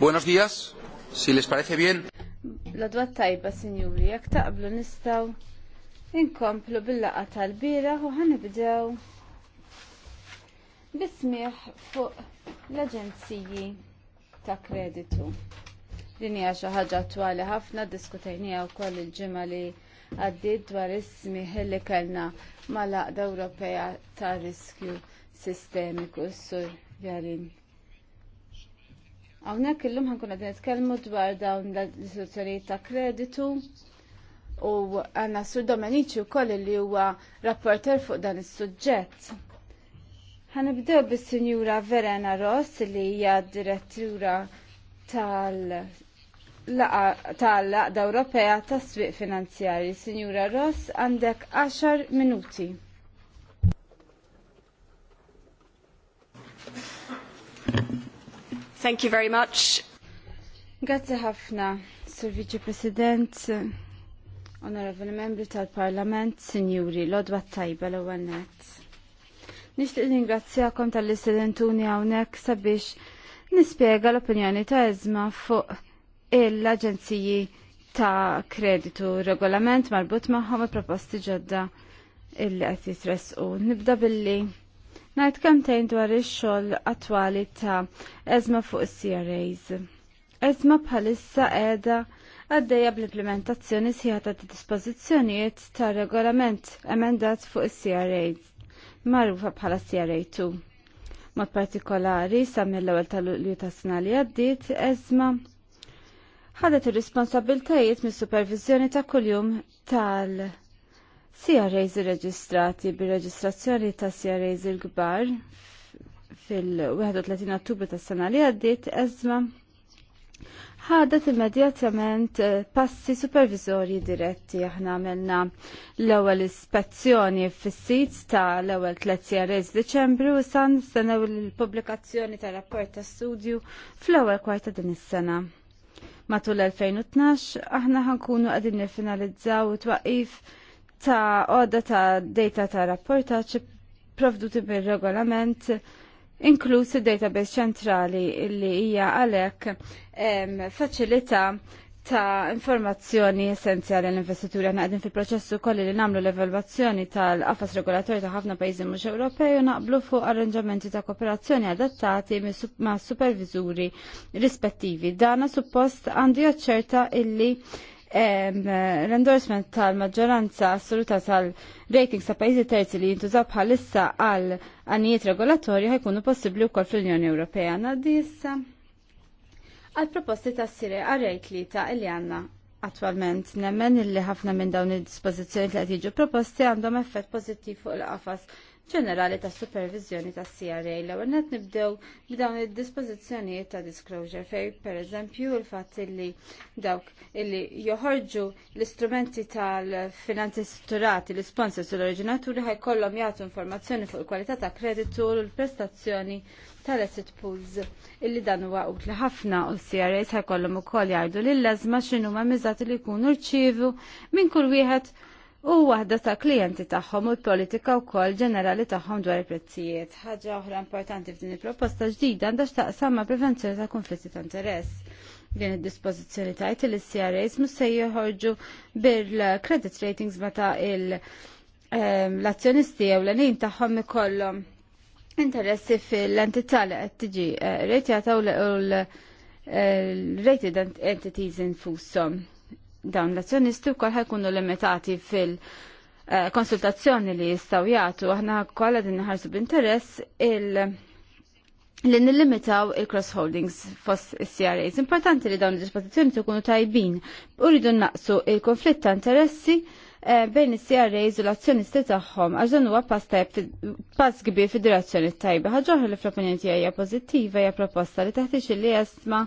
Buenos días, si les parece bien. La dwa tajba, sinjuri, jak taqblu nistaw inkomplu bil-laqa tal-bira u ħanibdew bismiħ fuq l-aġenziji ta' kreditu. Din hija xi ħaġa attwali ħafna u wkoll il-ġimgħa li għaddiet dwar is li kellna mal laqda Ewropea ta' Riskju Sistemiku s-Sur Jarin. Hawnhekk illum ħankun qegħdin nitkellmu dwar dawn l-istituzzjonijiet ta' kreditu u għandna Sur Domenici koll li huwa rapporter fuq dan is-suġġett. Ħanibdew bis-Sinjura Verena Ross li hija direttura tal-Laqda Ewropea tas-Swieq Finanzjarji. Sinjura Ross għandek 10 minuti. Thank you very much. Grazie ħafna, Sir Vice President, Onorevoli Membri tal-Parlament, Sinjuri, Lodwa Tajba l għannet. Nishtiq ringrazzjakom tal-istudentuni hawnhekk sabiex nispjega l-opinjoni ta' eżma fuq l-Aġenziji ta' kreditu regolament marbut magħhom il-proposti ġodda illi qed jitresqu. Nibda billi Najt kemtejn dwar ix-xogħol attwali ta' eżma fuq is-CRAs. Eżma bħalissa qiegħda għaddejja bl-implementazzjoni sħiħa ta' dispożizzjonijiet ta' regolament emendat fuq is-CRAs, magħrufa bħala CRA2. Mod partikolari sa mill-ewwel tal-Lulju ta' sena li għaddiet eżma ħadet ir-responsabiltajiet mis-supervizjoni ta' kuljum tal- CRAs irreġistrati bir-reġistrazzjoni ta' CRAs il-kbar fil-31 Ottubru tas-sena li għaddiet eżma ħadet immedjatament eh, passi supervizori diretti aħna għamilna l-ewwel ispezzjoni fis-sit ta' l-ewwel tliet CRAS Deċembru u san nistennew il-pubblikazzjoni ta' rapport ta' studju fl-ewwel kwarta din is-sena. Matul 2012 aħna ħankunu għadin nifinalizzaw it-twaqif ta' għoda ta' data ta' rapportaċ provduti bil-regolament inkluż il-database ċentrali li hija għalhekk faċilità ta' informazzjoni essenzjali l-investituri għana għedin fil-proċessu kolli li namlu l-evalvazzjoni tal-qafas regolatori ta' ħafna pajjiżi mhux Ewropej u naqblu fuq arranġamenti ta' kooperazzjoni adattati ma' supervizuri rispettivi. Dana suppost għandu jaċċerta illi l-endorsement tal-maġġoranza assoluta tal-ratings ta' pajjiżi terzi li jintużaw bħalissa għal għanijiet regolatorji ħajkunu possibbli wkoll fl-Unjoni Ewropea. Ngħaddi issa għal proposti ta' sire għarrejt li ta' li għanna attwalment nemmen illi ħafna minn dawn id-dispożizzjoni li qed proposti għandhom effett pozittiv fuq il-qafas ġenerali ta' supervizjoni ta' CRA l għennet nibdew b'dawn id-dispożizzjonijiet ta' disclosure fej per eżempju il-fatt illi dawk illi joħorġu l-istrumenti tal-finanzi strutturati, l-sponsors u l-oriġinaturi ħajkollhom jagħtu informazzjoni fuq il-kwalità ta' kreditu u l-prestazzjoni tal-asset pools illi dan huwa utli ħafna u s-CRAs ħajkollhom ukoll jgħidu lill-leżma x'inhuma miżati li jkunu rċievu minn kull wieħed u waħda ta' klijenti tagħhom u l-politika wkoll ġenerali tagħhom dwar il-prezzijiet. Ħaġa oħra importanti f'din il-proposta ġdida għanda x'taqsam ma' prevenzjoni ta' konflitti ta' interess. Din id-dispożizzjoni tajt li CRAs mhux se joħorġu bil-credit ratings meta ehm, l-azzjonisti jew l-għanin tagħhom ikollhom interessi fil-entità li qed tiġi eh, rejtjata u eh, l-rated entities infushom dawn l-azzjonisti wkoll ħajkunu limitati fil- eh, konsultazzjoni li jistaw jgħatu, aħna kolla din ħarsu b'interess il- li nillimitaw il-cross holdings fost CRAs. Importanti li dawn il-dispożizzjoni tkunu tajbin u rridu naqsu il-konflitt ta' interessi Eh, bejn is-CRAs u l-azzjonisti tagħhom għax dan huwa pass kbir fid-direzzjoni tajba. Ħaġa oħra li fl-opinjoni tiegħi hija pożittiva hija proposta li taħtix li jasma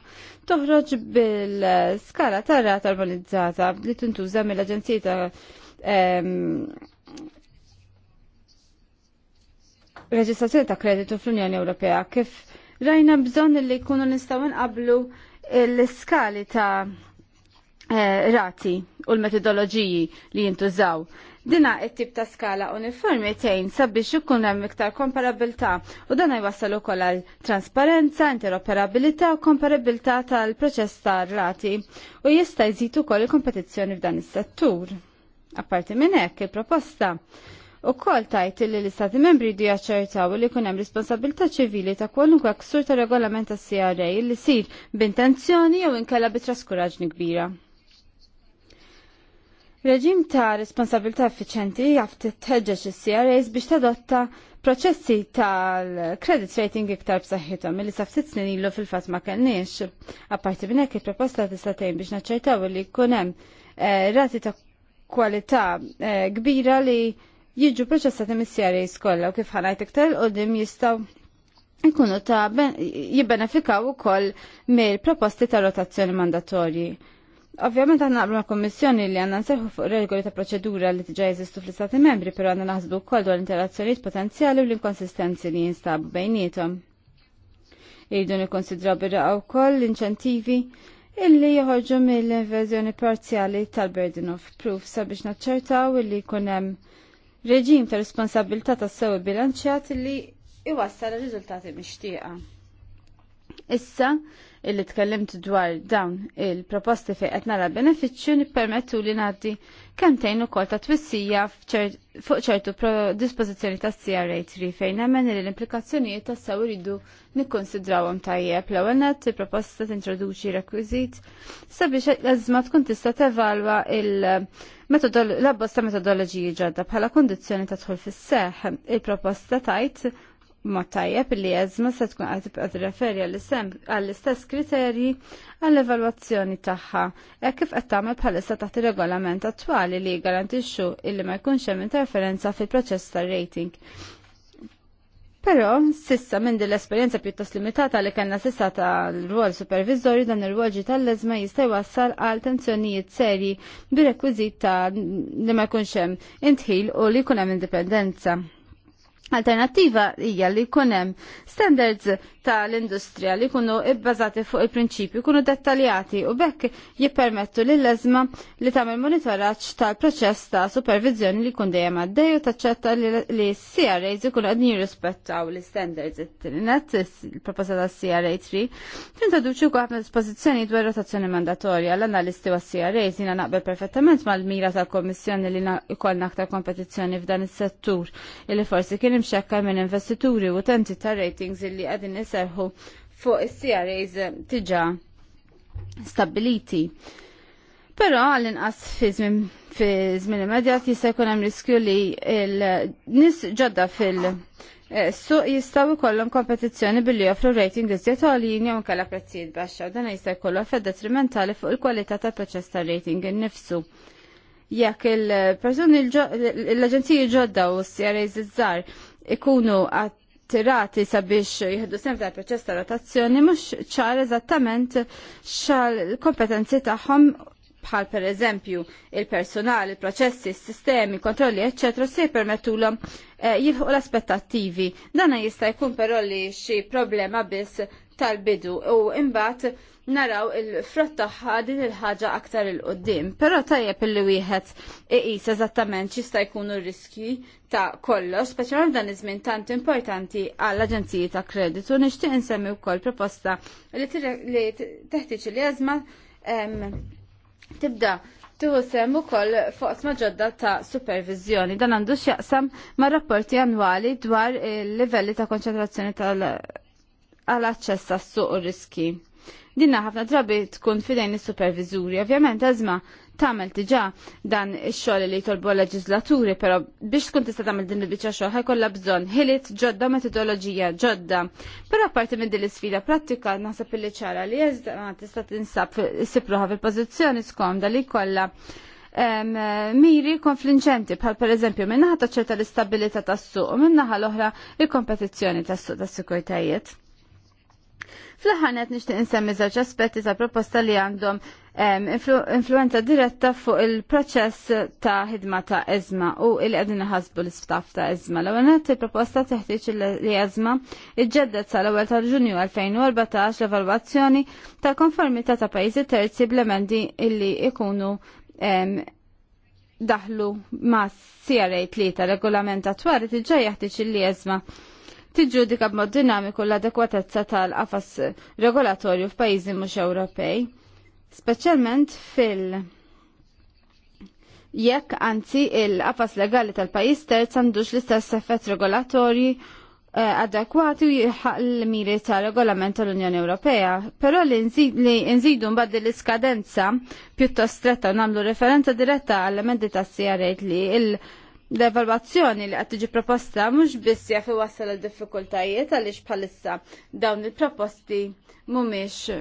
toħroġ bil-skala tar rata armonizzata li tintuża mill-Aġenzija ta' ehm, reġistrazzjoni ta' kreditu fl-Unjoni Ewropea kif rajna bżonn li jkunu nistgħu nqablu l-iskali ta' Eh, rati u l-metodoloġiji li jintużaw. Dina it-tip ta' skala uniformi tejn sabiex ikun hemm iktar komparabilità u dan jwassal ukoll għal trasparenza, interoperabilità u komparabilità tal-proċess ta' rati u jista' jżid ukoll il-kompetizzjoni f'dan is-settur. Apparti minn hekk il-proposta u kol tajt li l-istati membri di jaċċertaw li hemm responsabilta ċivili ta' kwalunkwe ksur ta' regolament ta' CRA li sir b'intenzjoni jew inkella bi traskuraġni kbira. Reġim ta' responsabilità effiċenti jaf titħeġġeġ is-CRAs biex tadotta proċessi tal-credit rating iktar b'saħħithom li sa ftit snin ilu fil-fatt ma kellniex. Apparti minn hekk il-proposta tista' tgħin biex naċċertaw li jkun hemm eh, rati ta' kwalità eh, kbira li jiġu proċessati mis-CRAs kollha u kif ħanajt iktar qudiem jistgħu jkunu ta' jibbenefikaw ukoll mill-proposti ta' rotazzjoni mandatorji Ovvjament għanna għablu kommissjoni li għanna nserħu fuq regoli ta' proċedura li t-ġaj jeżistu fl-Istati membri, pero għanna naħsbu kol dwar interazzjoniet potenzjali u l-inkonsistenzi li jinstabu bejnietom. Irridu nikkonsidraw u wkoll l-inċentivi illi joħorġu mill-inverżjoni parzjali tal-burden of proof sabiex naċċertaw illi jkun hemm reġim ta' responsabilità tas sewi bilanċjat li iwassal riżultati mixtieqa. Issa, illi tkellimt dwar dawn il-proposti fejn qed nara benefiċċju nippermettu li ngħaddi kemmtejn ukoll ta' twissija fuq ċertu dispożizzjoni ta' CRA 3 fejn nemmen li l-implikazzjonijiet tassew iridu nikkonsidrawhom tajjeb l-ewwel nett il-proposta tintroduċi rekwiżit sabiex l-eżma tkun tista' tevalwa il- l ta' metodoloġiji ġodda bħala kundizzjoni ta' tħol fis-seħ. Il-proposta tajt ma tajjeb li jazma se tkun qed tibqa' tirreferi għall-istess kriterji għall-evalwazzjoni tagħha hekk kif qed tagħmel bħalissa taħt ir-regolament attwali li jgarantixxu illi ma jkunx hemm interferenza fil-proċess tar-rating. Però, sissa minn din l-esperjenza pjuttost limitata li kellna sissa tal-rwol supervizorju dan ir-rwol ġi tal-leżma jista' jwassal għal tensjonijiet serji bi rekwiżit ta' li ma jkunx hemm intħil u li jkun hemm indipendenza. Alternativa hija li jkun hemm standards tal-industrija li jkunu bbażati fuq il-prinċipju jkunu dettaljati u bekk jippermettu lil leżma li tagħmel monitoraġġ tal-proċess ta' supervizjoni li jkun dejjem għaddej u taċċetta li CRAs ikunu qegħdin jirrispettaw l-standards it-tinet il-proposta ta' CRA 3 tintroduċi wkoll ħafna dispożizzjoni dwar rotazzjoni mandatorja l-analisti wa CRAs jiena naqbel perfettament mal-mira tal-Kommissjoni li ikollna aktar kompetizzjoni f'dan is-settur li forsi kien xekka minn investituri u tenti ta' ratings illi għadin iserħu fuq is-CRAs tiġa stabiliti. Però għall-inqas fi żmien immedjat jista' jkun hemm riskju li l-nies ġodda fil- Suq jistaw ikollhom kompetizzjoni billi joffru rating iżjed għolin jew inkella prezzijiet baxxa u dan jista' jkollu effett detrimentali fuq il-kwalità tal-proċess ta' rating innifsu. Jekk il-persuni l-aġenziji ġodda u s-CRAs iż-żar ikunu attirati sabiex jihdu sem tal proċess ta' rotazzjoni mhux ċar eżattament xal kompetenzi tagħhom bħal per eżempju il-personal, il-proċessi, s-sistemi, kontrolli, ecc. se jipermettulhom eh, jilħu l-aspettattivi. Dana jista' jkun però li xi problema biss tal-bidu u imbagħad naraw il-frott tagħha din il-ħaġa aktar il qoddim Però tajjeb illi wieħed iqis eżattament xista' jkunu r-riskji ta' kollox, speċjalment dan iż-żmien tant importanti għall aġenziji ta' kreditu nixtieq insemmi wkoll proposta li teħtieġ li eżma tibda Tuħsem u koll fuqs ġodda ta' supervizjoni. Dan għandu xjaqsam ma' rapporti annwali dwar il-livelli ta' konċentrazzjoni tal- għal aċċess għas-suq u riski. Dinna ħafna drabi tkun fidejn is-supervizuri, ovvjament eżma tagħmel diġà dan ix xol li jtolbu l-leġislaturi, però biex tkun tista' tamel din il-biċċa xogħol ħajkolla bżonn ħiliet ġodda metodoloġija ġodda. Però apparti minn din l-isfida prattika naħseb illi ċara li jeżda tista' tinsab sipruħa fil-pożizzjoni skomda li jkollha um, miri konflinċenti bħal per eżempju minnaħa taċċerta l istabilita tas-suq u minnaħa l-oħra il-kompetizzjoni tas-suq tas-sikurtajiet. Fl-ħanet nixtieq insemmi żewġ aspetti ta' proposta li għandhom influenza diretta fuq il-proċess ta' ħidma ta' eżma u il-qegħdin ħasbu l-istaff ta' eżma. L-ewwel il-proposta teħtieġ li eżma iġġedded sa l-ewwel ta' Ġunju 2014 l-evalwazzjoni ta' konformità ta' pajjiżi terzi bl-emendi illi ikunu daħlu ma' CRA 3 regolament attwali tiġa jaħtieġ li eżma' Tiġudika b'mod dinamiku l-adekwatezza tal-qafas regolatorju f'pajjiżi mhux Ewropej, speċjalment fil- jekk anzi il-qafas legali tal-pajjiż terz għandux l-istess effett regolatorji eh, adekwati u jilħaq l-miri ta' regolament tal-Unjoni Ewropea, però li nżidu mbaddi l-iskadenza pjuttost stretta u nagħmlu referenza diretta għall emendi tas CRA li il- l-evalwazzjoni li qed tiġi proposta mhux biss jaf wassal l diffikultajiet għaliex bħalissa dawn il-proposti mhumiex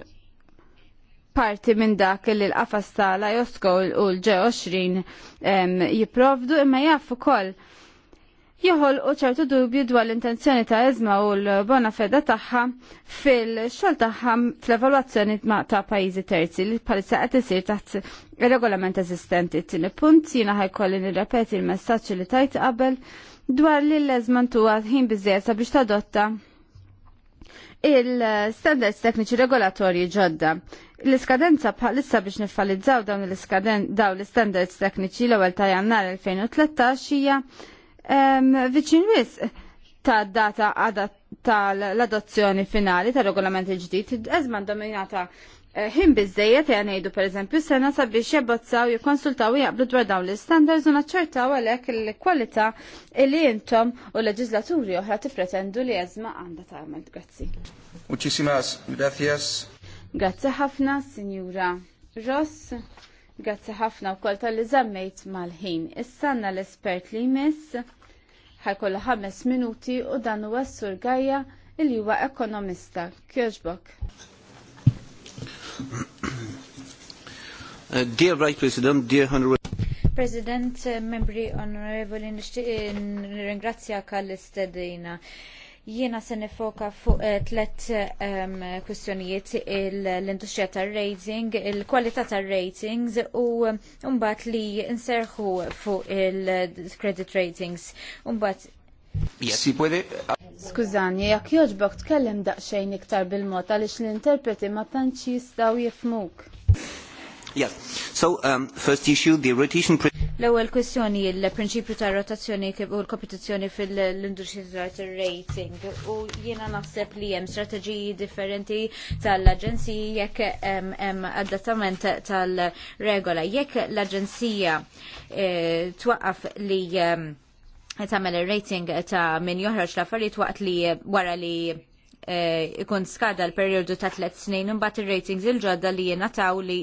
parti minn dak li l-qafas tala josko u l-ġe 20 jipprovdu imma jaf ukoll u ċertu dubju dwar l-intenzjoni ta' eżma u l-bona feda tagħha fil-xogħol tagħha fl-evalwazzjoni ta' pajjiżi terzi li palissa qed isir taħt regolament eżistenti. Tieni punt jiena ħajkolli nirrepeti l messagġ li tajt qabel dwar li l-eżma ntu ħin biżżejjed sabiex tadotta il-standards tekniċi regolatorji ġodda. L-iskadenza bħalissa biex nifalizzaw dawn l-iskaden dawn l-standards tekniċi l-ewwel ta' jannar 2013 hija viċin wis ta' data tal-adozzjoni finali ta' regolament il-ġdid, eżman dominata ħin eh, bizzejiet jgħanejdu per eżempju sena sabiex jabbozzaw jikonsultaw jaqblu dwar dawn l-standards u naċċertaw għalhekk il-kwalità li intom u l-leġislaturi oħra tippretendu li għanda għandha tagħmel. Grazzi. Muchísimas grazzi. Grazzi ħafna, Signora Ross. Grazzi ħafna wkoll tal-li mal-ħin. Issanna l-espert li jmiss ħajkollu ħames minuti u dan huwa s-sur Gajja li huwa ekonomista. Kjoġbok. Uh, dear Right President, dear Honorable President, membri onorevoli, nirringrazzja kall-istedina. Jiena se nifoka fuq eh, tlet kwistjonijiet l-industrija tar-rating, il-kwalità tar-ratings u mbagħad li nserħu fuq il-credit ratings. Mbagħad Yes, puede. Skużani, jekk jogħġbok tkellem daqsxejn iktar bil-mod għaliex l-interpreti ma tantx jistgħu jifmuk. Yes. So, um, first issue, the rotation L-ewwel kwestjoni l-prinċipju ta' rotazzjoni u l-kompetizzjoni fil-industrija rating u jiena naħseb li hemm strateġiji differenti tal-aġenziji jekk hemm adattament tal-regola. Jekk l-aġenzija eh, twaqqaf li eh, tagħmel ir-rating ta' min joħroġ l-affarijiet waqt li wara li Eh, ikun skada l-periodu ta' tliet snin imbagħad ir-ratings il-ġodda li jingħataw li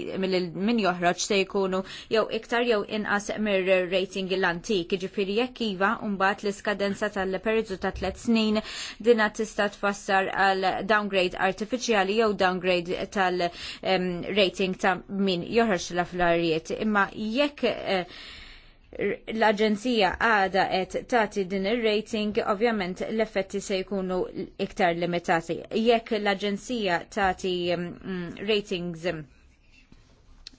min joħroġ se jkunu jew iktar jew inqas mir-rating l-antik. Jiġifieri jekk iva mbagħad l-iskadenza tal-periodu ta' tliet snin qed tista' tfassar għal downgrade artifiċjali jew downgrade tal-rating ta' min joħroġ l-affarijiet. Imma jekk eh, l-Aġenzija għada qed tagħti din ir-rating, ovvjament l-effetti se jkunu iktar limitati. Jekk l-Aġenzija tagħti mm, ratings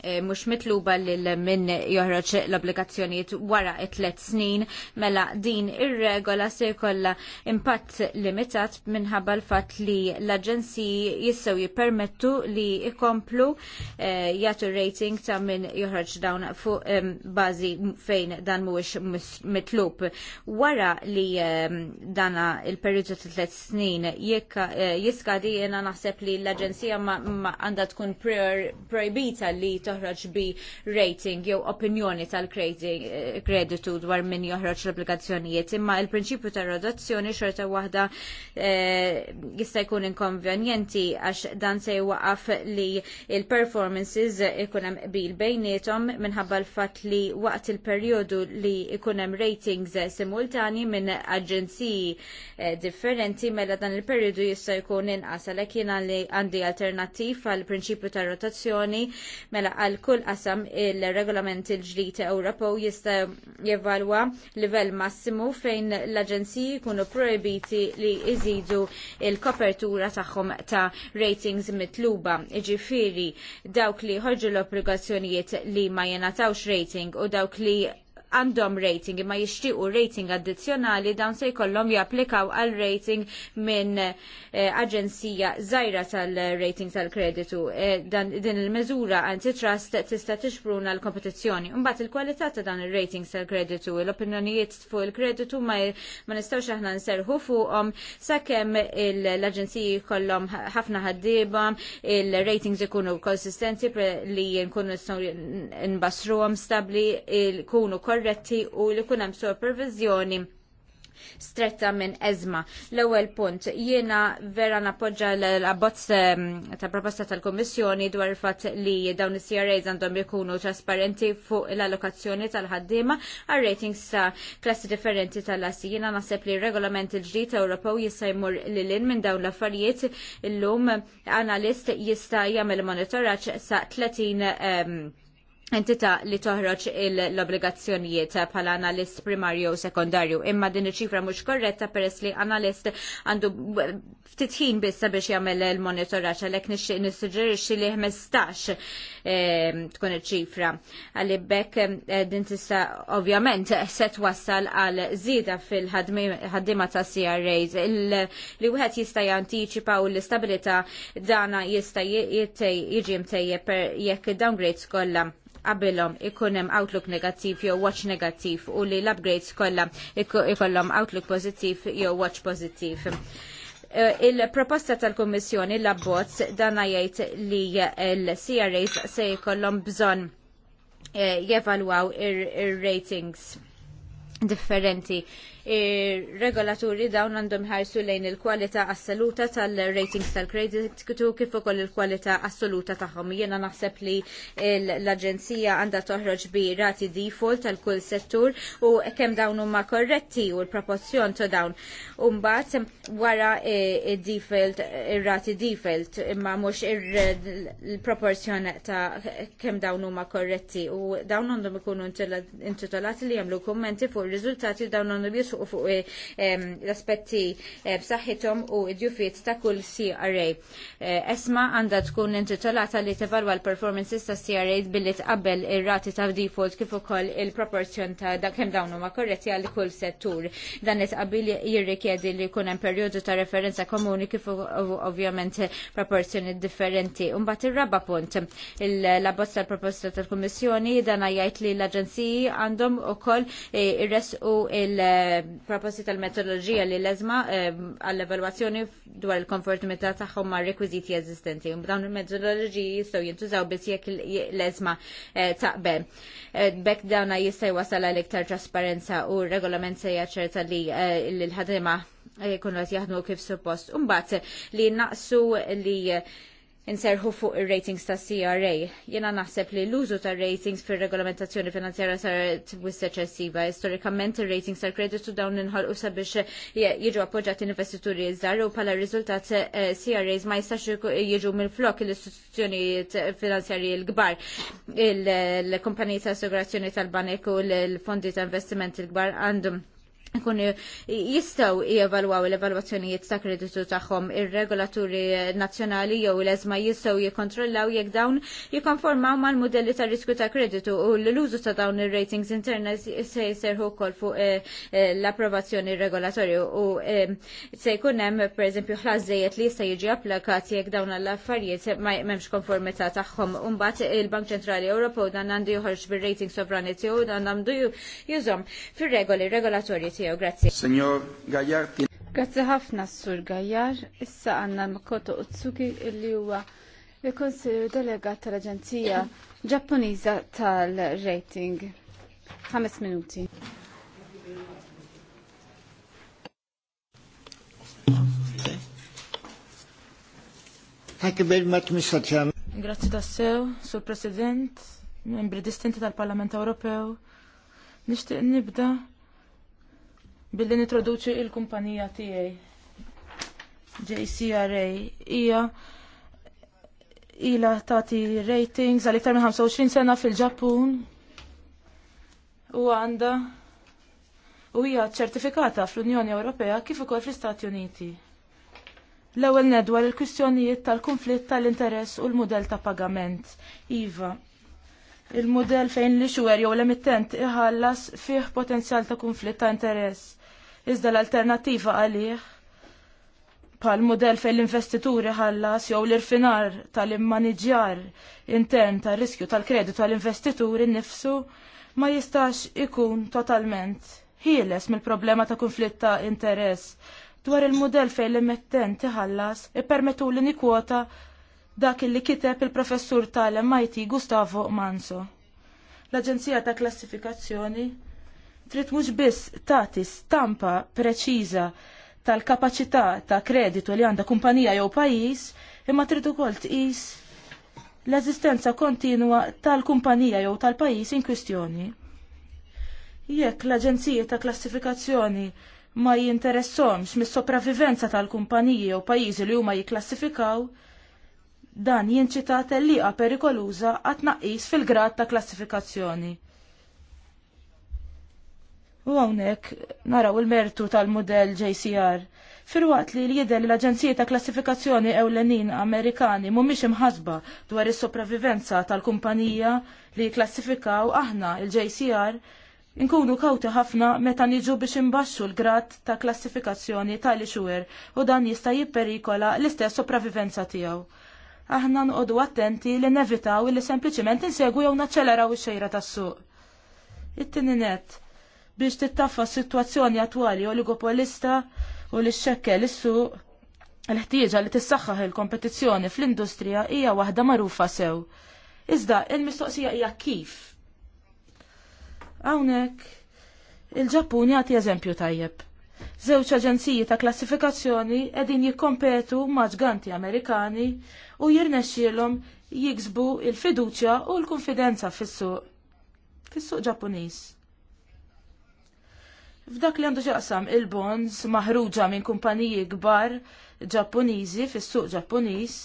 Eh, mux mitluba lil min joħroġ l-obbligazzjonijiet wara it let snin, mela din ir-regola se jkollha impatt limitat minħabba l-fatt li l-aġenziji jissew jippermettu li ikomplu eh, jagħtu rating ta' min joħroġ dawn fuq bażi fejn dan mhuwiex mitlub. Wara li dana il-periodu ta' t-let snin eh, di jena naħseb li l-aġenzija għandha tkun projbita li toħroġ bi rating jew opinjoni tal-kreditu eh, dwar min joħroġ l-obbligazzjonijiet. Imma il-prinċipju ta' rotazzjoni xorta waħda eh, jista' jkun inkonvenjenti għax dan se jwaqaf li il-performances ikun hemm qbil bejnietom minħabba l-fatt li waqt il-perjodu li ikun hemm ratings simultani minn aġenziji eh, differenti mela dan il-perjodu jista' jkun inqas għalhekk jien għandi alternattiv għal prinċipju ta' rotazzjoni mela għal kull qasam il-regolament il-ġdid Ewropew jista' jevalwa livell massimu fejn l-aġenziji jkunu proibiti li jżidu il-kopertura tagħhom ta' ratings mitluba. Ġifieri dawk li ħorġu l-obbligazzjonijiet li ma jenatawx rating u dawk li għandhom rating imma jixtiequ rating addizzjonali dawn se jkollhom japplikaw għal rating minn eh, aġenzija żgħira tal-rating tal-kreditu. Eh, dan din il-miżura antitrust tista' tixbruna l-kompetizzjoni. Imbagħad il-kwalità ta' dan ir-rating tal-kreditu, l-opinjonijiet fuq il-kreditu ma, nistgħux aħna nserħu fuqhom sakemm l-aġenziji jkollhom ħafna ħaddieba, il-ratings ikunu konsistenti li nkunu nbassruhom stabbli, jkunu korretti korretti u li kun hemm supervizjoni stretta minn ezma. L-ewwel punt, jiena vera napoġġa l-abbozz ta' proposta tal-Kommissjoni dwar fatt li dawn is-CRAs għandhom ikunu trasparenti fuq l-allokazzjoni tal-ħaddiema għal ratings ta' klassi differenti tal-assi. Jiena naħseb li r-regolament il-ġdid Ewropew jista' jmur lilin minn dawn l-affarijiet illum analist jista' jagħmel monitoraġġ sa' 30 entità li toħroġ l obligazzjonijiet bħala analist primarju u sekondarju. Imma din iċ-ċifra mhux korretta peress li analist għandu ftit ħin biss biex jagħmel il-monitoraġġ għalhekk nixtieq nissuġġerixxi li 15 eh, tkun iċ-ċifra. Għalli bekk eh, din tista' ovvjament se twassal għal żieda fil-ħaddiema ta' CRAs li wieħed jista' jantiċipa u l-istabilità dana jista' jiġi mtejjeb jekk downgrades kollha qabilhom ikun hemm outlook negattiv jew watch negattiv u li l-upgrades kollha ikollhom outlook pożittiv jew watch pożittiv. Eh, il-proposta tal-Kommissjoni l-abbozz dana jgħid li l-CRAs se jkollhom bżonn eh, jevalwaw ir-ratings differenti regolaturi dawn għandhom ħajsu lejn il-kwalità assoluta tal-ratings tal-credit kif ukoll il-kwalità assoluta tagħhom. Jiena naħseb li l-Aġenzija għandha toħroġ bi rati default tal-kull settur u kemm dawn huma korretti u l-proporzjon ta' dawn. Umbagħad wara default rati default imma mhux il-proporzjon ta' kemm dawn huma korretti u dawn għandhom ikunu intitolati li jagħmlu kummenti fuq ir-riżultati dawn għandhom fuq eh, l-aspetti eh, b'saħħithom u id-djufiet ta' kull CRA. Eh, Esma għandha tkun intitolata li tevalwa l-performances ta' CRA billi tqabbel ir-rati ta' default kif ukoll il-proporzjon ta' kemm dawn huma korretti għal kull settur. Dan it-qabbil jirrikjedi li jkun hemm perjodu ta' referenza komuni kif ovvjament proporzjoni differenti. Umbat ir-raba punt, il-labbozz tal-proposta tal-Kummissjoni dan jgħid li l-Aġenziji għandhom ukoll irresqu il- proposti tal-metodologija li leżma eh, għall-evalwazzjoni dwar il-konformità tagħhom ma' rekwiżiti eżistenti. Dawn il metodoloġiji jistgħu jintużaw biss jekk l-eżma eh, taqbel. Eh, bekk dawna jista' wasal għal iktar trasparenza u regolament se jaċċerta li l-ħadema jkunu qed jaħdmu kif suppost. Imbagħad li naqsu li inserħu fuq ir-ratings ta' CRA. Jena naħseb li l-użu ta' ratings fir regolamentazzjoni finanzjara saret wis eċessiva. Storikament ir-ratings tal-kreditu dawn inħolqu sabiex jiġu appoġġati investituri iżdar u pala riżultat eh, CRAs ma jistax jiġu mill-flok l istituzzjoni finanzjarji l-kbar. Il-kumpaniji ta' assigurazzjoni tal-banek u l-fondi ta' investiment l-kbar għandhom ikun jistaw jevalwaw l-evalwazzjonijiet ta' kreditu tagħhom ir-regolaturi nazzjonali jew l ezma jistaw jikkontrollaw jekk dawn jikkonformaw mal-modelli ta' risku ta' kreditu u l-użu ta' dawn ir-ratings interna se jserħu wkoll fuq eh, eh, l-approvazzjoni regolatorju u eh, se jkun hemm pereżempju ħlażejjed li jista' jiġi applikat jekk dawn l-affarijiet m'hemmx konformità tagħhom. U mbagħad il-Bank Ċentrali Ewropew dan għandu joħorġ bir-rating sovranity u dan għandu jużhom fir-regoli regolatorji tiegħu. Grazzi. Signor Grazzi ħafna Sur Gajar. Issa għandna Makoto Utsuki illi huwa il-Konsilju Delegat tal-Aġenzija Ġappuniża tal-Rating. Ħames minuti. Grazzi tassew, sur President, membri distinti tal-Parlament Ewropew. Nixtieq nibda billi nitroduċi il-kumpanija tiegħi. JCRA hija ila tagħti ratings għal iktar minn 25 sena fil-Ġappun u għandha u hija ċertifikata fl-Unjoni Ewropea kif ukoll fl-Istati Uniti. L-ewwel nedwar il-kwistjonijiet tal-konflitt tal-interess u l-mudell ta' pagament. Iva, il-mudell fejn li xwer jew l-emittent iħallas fih potenzjal ta' konflitt ta' interess iżda l-alternattiva għalih pal model fejn l-investituri ħallas jew l-irfinar tal-immaniġjar intern tar riskju tal-kreditu tal-investituri nnifsu ma jistax ikun totalment ħieles mill-problema ta' konflitt ta' interess dwar il-model fejn l immettenti ħallas ippermetu li nikwota dak li kiteb il-professur tal-MIT Gustavo Manso. L-Aġenzija ta' Klassifikazzjoni trid mhux biss tagħti stampa preċiża tal-kapaċità ta' kreditu li għandha kumpanija jew pajjiż imma trid ukoll tqis l-eżistenza kontinwa tal-kumpanija jew tal-pajjiż in kwistjoni. Jekk l-aġenziji ta' klassifikazzjoni ma jinteressomx mis-sopravivenza tal-kumpaniji jew pajjiżi li huma jikklassifikaw, dan jinċita tellieqa perikoluża għat tnaqqis fil-grad ta' klassifikazzjoni. U għonek, naraw il-mertu tal-modell JCR. Firwaqt li l-jidel l-Aġenzija ta' Klassifikazzjoni Ewlenin Amerikani mumiex imħasba dwar is-sopravivenza tal-kumpanija li klassifikaw aħna il-JCR, inkunu kawti ħafna meta niġu biex imbaxxu l-grad ta' klassifikazzjoni tal-ixwer u dan jista' jipperikola l-istess sopravivenza tiegħu. Aħna nqodu attenti li nevitaw li sempliċiment insegwu jew naċċeleraw ix-xejra tas-suq. It-tininet biex tittaffa s-sitwazzjoni attwali oligopolista u li xekkel is-suq l-ħtieġa li tissaxħaħ il-kompetizzjoni fl-industrija hija waħda magħrufa sew. Iżda il-mistoqsija hija kif. Hawnhekk il-Ġappun jagħti eżempju tajjeb. Żewġ aġenziji ta' klassifikazzjoni qegħdin jikkompetu ma' ġganti Amerikani u jirnexxielhom jiksbu il-fiduċja u l-konfidenza fis-suq fis-suq Ġappuniż. F'dak li għandu ġaqsam il-bonds maħruġa minn kumpaniji kbar Ġappuniżi fis-suq Ġappuniż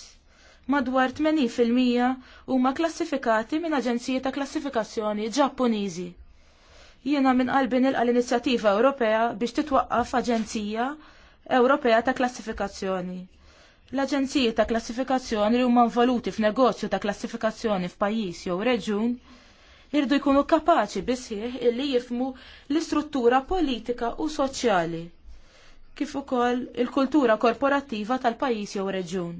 madwar 80% huma klassifikati minn aġenziji ta' klassifikazzjoni Ġappuniżi. Jiena minn qalbi nilqa l-inizjattiva Ewropea biex titwaqqaf Aġenzija Ewropea ta' klassifikazzjoni. L-aġenziji ta' klassifikazzjoni li huma involuti f'negozju ta' klassifikazzjoni f'pajjiż jew reġun irdu jkunu kapaċi bisħieħ illi jifmu l-istruttura politika u soċjali kif ukoll il-kultura korporattiva tal-pajjiż jew reġjun.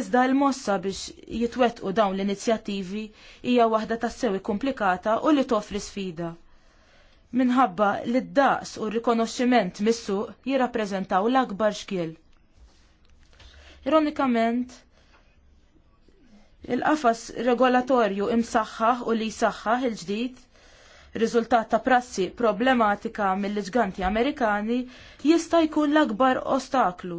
Iżda l-mossa biex jitwettqu dawn l-inizjattivi hija waħda tas-sewi komplikata u li toffri sfida. Minħabba li d-daqs u r-rikonoxximent mis-suq jirrappreżentaw l-akbar xkiel. Ironikament, Il-qafas regolatorju imsaħħaħ u li jsaħħaħ il-ġdid riżultat ta' prassi problematika mill-ġganti Amerikani jista' jkun l-akbar ostaklu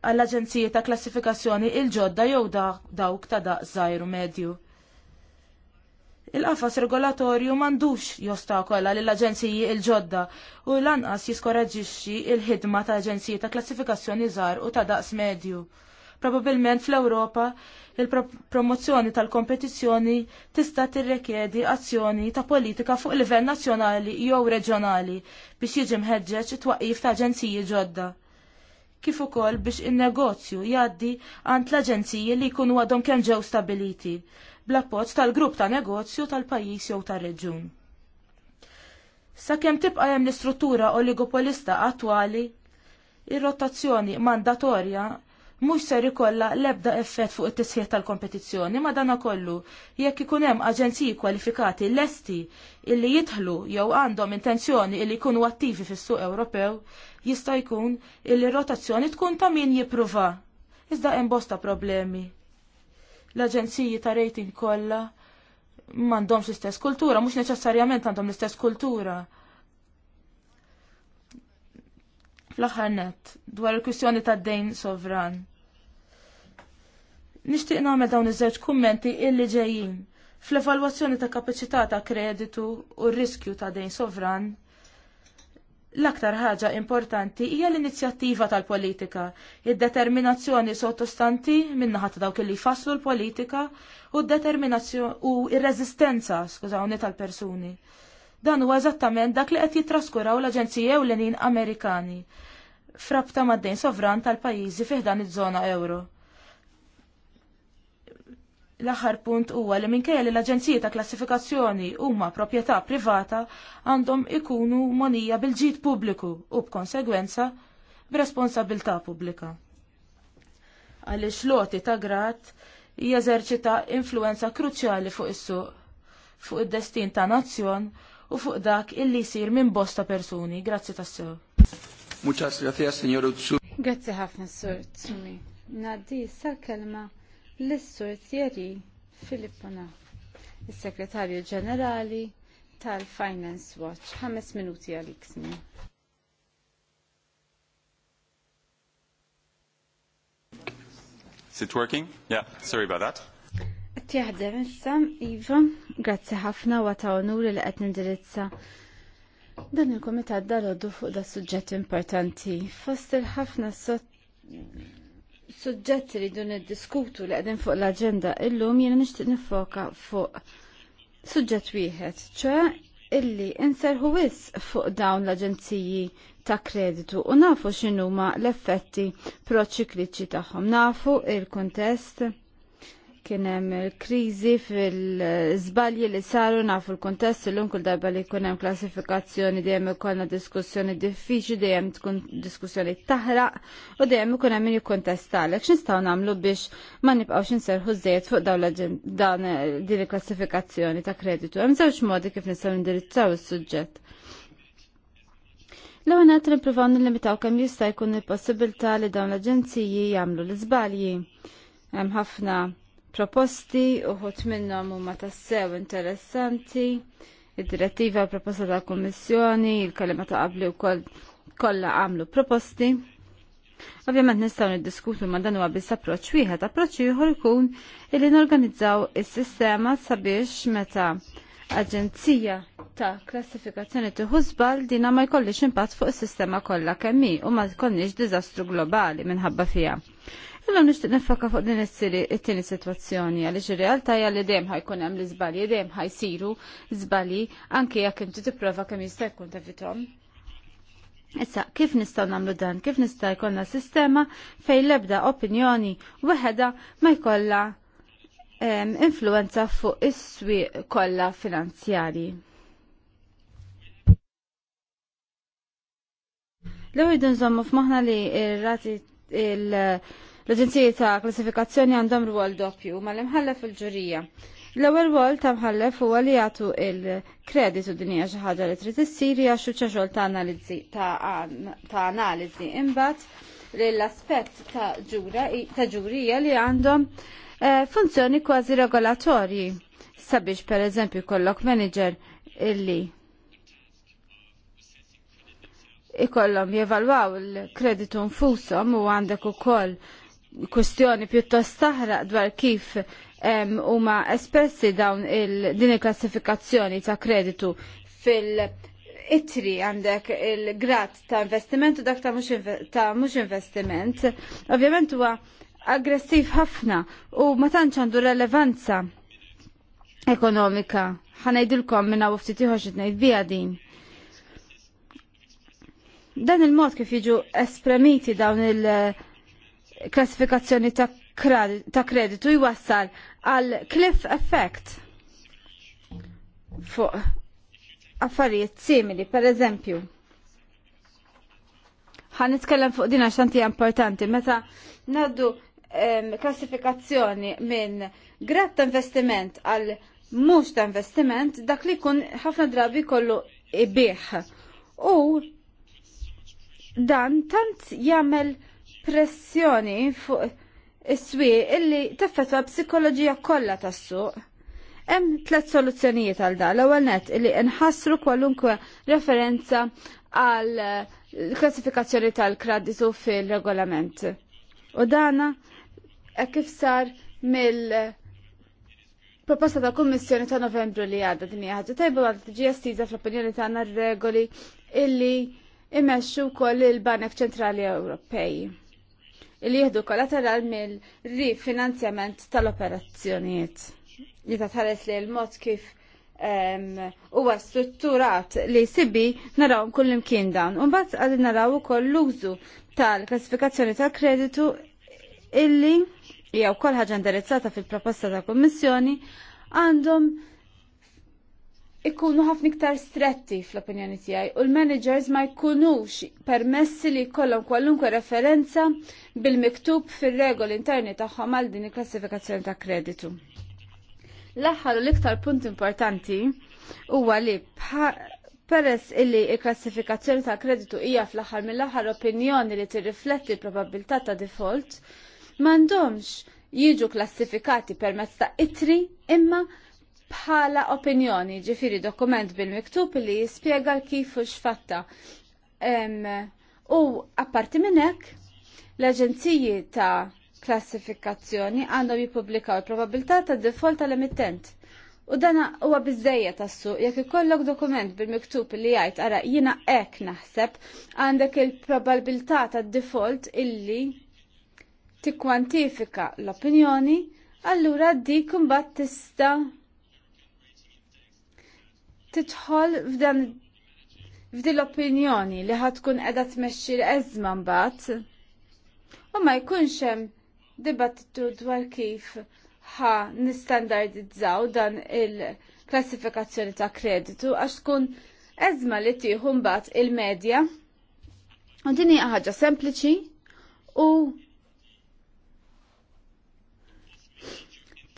għall-Aġenziji ta' Klassifikazzjoni il-ġodda jew dawk ta' daqs żgħir medju. Il-qafas regolatorju m'għandux jostakola lill aġenziji il-ġodda u l-anqas jiskoraġixxi il-ħidma ta' aġenziji ta' klassifikazzjoni żgħar u ta' daqs medju. Probabilment fl-Ewropa il-promozzjoni tal-kompetizzjoni tista' tirrekjedi azzjoni ta' politika fuq livell nazzjonali jew reġjonali biex jiġi mħeġġeġ it-twaqqif ta' aġenziji ġodda. Kif ukoll biex in-negozju jgħaddi għand l-aġenziji li jkunu għadhom kemm ġew stabiliti bla pozz tal-grupp ta' negozju tal-pajjiż jew tar-reġjun. Sakemm tibqa' hemm l-istruttura oligopolista attwali, ir-rotazzjoni mandatorja mhux ser ikolla l-ebda effett fuq it-tisħiħ tal-kompetizzjoni ma dana kollu jekk ikun hemm aġenziji kwalifikati lesti illi jidħlu jew għandhom intenzjoni illi jkunu attivi fis-suq Ewropew jista' jkun illi rotazzjoni tkun ta' min jippruva. Iżda hemm bosta problemi. L-aġenziji ta' rating kollha m'għandhomx l-istess kultura, mhux neċessarjament għandhom l-istess kultura. fl aħħar nett, dwar il-kwistjoni tad dejn sovran. Nixtieq nagħmel dawn iż-żewġ kummenti illi ġejjin. Fl-evalwazzjoni ta' kapaċità ta' kreditu u r riskju ta' dejn sovran, l-aktar ħaġa importanti hija l-inizjattiva tal-politika, id-determinazzjoni sottostanti min-naħa ta' dawk li jfasslu l-politika u determinazzjoni u ir-reżistenza, skużawni, tal-persuni. Dan huwa eżattament dak li qed jitraskuraw l-Aġenziji Ewlenin Amerikani frabta mad-dejn sovran tal-pajjiżi fiħdan iż-żona euro L-aħħar punt huwa li minkejja li l-Aġenziji ta' Klassifikazzjoni huma proprjetà privata għandhom ikunu monija bil-ġid pubbliku u b'konsegwenza b'responsabilità pubblika. Għaliex loti ta' grat jeżerċita influenza kruċjali fuq is-suq, fuq id-destin ta' nazzjon u fuq dak illi jsir minn bosta persuni. Grazzi tassew. Muchas gracias, signor Utsu. Grazzi ħafna, Sur Tsumi. Naddi sa kelma l-Sur Thierry Filippona, il-Sekretarju Ġenerali tal-Finance Watch. Ħames minuti għalik smi. Is it working? Yeah, sorry about that. Tiħdem issa, Iva, grazzi ħafna wa ta' onur li qed nindirizza dan il-komitat dal fuq da' suġġett importanti. Fost il-ħafna sott suġġetti li dun id-diskutu li għedin fuq l-agenda illum jena nishtiq nifoka fuq suġġett wieħed, ċe illi inserħu wis fuq dawn l-aġenziji ta' kreditu u nafu x'inhuma l-effetti proċikliċi tagħhom. Nafu il-kontest Kien hemm il-kriżi fil-żbalji li saru nafu l-kuntest illum kull darba li jkun hemm klassifikazzjoni dejjem ikollna diskussjoni diffiċli, dejjem tkun diskussjoni taħraq u dejjem ikun hemm min jikkontestalek. X'nistgħu nagħmlu biex ma nibqgħux inserħu żejjed fuq dawn din il-klassifikazzjoni ta' kreditu. Hemm żewġ modi kif nistgħu indirizzaw is-suġġett. L-ewwel qed nippruvaw nillimitaw kemm jista' jkun il-possibilità li dawn l-aġenziji jagħmlu l-iżbalji. Hemm ħafna proposti uħut minnom huma tassew interessanti id-direttiva proposta ta' kommissjoni, il-kalima ta' qabli u kolla għamlu proposti. Ovvjament nistgħu niddiskutu ma dan huwa biss approċċ wieħed, approċċ ieħor ikun illi norganizzaw is-sistema sabiex meta aġenzija ta' klassifikazzjoni tieħu żball dina ma jkollix impatt fuq is-sistema kollha kemm hi u ma tkollniex diżastru globali minħabba fiha. Illum mela nixtieq nifaka fuq din it-tieni sitwazzjoni għaliex ir-realtà hija li dejjem ħajkun hemm l-iżbalji, dejjem ħajsiru żbalji anke jekk inti tipprova kemm jista' jkun tevithom. Issa, kif nistgħu nagħmlu dan? Kif nista' jkollna sistema fejn l-ebda opinjoni weħeda ma jkollha influenza fuq is-swieq kollha finanzjarji. L-ewwel nżommu f'moħħna li r-rati il- L-Aġenziji ta' klassifikazzjoni għandhom rwol doppju mal-imħallef il-ġurija. L-ewwel wol ta' mħallef huwa li jagħtu il-kreditu din hija xi ħaġa li trid issir hija xi ta' analiżi ta' analiżi imbagħad li l-aspett ta' ġura ta' ġurija li għandhom eh, funzjoni kważi regolatorji sabiex pereżempju kollok manager illi ikollhom jevalwaw il-kreditu nfushom u għandek ukoll kustjoni pjuttost taħraq dwar kif huma espressi dawn il din il-klassifikazzjoni ta' kreditu fil-itri għandek il-grad ta' investiment u dak ta' ta' mhux investiment. Ovvjament huwa aggressiv ħafna u ma tantx għandu relevanza ekonomika. Ħanajdilkom minna u ftit ieħor xi biha din. Dan il-mod kif jiġu espremiti dawn il- klassifikazzjoni ta', ta kreditu jwassal għal cliff effect fuq affarijiet simili, per eżempju. Għan nitkellem fuq dina xanti importanti, meta naddu um, klassifikazzjoni minn grat ta' investiment għal mux ta' investiment, dak li kun ħafna drabi kollu ibiħ. U dan tant jagħmel pressjoni fuq is illi teffetwa psikoloġija kollha tas-suq. Hemm tliet soluzzjonijiet għal da. L-ewwel nett illi nħassru kwalunkwe referenza għal klassifikazzjoni tal kraditu fil-regolament. U dana kif sar mill proposta ta' kummissjoni ta' novembru li għadda din ħaġa tajba għad tiġi estiża fl-opinjoni tagħna regoli illi imexxu wkoll il-Banek Ċentrali Ewropej il jieħdu kollateral mill-rifinanzjament tal-operazzjonijiet. Li tatħares li l-mod kif huwa strutturat li sibi narawhom kullimkien dawn. U mbagħad naraw naraw ukoll l-użu tal-klassifikazzjoni tal-kreditu illi jew wkoll ħaġa indirizzata fil-proposta ta' Kummissjoni għandhom ikunu ħafna iktar stretti fl-opinjoni tiegħi u l-managers ma jkunux permessi li jkollhom kwalunkwe referenza bil-miktub fir-regoli interni tagħhom għal din il-klassifikazzjoni ta' kreditu. L-aħħar u l-iktar punt importanti huwa li peress illi il-klassifikazzjoni ta' kreditu hija fl-aħħar mill-aħħar opinjoni li tirrifletti l-probabilità ta' default m'għandhomx jiġu klassifikati permezz ta' itri imma bħala opinjoni, ġifiri dokument bil-miktub li jispjega kif u xfatta. U apparti minnek, l-Aġenziji ta' klassifikazzjoni għandhom jippubblikaw il-probabilità ta' default tal-emittent. U dan huwa biżejja tas jekk ikollok dokument bil-miktub li jgħid ara jiena hekk naħseb għandek il-probabilità tad-default illi tikkwantifika l-opinjoni, allura dik kumbat tista' titħol f'dan f'din l-opinjoni li tkun qiegħda tmexxi l-eżma mbagħad u ma jkunx hemm dibattitu dwar kif ħa nistandardizzaw dan il-klassifikazzjoni ta' kreditu għax tkun eżma li tieħu mbagħad il-medja. U din hija ħaġa sempliċi u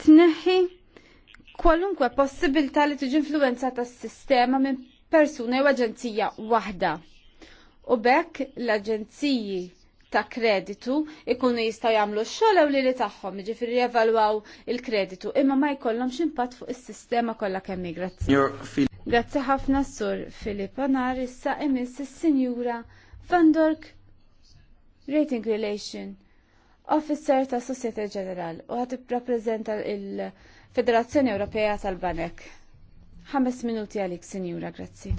tneħħi kwalunkwe possibilità li tiġi influenza ta' sistema minn persuna jew aġenzija waħda. U bekk l-aġenziji ta' kreditu ikunu jistaw jagħmlu x-xogħol li tagħhom, jiġifieri jevalwaw il-kreditu, imma ma jkollhomx impatt fuq is-sistema kollha kemm grazzi. Grazzi ħafna sur Filippa Nar issa imiss is-Sinjura Vandork Rating Relation Officer ta' Societe Ġeneral u ħat rappreżenta il- Federazzjoni Ewropea tal-Banek. Ħames minuti għalik, Sinjura, grazzi.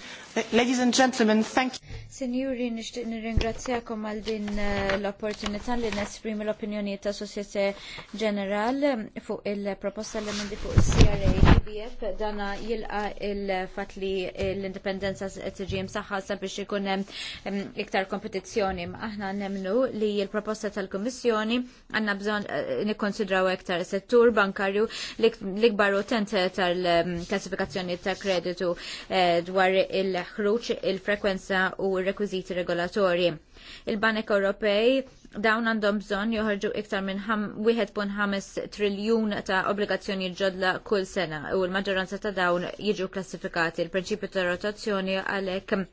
Ladies and gentlemen, thank you. Senjuri, nishtiq nirringrazzjakom għal din eh, l-opportunità li nesprimi l-opinjoni ta' Sosjete Ġeneral fuq il-proposta li mandi fuq il-CRA IBF dana jilqa il-fat li l-indipendenza tiġi msaħħa sabiex ikun hemm iktar kompetizzjoni. Aħna nemnu li l-proposta tal-Kummissjoni għandna bżonn eh, nikkonsidraw iktar settur bankarju l-ikbar utent tal-klassifikazzjoni ta' kreditu eh, dwar il ħruċ il-frekwenza u r-rekwiżiti regolatorji. Il-Banek Ewropej dawn għandhom bżonn joħorġu iktar minn 1.5 triljun ta' obbligazzjoni ġodla kull sena u l-maġġoranza ta' dawn jiġu klassifikati. Il-prinċipju ta' rotazzjoni għalhekk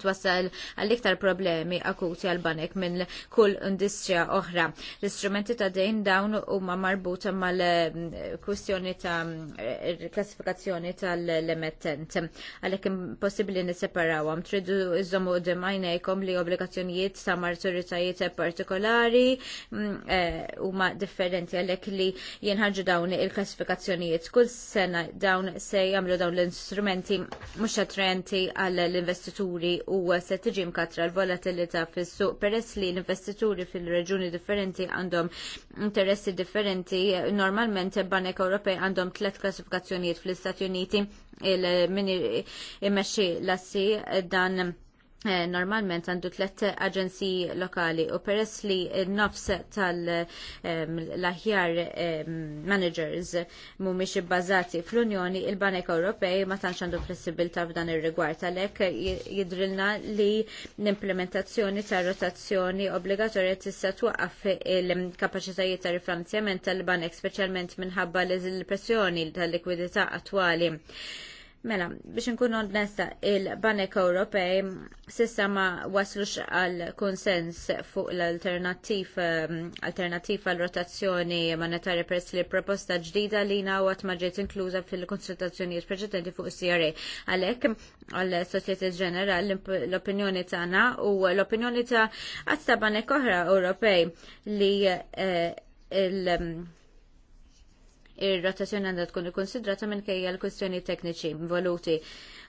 twassal għall-iktar problemi akuti għal-banek minn kull industrija oħra. L-istrumenti ta' dejn dawn huma marbuta mal-kwistjoni ta' klassifikazzjoni tal-emettent. Għalhekk impossibbli nisseparawhom. Tridu iżommu demajnejkom li obbligazzjonijiet ta' marturitajiet partikolari mm, eh, huma differenti għalhekk li jinħarġu dawn il-klassifikazzjonijiet. Kull sena dawn se jagħmlu dawn l-istrumenti mhux attrenti għall-investituri u se tiġi mkatra l-volatilità fis-suq peress li l-investituri fil-reġuni differenti għandhom interessi differenti. Normalment Banek Ewropej għandhom tliet klassifikazzjonijiet fl-Istati Uniti il-mini l-assi dan Eh, normalment għandu tlet aġenziji lokali u peress li nofs tal-laħjar managers mumiex bazati fl-Unjoni il-Banek Ewropej ma tantx għandu flessibilta f'dan ir-rigward għalhekk jidrilna li l-implementazzjoni ta' rotazzjoni obbligatorja tista' twaqqaf il-kapaċitajiet ta' rifinanzjament tal-banek speċjalment minħabba l-pressjoni tal-likwidità attwali. Mela, biex nkunu nesta il-Banek Ewropej sissa ma waslux għal konsens fuq l-alternativ um, alternativ għal rotazzjoni monetarja peress li proposta ġdida li nawat ma ġiet inkluża fil-konsultazzjonijiet preċedenti fuq CRA. Għalhekk għal Societe General, l-opinjoni tagħna u l-opinjoni ta' għazza Banek oħra Ewropej li eh, il- Ir-rotazzjoni għandha tkun ikkonsidrata minkejja l kwistjoni tekniċi involuti.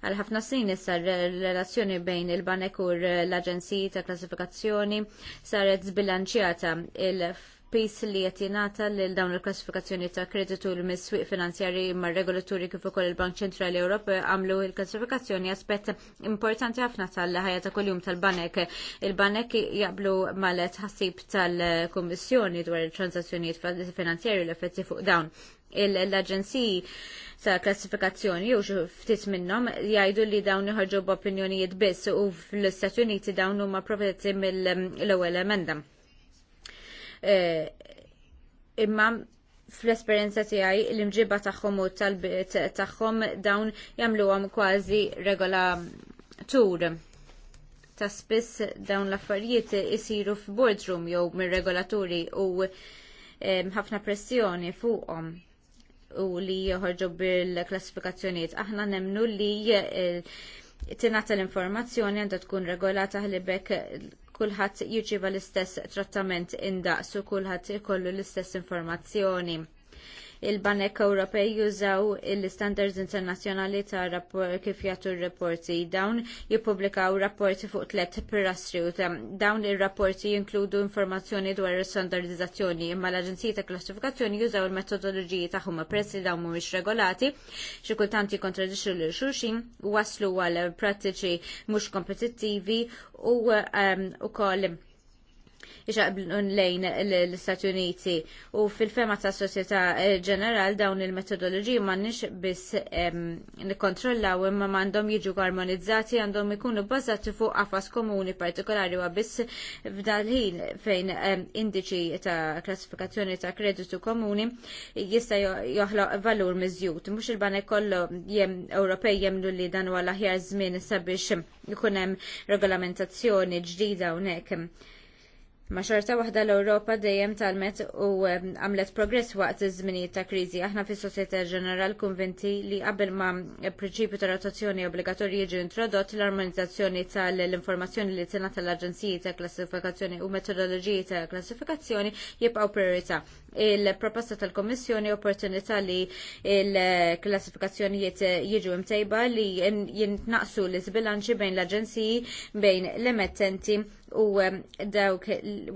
Għal ħafna snin issa r-relazzjoni bejn il-banek u l-Aġenziji ta' Klassifikazzjoni saret zbilanċjata il pis li qed jingħata lil dawn il-klassifikazzjoni ta' kreditu l swieq finanzjarji mar regolaturi kif ukoll il-Bank Ċentrali Ewropew għamlu il-klassifikazzjoni aspett importanti ħafna tal-ħajja ta' kuljum tal-banek. Il-banek jaqblu malet ħassib tal-Kummissjoni dwar il-transazzjonijiet finanzjarji l-effetti fuq dawn l-Aġenziji ta' klassifikazzjoni u ftit minnhom jgħidu li dawn iħarġu b'opinjonijiet biss u fl-Istati Uniti dawn huma provetti mill-ewwel emenda Eh, imma fl-esperienza tiegħi l-imġiba tagħhom u tal-bit tagħhom dawn jagħmluhom kważi regola tur. Ta' spiss dawn l-affarijiet isiru f'boardroom jew mir-regolaturi u ħafna pressjoni fuqhom u li joħorġu bil-klassifikazzjonijiet. Aħna nemnu li eh, tinata l-informazzjoni għandha tkun regolata ħlibek kulħadd jirċieva l-istess trattament indaqsu kulħadd ikollu l-istess informazzjoni il-Banek Ewropej jużaw l-standards internazzjonali ta' rapport kif jagħtu r-rapporti. Dawn jippubblikaw rapporti fuq tliet pilastri u dawn ir-rapporti jinkludu informazzjoni dwar standardizzazzjoni imma l-Aġenziji ta' Klassifikazzjoni jużaw il-metodoloġiji tagħhom peress dawn mhumiex regolati, xi kultant jikkontradixxu lil xulxin, waslu għal prattiċi mhux kompetittivi u wkoll ehm, ixaqb lejn l-Istati Uniti u fil-fema ta' soċjetà ġeneral dawn il-metodoloġiji m'għandniex biss nikkontrollaw imma m'għandhom jiġu armonizzati għandhom ikunu bbażati fuq għafas komuni partikolari wa biss f'dalħin fejn indiċi ta' klassifikazzjoni ta' kreditu komuni jista' joħloq valur mizjut. Mhux il-banek kollu jem Ewropej jemlu li dan huwa l-aħjar żmien sabiex ikun hemm regolamentazzjoni ġdida hawnhekk Ma xorta waħda l-Ewropa dejjem talmet u għamlet progress waqt iż-żminijiet ta' kriżi. Aħna fis-Sosjetà Ġeneral kunvinti li qabel ma prinċipju ta' rotazzjoni obbligatorji jiġu introdott l-armonizzazzjoni tal-informazzjoni li tingħata tal-Aġenziji ta' Klassifikazzjoni u metodoloġiji ta' klassifikazzjoni jibqgħu priorità il-proposta tal-Komissjoni opportunità li il-klassifikazzjonijiet jiġu imtejba li jintnaqsu l-izbilanċi bejn l-aġenziji bejn l-emettenti u um, dawk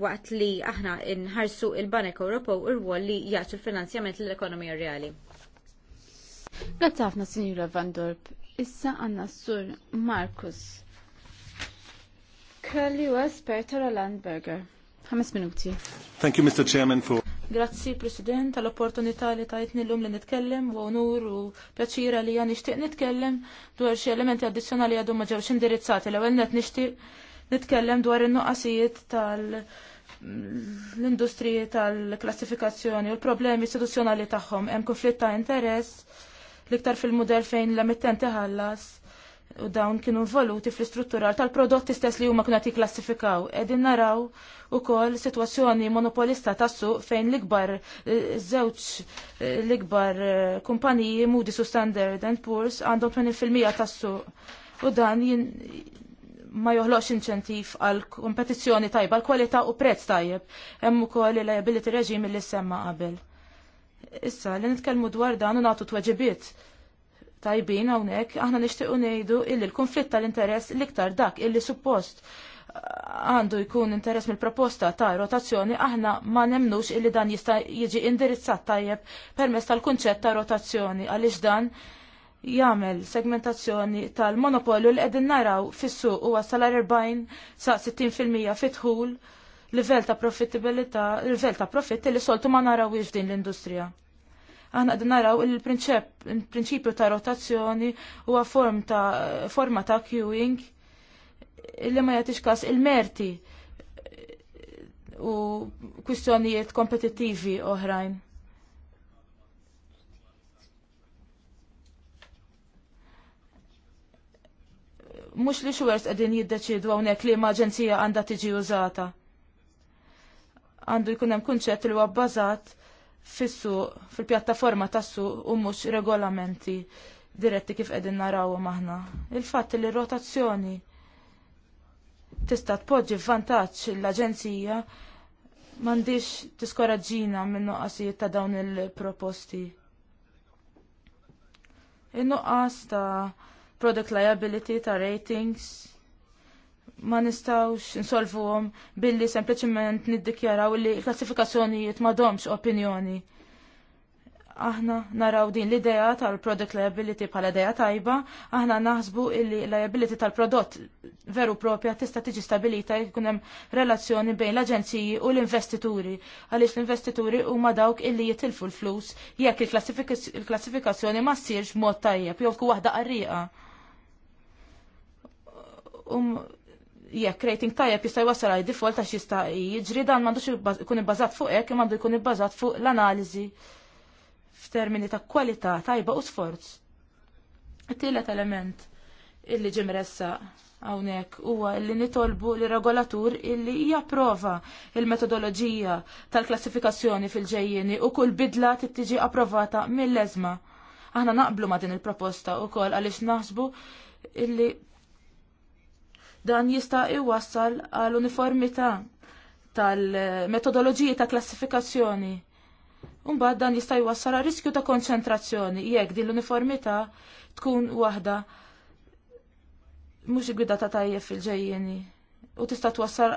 waqt li aħna nħarsu il-Banek Ewropew ir-rwol li jagħtu l-finanzjament l-ekonomija reali. Grazzi ħafna Sinjura Van Dorp. Issa għanna s-sur Markus. Kalli u espert tal Landberger. Ħames minuti. Thank you, Mr. Chairman, for... Grazzi, President, tal-opportunità li tajtni l-lum li nitkellem, u onur u pjaċira li għan ixtiq nitkellem dwar xie elementi addizjonali għadu maġewx indirizzati. L-ewel net nishtiq nitkellem dwar il-nuqqasijiet tal- l-industriji tal-klassifikazzjoni u l-problemi istituzjonali tagħhom hemm konflitt ta' interess l-iktar fil-mudell fejn l-emittenti ħallas u dawn kienu involuti fl-istrutturar tal-prodotti stess li huma kienu qed jiklassifikaw. Qegħdin naraw ukoll sitwazzjoni monopolista tas-suq fejn l-ikbar eh, żewġ eh, l-ikbar eh, kumpaniji Moody's u Standard and Poor's għandhom 20% tas-suq u dan jien ma joħloċ inċentiv għal kompetizzjoni tajba, għal kwalità u prezz tajjeb. Hemm ukoll il-liability reġim li semma qabel. Issa, li nitkellmu dwar dan u nagħtu tweġibiet tajbin hawnhekk aħna nixtiequ ngħidu illi l-konflitt tal-interess l-iktar dak illi suppost uh, għandu jkun interess mill-proposta ta' rotazzjoni, aħna ma nemnux illi dan jista' jiġi indirizzat tajjeb permezz tal-kunċett ta' rotazzjoni għaliex dan jagħmel segmentazzjoni tal-monopolju li qegħdin naraw fis-suq huwa sal-40 sa 60% fitħul livell ta' profittibilità, livell ta' profitti li soltu ma narawiex din l-industrija. Aħna għadna naraw il-prinċipju ta' rotazzjoni huwa form ta' forma ta' queuing li ma jagħtix każ il-merti u kwistjonijiet kompetittivi oħrajn. Mhux li xwers qegħdin jiddeċidu hawnhekk li ma aġenzija għandha tiġi użata. Għandu jkun hemm kunċett li huwa bbażat fissu fil-pjattaforma tassu u mhux regolamenti diretti kif qegħdin naraw maħna. Il-fatt li rotazzjoni tista' tpoġġi vantaġġ l-aġenzija m'għandix tiskoraġġina minn nuqqasijiet ta' dawn il-proposti. In-nuqqas ta' product liability ta' ratings ma nistawx insolvuhom billi sempliċement niddikjaraw li klassifikazzjonijiet m'għadhomx opinjoni. Aħna naraw din l-idea tal-product liability bħala idea tajba, aħna naħsbu illi liability tal-prodott veru propja tista' tiġi stabilita jkunem hemm relazzjoni bejn l-aġenziji u l-investituri, għaliex l-investituri huma dawk illi jitilfu l-flus jekk il-klassifikazzjoni ma ssirx b'mod tajjeb jew tkun waħda qarrieqa. Um, jekk rating tajjeb jista' jwassal għal default għax jista' jiġri dan m'għandux ikun ibbażat fuq hekk mandu għandu jkun ibbażat fuq l-analiżi f'termini ta' kwalità tajba u sforz. It-tielet element illi ġimressa hawnhekk huwa illi nitolbu li regolatur illi japprova il-metodoloġija tal-klassifikazzjoni fil-ġejjieni u kull bidla tittiġi approvata mill-leżma. Aħna naqblu ma' din il-proposta wkoll għaliex naħsbu illi Dan jista' iwassal għal uniformità tal-metodoloġiji ta' klassifikazzjoni. Umbagħad dan jista' jwassal għal riskju ta' konċentrazzjoni jekk din l-uniformità tkun waħda mhux ta' tajjeb fil-ġejjeni u tista' twassal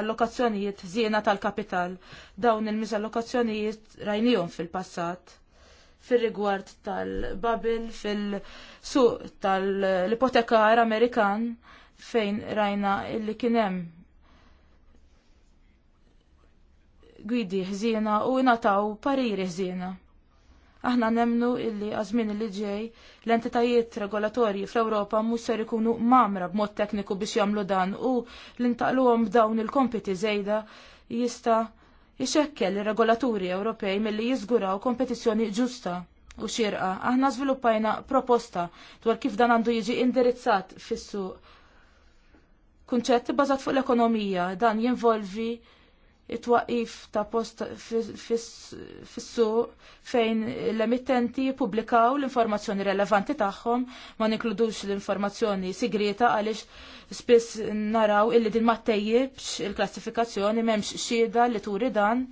allokazzjonijiet żiena tal-kapital. Dawn il-miżallokazzjonijiet rajnijhom fil-passat fil-rigward tal-babil fil-suq tal-ipotekar Amerikan fejn rajna illi kienem gwidi ħsiena u nataw pariri ħsiena. Aħna nemnu illi għazmin li ġej l-entitajiet regolatorji fl-Ewropa mhux ser ikunu mamra b'mod tekniku biex jagħmlu dan u l-intaqluhom b'dawn il-kompiti żejda jista' jxekkel ir-regolaturi Ewropej milli jiżguraw kompetizzjoni ġusta u xirqa. Aħna żviluppajna proposta dwar kif dan għandu jiġi indirizzat fis-suq Kunċetti bażat fuq l-ekonomija, dan jinvolvi it-twaqif ta' post fissu fejn l-emittenti publikaw l-informazzjoni relevanti tagħhom ma ninkludux l-informazzjoni sigreta għaliex spiss naraw illi din ma tejjibx il-klassifikazzjoni m'hemmx xieda li turi dan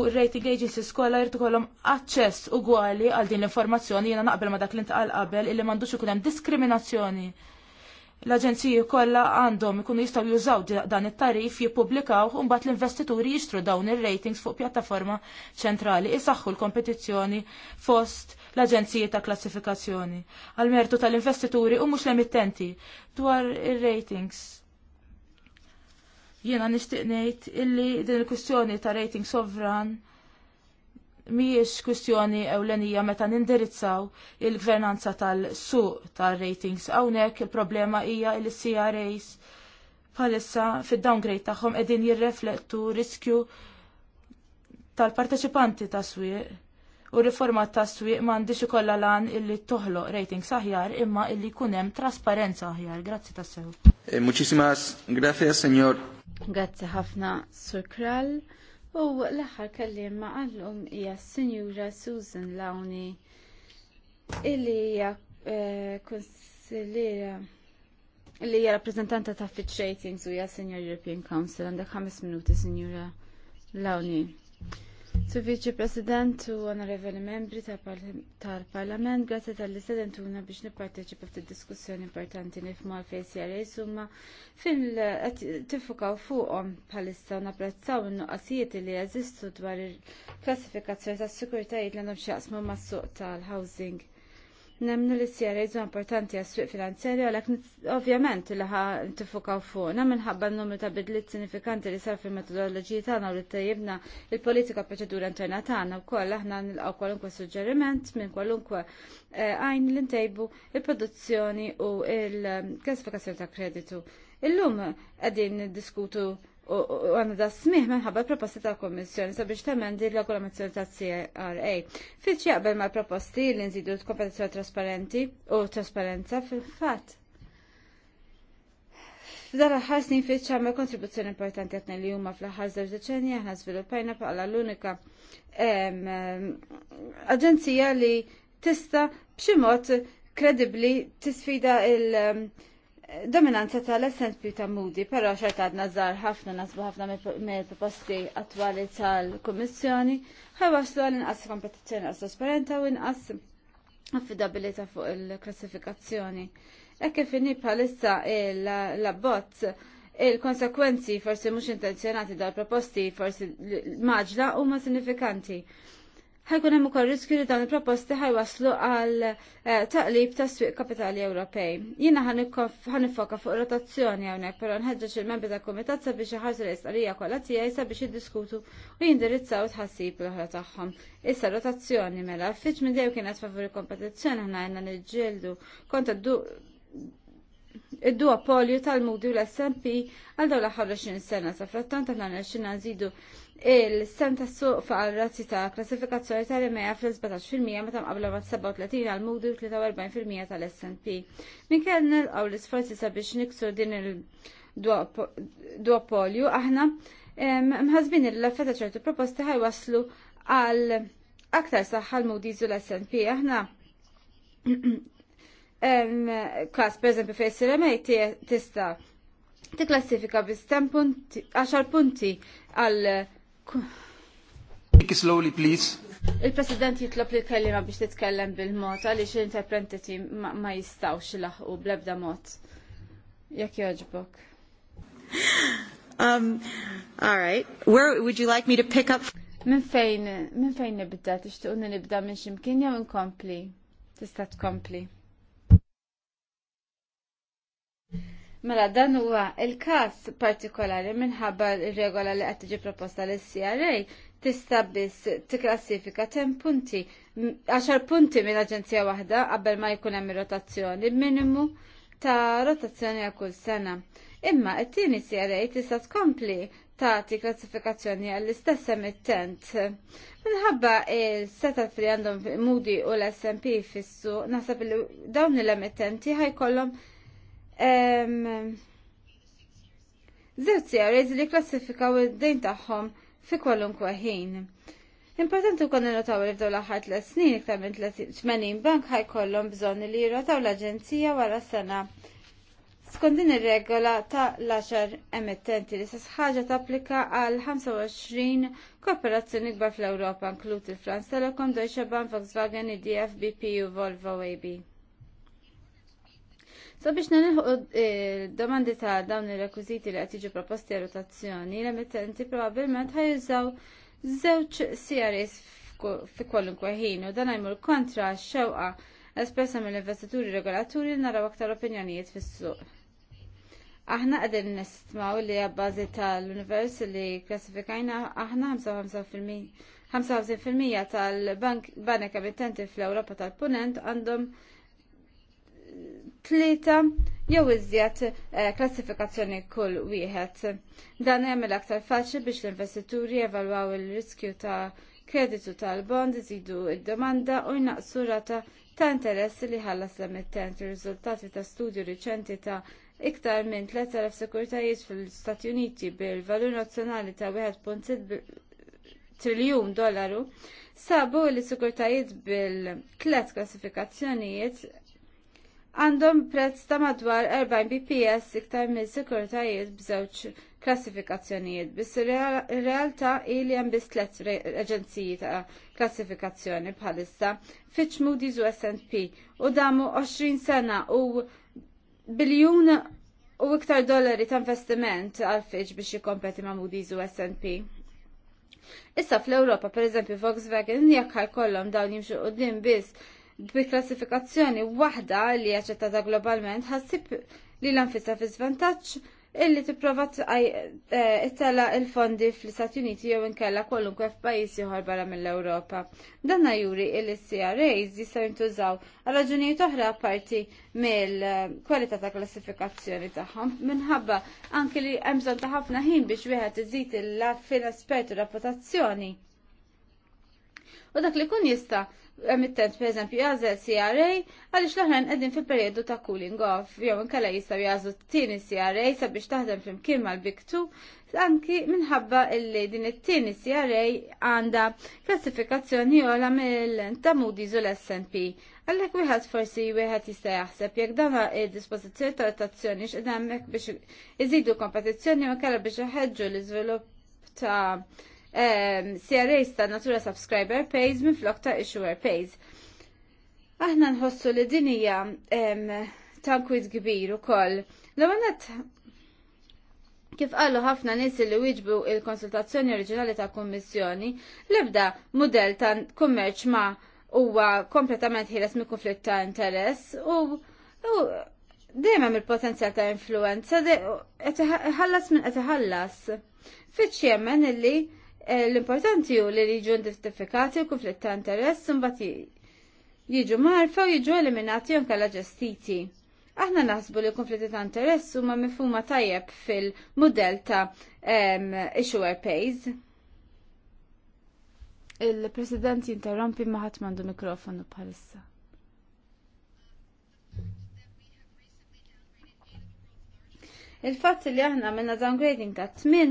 u rating agency skola jirtu kollom aċċess ugwali għal din l-informazzjoni jiena naqbel ma dak li ntqal qabel illi m'għandux ikun hemm diskriminazzjoni l-aġenziji kollha għandhom ikunu jistgħu jużaw dan it-tarif jippubblikaw u mbagħad l-investituri jixtru dawn ir-ratings fuq pjattaforma ċentrali isaħħu l-kompetizzjoni fost l-aġenziji ta' klassifikazzjoni. Għal-mertu tal-investituri u mhux l-emittenti dwar ir-ratings. Jiena nixtieq ngħid illi din il-kwistjoni ta' rating sovran Mijiex kustjoni ewlenija meta nindirizzaw il-gvernanza tal-suq tal-ratings. Hawnhekk il-problema hija il CRAs bħalissa fid-downgrade tagħhom qegħdin jirreflettu riskju tal-parteċipanti tas-swieq u riforma tas-swieq m'għandix kolla lan illi toħloq ratings aħjar imma illi jkun hemm trasparenza aħjar. Grazzi tassew. Eh, muchísimas gracias, senjor. Grazzi ħafna, Sur Krall. U l-aħħar kelliema għallum hija Sinjura Susan Lawni illi hija eh, konsilira illi hija rappreżentanta ta' Fitch Ratings u hija Senior European Council għandek ħames minuti Sinjura Lawni. Su President u onorevoli membri tal-Parlament, grazie tal-istudentuna biex nipparteċipa fid diskussjoni importanti nifmu għalfej CRA summa t tifukaw fuqom palissa u napprezzaw il-nuqqasijiet li jazistu dwar il-klassifikazzjoni tas sikurtajiet l-għandhom xaqsmu mas-suq tal-housing Nemnu li s-sjera jizu importanti għas-suq finanzjarju għalek ovvjament li ħa tifukaw fuqna minħabba n-numru ta' bidlit sinifikanti li sar fil-metodoloġiji tagħna u li tajibna il-politika proċedura interna tagħna wkoll aħna nilqgħu kwalunkwe suġġeriment minn kwalunkwe eh, għajn li ntejbu il-produzzjoni u il-klassifikazzjoni ta' kreditu. Illum qegħdin diskutu u għanna da smih minħabba proposti ta' kommissjoni sabiex temendi l agolamazzjoni ta' CRA. Fitx jaqbel ma' proposti li nżidu kompetizzjoni trasparenti u trasparenza fil-fat. F'dar l snin fitx għamil kontribuzzjoni importanti għatni li huma fl-ħar żewġ deċenji aħna żviluppajna bħala l-unika aġenzija li tista' b'xi mod kredibbli tisfida il- dominanza tal pju ta' Moody, pero xert għadna zar ħafna nasbu ħafna mill proposti attwali tal-Kommissjoni, ħawaslu għal inqas kompetizzjoni għas trasparenta u inqas affidabilita fuq il-klassifikazzjoni. Ekke finni bħalissa l-abbozz il-konsekwenzi forsi mux intenzjonati dal-proposti forsi maġla u ma sinifikanti ħajkun hemm ukoll riskju li dan il-proposti ħajwaslu għal eh, taqlib ta' swieq kapitali Ewropej. Jiena ħanifoka fuq rotazzjoni hawnhekk, però nħeġġeġ il-membri tal kumitat sabiex iħarsu l-istqarrija kollha tiegħi sabiex jiddiskutu u jindirizzaw tħassib l-oħra tagħhom. Issa rotazzjoni mela fiċ minn dejjem kienet favuri kompetizzjoni ħna għandna niġġieldu kontra id-duopolju tal-mudi u l-SMP għal dawn l-aħħar 20 sena sa frattant aħna nexxinna nżidu Il-sem ta' suq faqal razzi ta' klassifikazzjoni tal-EMEA fl-17% tam mqabla ma' 37 għal Moody u 43% tal snp Min kien għaw l-isforzi sabiex niksur din il-duopolju, aħna mħazbin il-laffeta ċertu proposti waslu għal aktar saħħa l-Moody l snp Aħna kas, per eżempju, fejn s-RMA tista' tiklassifika bi 10 punti għal Speak slowly, please. Il-President jitlob li kellima biex titkellem bil-mod għaliex l-interpretati ma jistawx laħqu bl-ebda mod. Jekk joġbok. Um, all right. Where would you like me to pick up? Min fejn, min fejn nibda? nibda minn ximkien jew inkompli? Tista' tkompli. Mela dan huwa il-każ partikolari minħabba r-regola li qed tiġi proposta l cra tista' biss tikklassifika ten punti, 10 punti minn aġenzija waħda qabel ma jkun hemm rotazzjoni minimu ta' rotazzjoni għal kull sena. Imma it-tieni CRA tista' tkompli tagħti klassifikazzjoni għall-istess emittent. Minħabba il-setat li għandhom Moody u l-SMP fissu, nasab li dawn l-emittenti ħajkollhom kollom Zewċ series li klassifikaw id-dejn tagħhom fi kwalunkwe ħin. Importanti kon notaw li f'dawn l-aħħar tliet snin iktar minn 80 bank ħajkollhom bżonn li jirrotaw l-Aġenzija wara sena. Skont din ir-regola ta' l-10 emittenti li s ħaġa tapplika għal 25 korporazzjoni kbar fl-Ewropa, inkluż il-Franz Telecom, Deutsche Bank, Volkswagen, IDF, BP u Volvo AB. Sabiex nilħu eh, domandi ta' dawn ir-rekwiżiti li qed jiġu proposti rotazzjoni, l-emittenti probabbilment ħajużaw żewġ CRS fi kwalunkwe ħin u dan l kontra x-xewqa espressa mill-investituri regolaturi naraw aktar opinjonijiet fis-suq. Aħna qegħdin nistmaw li għabbażi tal-univers li klassifikajna aħna 55% 55% tal-banek emittenti fl europa tal-Punent għandhom tlieta jew iżjed eh, klassifikazzjoni kull wieħed. Dan jagħmel aktar faċli biex l-investituri evalwaw il-riskju ta' kreditu tal-bond, iżidu id-domanda u jnaqsu rata ta' interess li ħallas l-emittent. Ir-riżultati ta' studju riċenti ta' iktar minn 3000 sekuritajiet fl-Stati Uniti bil-valur nazzjonali ta' 1.6 triljun dollaru sabu li sekuritajiet bil-tlet klassifikazzjonijiet għandhom prezz ta' madwar 40 BPS iktar minn sikurtajiet b'żewġ klassifikazzjonijiet. Biss ir-realtà hi hemm biss tliet aġenziji ta' klassifikazzjoni bħalissa Fitch Moody's u S&P u damu 20 sena u biljun u iktar dollari ta' investiment għal Fitch biex jikompeti ma' Moody's u S&P. Issa fl-Ewropa, per eżempju, Volkswagen, jekk kollom dawn jimxu din biss bi klassifikazzjoni waħda li jaċċettata globalment ħassib li l-anfisa fi svantaġġ illi tipprova eh, ittela il-fondi fl-Istati Uniti jew inkella kwalunkwe f'pajjiż ieħor barra mill-Ewropa. Danna juri illi CRAs jistgħu jintużaw għal raġunijiet oħra parti mill-kwalità ta' klassifikazzjoni tagħhom minħabba anke li hemm bżonn ta' ħafna ħin biex wieħed iżid il-fin espertu reputazzjoni. U dak li kun jista' emittent per eżempju jażel CRA għaliex l-oħrajn qegħdin fil-perjodu ta' cooling off jew inkella jistgħu jażlu t-tieni CRA sabiex taħdem flimkien mal-Big anki minħabba illi din it-tieni CRA għandha klassifikazzjoni ola mill ta' Moody's u l-S&P. Għallek wieħed forsi wieħed jista' jaħseb jekk dan id-dispożizzjoni ta' rotazzjoni x'qed biex iżidu kompetizzjoni ma kellha biex iħeġġu l-iżvilupp ta' CRAs ta' natura subscriber pays minn flok ta' issuer pays. Aħna nħossu li dinija tankwit kbir u koll. L-għanet Kif qalu ħafna nies li wieġbu il-konsultazzjoni oriġinali ta' kummissjoni, l-ebda mudell ta' kummerċ ma huwa kompletament ħieles mi konflitt ta' interess u, u dejjem il-potenzjal ta' influenza ħallas minn qed iħallas. Fitx jemmen illi Eh, l-importanti hu li jiġu identifikati u konflitt ta' interess imbagħad jiġu marfa u jiġu eliminati anke la ġestiti. Aħna naħsbu li konflitti ta' interess huma mifhuma tajjeb fil-mudell ta' issuer pays. Il-President jinterrompi ma ħadd m'għandu mikrofonu bħalissa. Il-fatt li aħna minna downgrading ta' tmin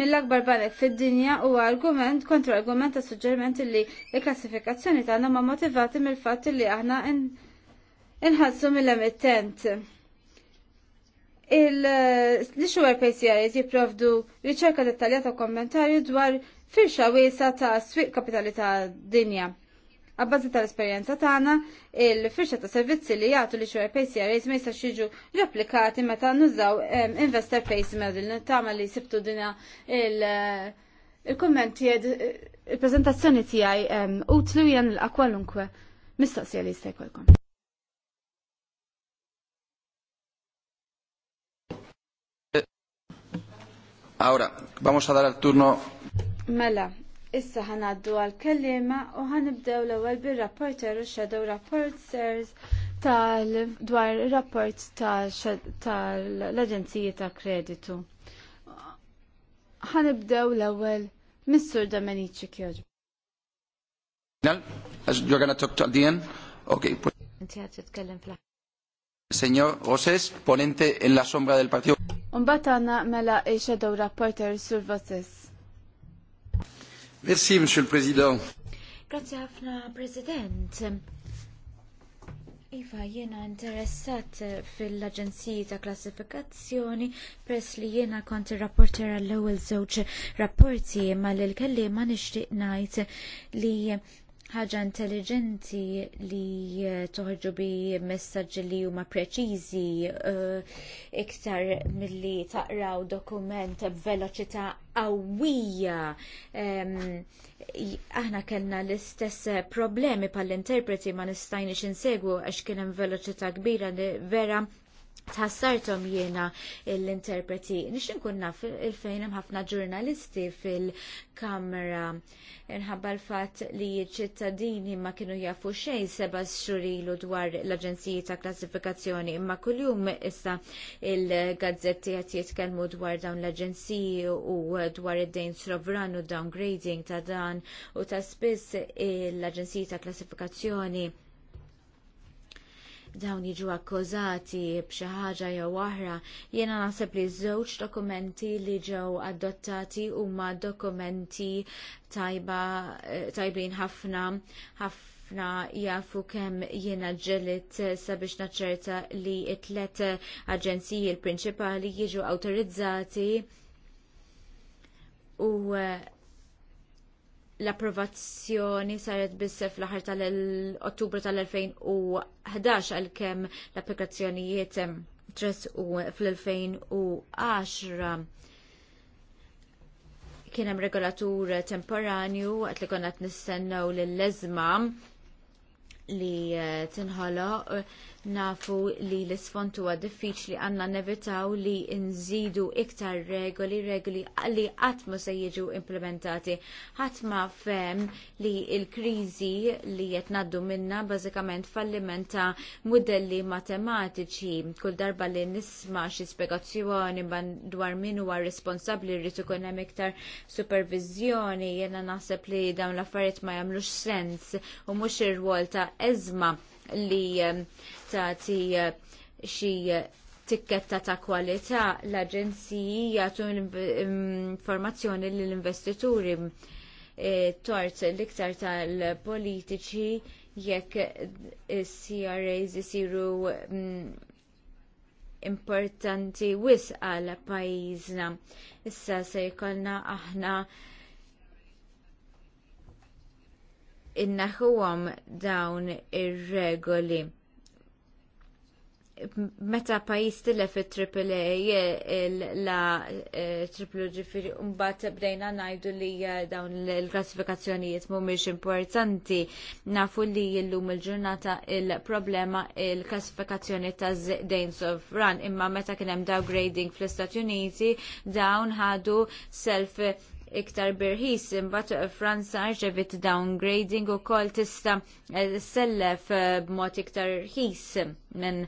mill-akbar banek fid-dinja u argument kontra argument ta' suġġerment li l-klassifikazzjoni tagħna ma' motivati mill-fatt li aħna inħassu mill-emittent. Il-Lixuwer PCRs jiprovdu riċerka dettaljata u kommentarju dwar firxa wiesa ta' s-swiq kapitali ta' dinja. Għabbażi tal-esperjenza tagħna, il-firxa ta' servizzi li jagħtu li xogħol PCRAs ma jistax jiġu replikati meta nużaw ehm, investor pace model nittama li sibtu dina eh, il-kumment eh, il-prezentazzjoni tiegħi ehm, tlu jien l kwalunkwe mistoqsija li jista' jkollkom. Ahora, vamos a dar el turno. Mela, Issa ħanaddu għal kellima u ħanibdew l-ewwel bir-rapporter u shadow rapporters tal dwar rapport tal-Aġenziji ta' Kreditu. Ħanibdew l-ewwel Mr. Domenici Kjoġ. You're gonna talk to the end? Okay. Inti għad fl Oses, ponente en la sombra del partido. Un batana mela shadow rapporter sur voces. Merci, Monsieur le Président. Grazie ħafna, President. Iva, jiena interessat fil-Aġenziji ta' Klassifikazzjoni press li jiena kont ir rapporter għall ewwel żewġ rapporti imma l kelliema nixtieq ngħid li ħaġa intelligenti li eh, toħorġu bi messaġġi li huma preċiżi eh, iktar milli taqraw dokument b'veloċità qawwija. Ehm, aħna kellna l-istess problemi pal-interpreti ma nistajniex insegwu għax kien hemm veloċità kbira li vera tħassartom jiena l-interpreti. Nix nkun naf il-fejn hemm ħafna ġurnalisti fil-kamra nħabba l-fatt li ċittadini ma kienu jafu xejn seba' xurilu dwar l-Aġenziji ta' Klassifikazzjoni imma kuljum issa il-gazzetti qed jitkellmu dwar dawn l-Aġenziji u dwar id-dejn sovran u downgrading ta' dan u ta' spiss l-Aġenziji ta' Klassifikazzjoni dawn jiġu akkużati b'xi ħaġa jew oħra, jiena naħseb li żewġ dokumenti li ġew adottati huma dokumenti tajba eh, tajbin ħafna ħafna jafu kemm jiena ġelit sabiex naċċerta li t tlet aġenziji l-prinċipali jiġu awtorizzati u eh, l-approvazzjoni saret bissef fl-aħħar tal-Ottubru tal-2011 għalkemm l-applikazzjonijiet tres u fl-2010 kien hemm regolatur temporanju għat li konna nistennew lill-leżma li eh, tinħoloq nafu li l-isfont huwa diffiċli għandna nevitaw li nżidu iktar regoli, regoli li qatt ma se jiġu implementati. Ħadd ma fem li l-kriżi li qed ngħaddu minnha bażikament falliment ta' mudelli matematiċi. Kull darba li nisma' xi spjegazzjoni dwar min huwa responsabbli rrid ikun hemm iktar supervizjoni, jiena naħseb li dawn l-affarijiet ma jagħmlux sens u mhux ir-rwol ta' eżma li ehm, tagħti eh, xi tikketta ta' kwalità l-aġenziji jagħtu mm, informazzjoni lill-investituri eh, tort l-iktar tal-politiċi jekk eh, CRAs isiru mm, importanti wisq għal pajjiżna. Issa se jkollna aħna innaħuhom dawn ir-regoli meta pajis tilef il-AAA la eh, triplu ġifiri umbat bdejna najdu li eh, dawn il-klassifikazzjonijiet mumiex importanti nafu li jillum il-ġurnata il-problema il-klassifikazzjoni ta' Danes of Run imma meta kienem downgrading fl-Istati Uniti dawn ħadu self iktar birħis imbagħad uh, Franza ġevit downgrading ukoll tista' uh, sellef uh, b'mod iktar rħis minn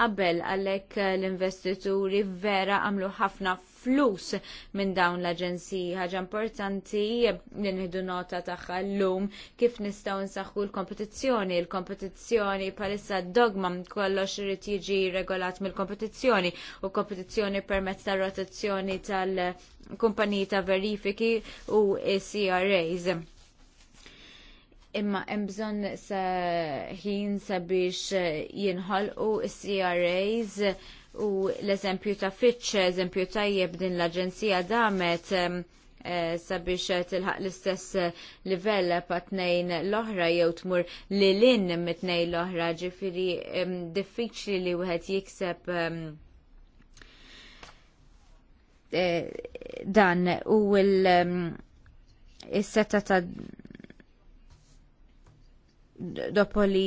qabel għalhekk l-investituri vera għamlu ħafna flus minn dawn l-aġenziji. Ħaġa importanti li nħidu nota tagħha llum kif nistgħu nsaħħu l-kompetizzjoni. Il-kompetizzjoni palissa dogma kollox irid jiġi regolat mill-kompetizzjoni u kompetizzjoni permezz tar-rotazzjoni tal-kumpaniji ta' verifiki u CRAs imma hemm bżonn sa ħin sabiex jinħolqu s-CRAs u l-eżempju ta' Fitch, eżempju tajjeb din l-Aġenzija damet eh, sabiex tilħaq l-istess livell pa' tnejn l-oħra jew tmur li lin mit-tnejn l-oħra ġifiri diffiċli li wieħed jikseb eh, dan u l-setta ta' li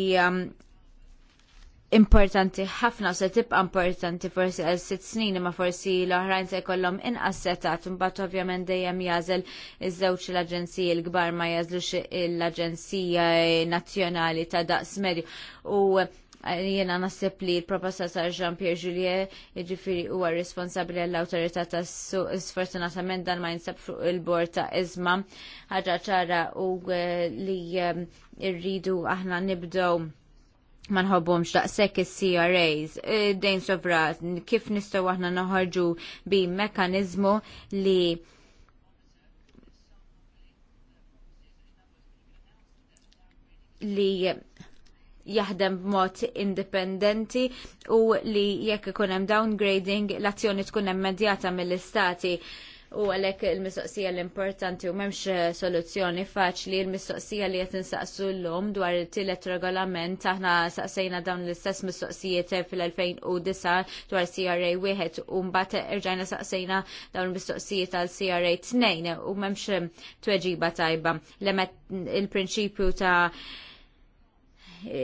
importanti ħafna u se tibqa importanti forsi għal sitt snin imma forsi l-oħrajn se jkollhom inqas setat imbagħad ovvjament dejjem jażel iż-żewġ l-aġenziji l-kbar ma jażlux l-Aġenzija Nazzjonali ta' Daqs Medju u eh, jiena naħseb li l-proposta ta' Jean-Pierre Juliet jiġifieri huwa responsabbli għall awtorità tas sfortunatament dan ma jinsab fuq il-bord ta' iżma ħaġa ċara u eh, li eh, rridu aħna nibdew ma nħobbhomx daqshekk is-CRAs, e, dejn sovrat, kif nistgħu aħna naħarġu bi mekkaniżmu li li jaħdem b'mod indipendenti u li jekk ikun hemm downgrading l-azzjoni tkun immedjata mill-istati u għalek il-mistoqsija l-importanti u memx eh, soluzzjoni faċli il-mistoqsija li jett nsaqsu l-lum dwar il-tillet regolament taħna saqsejna dawn l-istess mistoqsijiet fil-2009 dwar CRA 1 u mbagħad irġajna saqsejna dawn il-mistoqsijiet tal CRA 2 u memx tweġiba tajba l-emet il-prinċipju ta' E,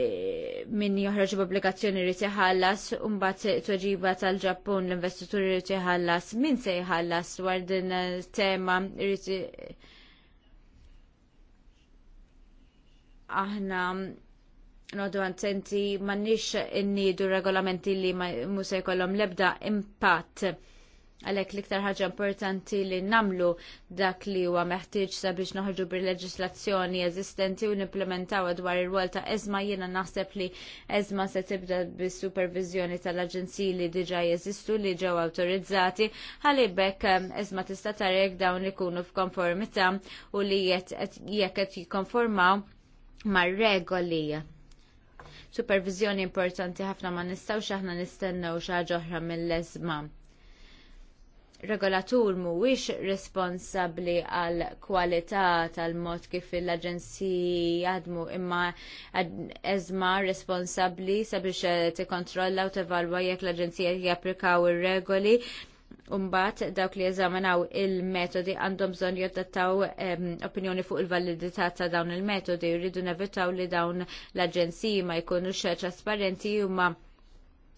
min joħroġ b'obbligazzjoni rrit iħallas u mbagħad tweġiba tal-Ġappun l-investitur rrit iħallas. Min se jħallas dwar din tema rrit aħna nodu għantenti mannix nix innidu regolamenti li musaj musa jkollhom lebda impatt Għalhekk l-iktar ħaġa importanti li namlu dak li huwa meħtieġ sabiex noħorġu bil-leġislazzjoni eżistenti u nimplementaw dwar ir-rwol ta' eżma jiena naħseb li eżma se tibda bis-supervizjoni tal-aġenziji li diġà jeżistu li ġew awtorizzati ħalli bekk um, eżma tista' tarek dawn li kunu f'konformità u li jekk qed jikkonformaw mar-regoli supervizjoni importanti ħafna ma nistgħux aħna nistennew xi ħaġa oħra mill eżma regolatur mhuwiex responsabbli għal kwalità tal-mod kif l-aġenziji jadmu imma eżma responsabbli sabiex eh, tikkontrolla u tevalwa jekk l-aġenzija japplikaw ir-regoli Umbat dawk li jeżaminaw il-metodi għandhom bżonn jottattaw ehm, opinjoni fuq il-validità ta' dawn il-metodi, jridu nevitaw li dawn l-aġenziji ma jkunux eh, trasparenti u ma'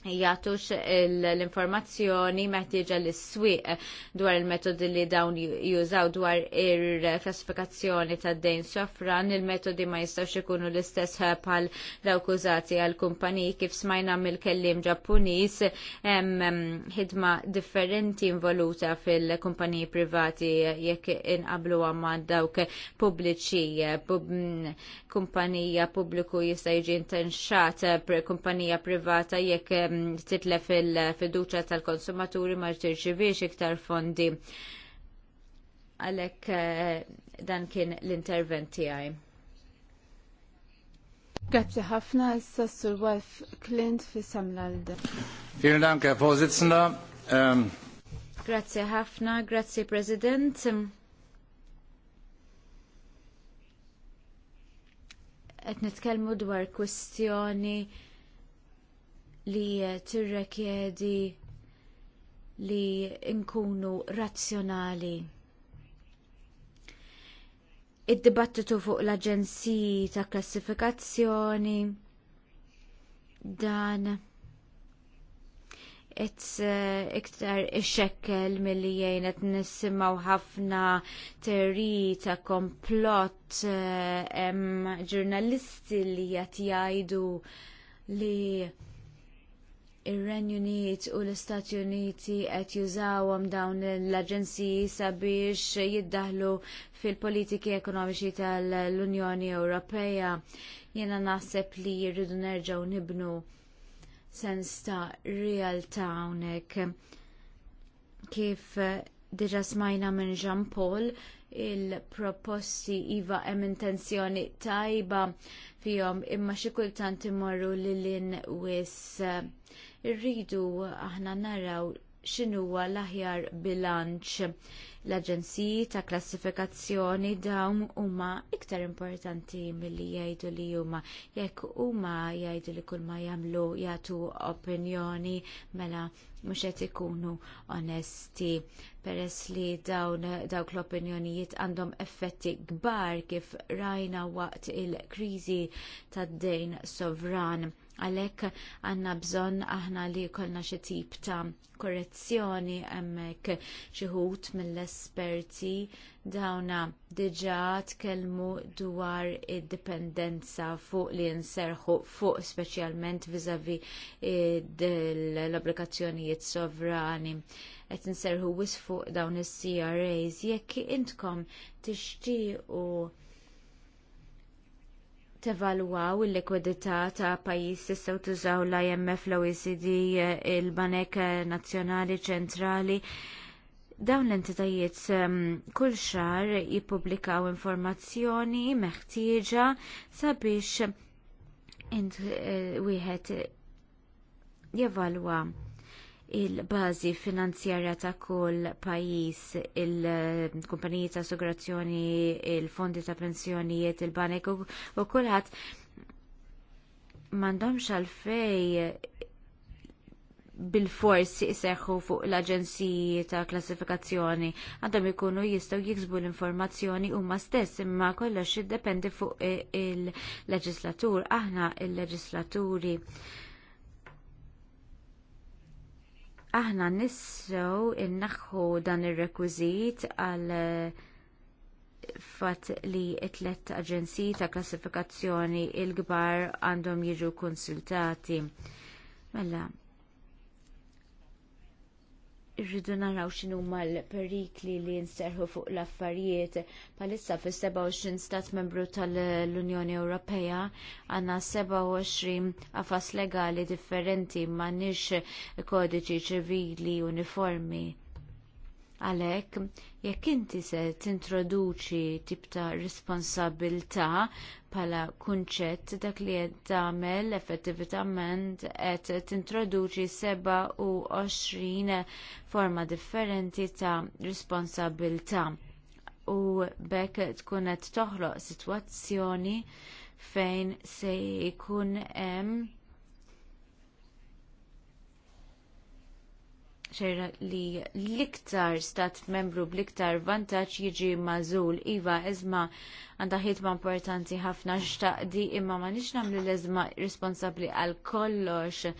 jgħatux l-informazzjoni meħtieġa l swieq dwar il-metodi li dawn jużaw dwar ir-klassifikazzjoni ta' dejn sofran, il-metodi ma jistawx ikunu l-istess bħal dawk użati għal kumpaniji kif smajna mill-kellim Ġappuniż hemm mm, ħidma differenti involuta fil-kumpaniji privati jekk inqablu ma dawk pubbliċi mm, kumpanija pubbliku jista' jiġi intenxat kumpanija privata jekk Title fil fiduċa tal-konsumaturi ma rtirċivix iktar fondi. Għalek eh, dan kien l-intervent tiegħi. Grazie ħafna issa sur Wolf Klint fi Samlalde. Vielen Dank, Herr Vorsitzender. Ähm, grazie ħafna, grazie President. qed nitkellmu dwar kwestjoni li tirrekjedi li nkunu razzjonali. Id-dibattitu fuq l-Aġenziji ta' Klassifikazzjoni dan it's eh, iktar ixekkel milli jgħinet nissimaw ħafna teori ta' komplott eh, ġurnalisti li qed jgħidu li ir-Renju Unit u l-Istati Uniti qed jużawhom dawn l-aġenziji sabiex jiddaħħlu fil-politiki ekonomiċi tal-Unjoni Ewropea. Jiena naħseb li jridu nerġgħu nibnu sens ta' realtà hawnhekk. Kif diġà smajna minn Jean Paul il-proposti iva hemm intenzjoni tajba fihom imma xi kultant imorru lil wis irridu aħna naraw x'inhuwa l-aħjar bilanċ. L-aġenziji ta' klassifikazzjoni dawn huma iktar importanti milli jgħidu li huma jekk huma jgħidu li kull ma jagħmlu jagħtu opinjoni mela mhux qed ikunu onesti peress li dawn dawk l-opinjonijiet għandhom effetti kbar kif rajna waqt il-kriżi tad-dejn sovran Għalhekk għandna bżonn aħna li jkollna xi tip ta' korrezzjoni hemmhekk xi mill-esperti dawna diġà tkellmu dwar id-dipendenza fuq li nserħu fuq speċjalment viżavi l-obbligazzjonijiet sovrani qed inserħu wis fuq dawn is-CRAs jekk intkom tixtiequ tevalwaw il-likwidità ta' pajjiż issa tużaw l-IMF l-OECD il-Banek Nazzjonali Ċentrali. Dawn l-entitajiet ehm, kull xahar jippubblikaw informazzjoni meħtieġa sabiex eh, wieħed jevalwa il-bazi finanzjarja ta' kull pajis, il-kumpaniji ta' assigurazzjoni, il-fondi ta' pensjonijiet, il-banek u, kulħadd m'għandhomx għalfej bil-fors fuq l-aġenziji ta' klassifikazzjoni għandhom ikunu jistgħu jiksbu l-informazzjoni huma stess imma kollox jiddependi fuq il-leġislatur aħna il-leġislaturi il leġislaturi aħna nissew innaħħu dan ir-rekwiżit għal eh, fatt li t-tliet aġenziji ta' klassifikazzjoni l kbar għandhom jiġu konsultati. Mela, irridu naraw xinu mal-perikli li nserħu fuq l-affarijiet bħalissa fis 27 stat membru tal-Unjoni Ewropea għanna 27 għafas legali differenti m'għandniex kodiċi ċivili uniformi Għalhekk, jekk inti se tintroduċi tip ta' responsabilità bħala kunċett dak li qed tagħmel effettivament qed tintroduċi 27 forma differenti ta' responsabilità u bekk tkun qed toħloq sitwazzjoni fejn se jkun hemm ċerra li l-iktar stat membru bl-iktar vantaġġ jiġi mażul iva eżma għandha ħidma importanti ħafna xtaqdi imma ma nix nagħmlu l ezma responsabbli għal kollox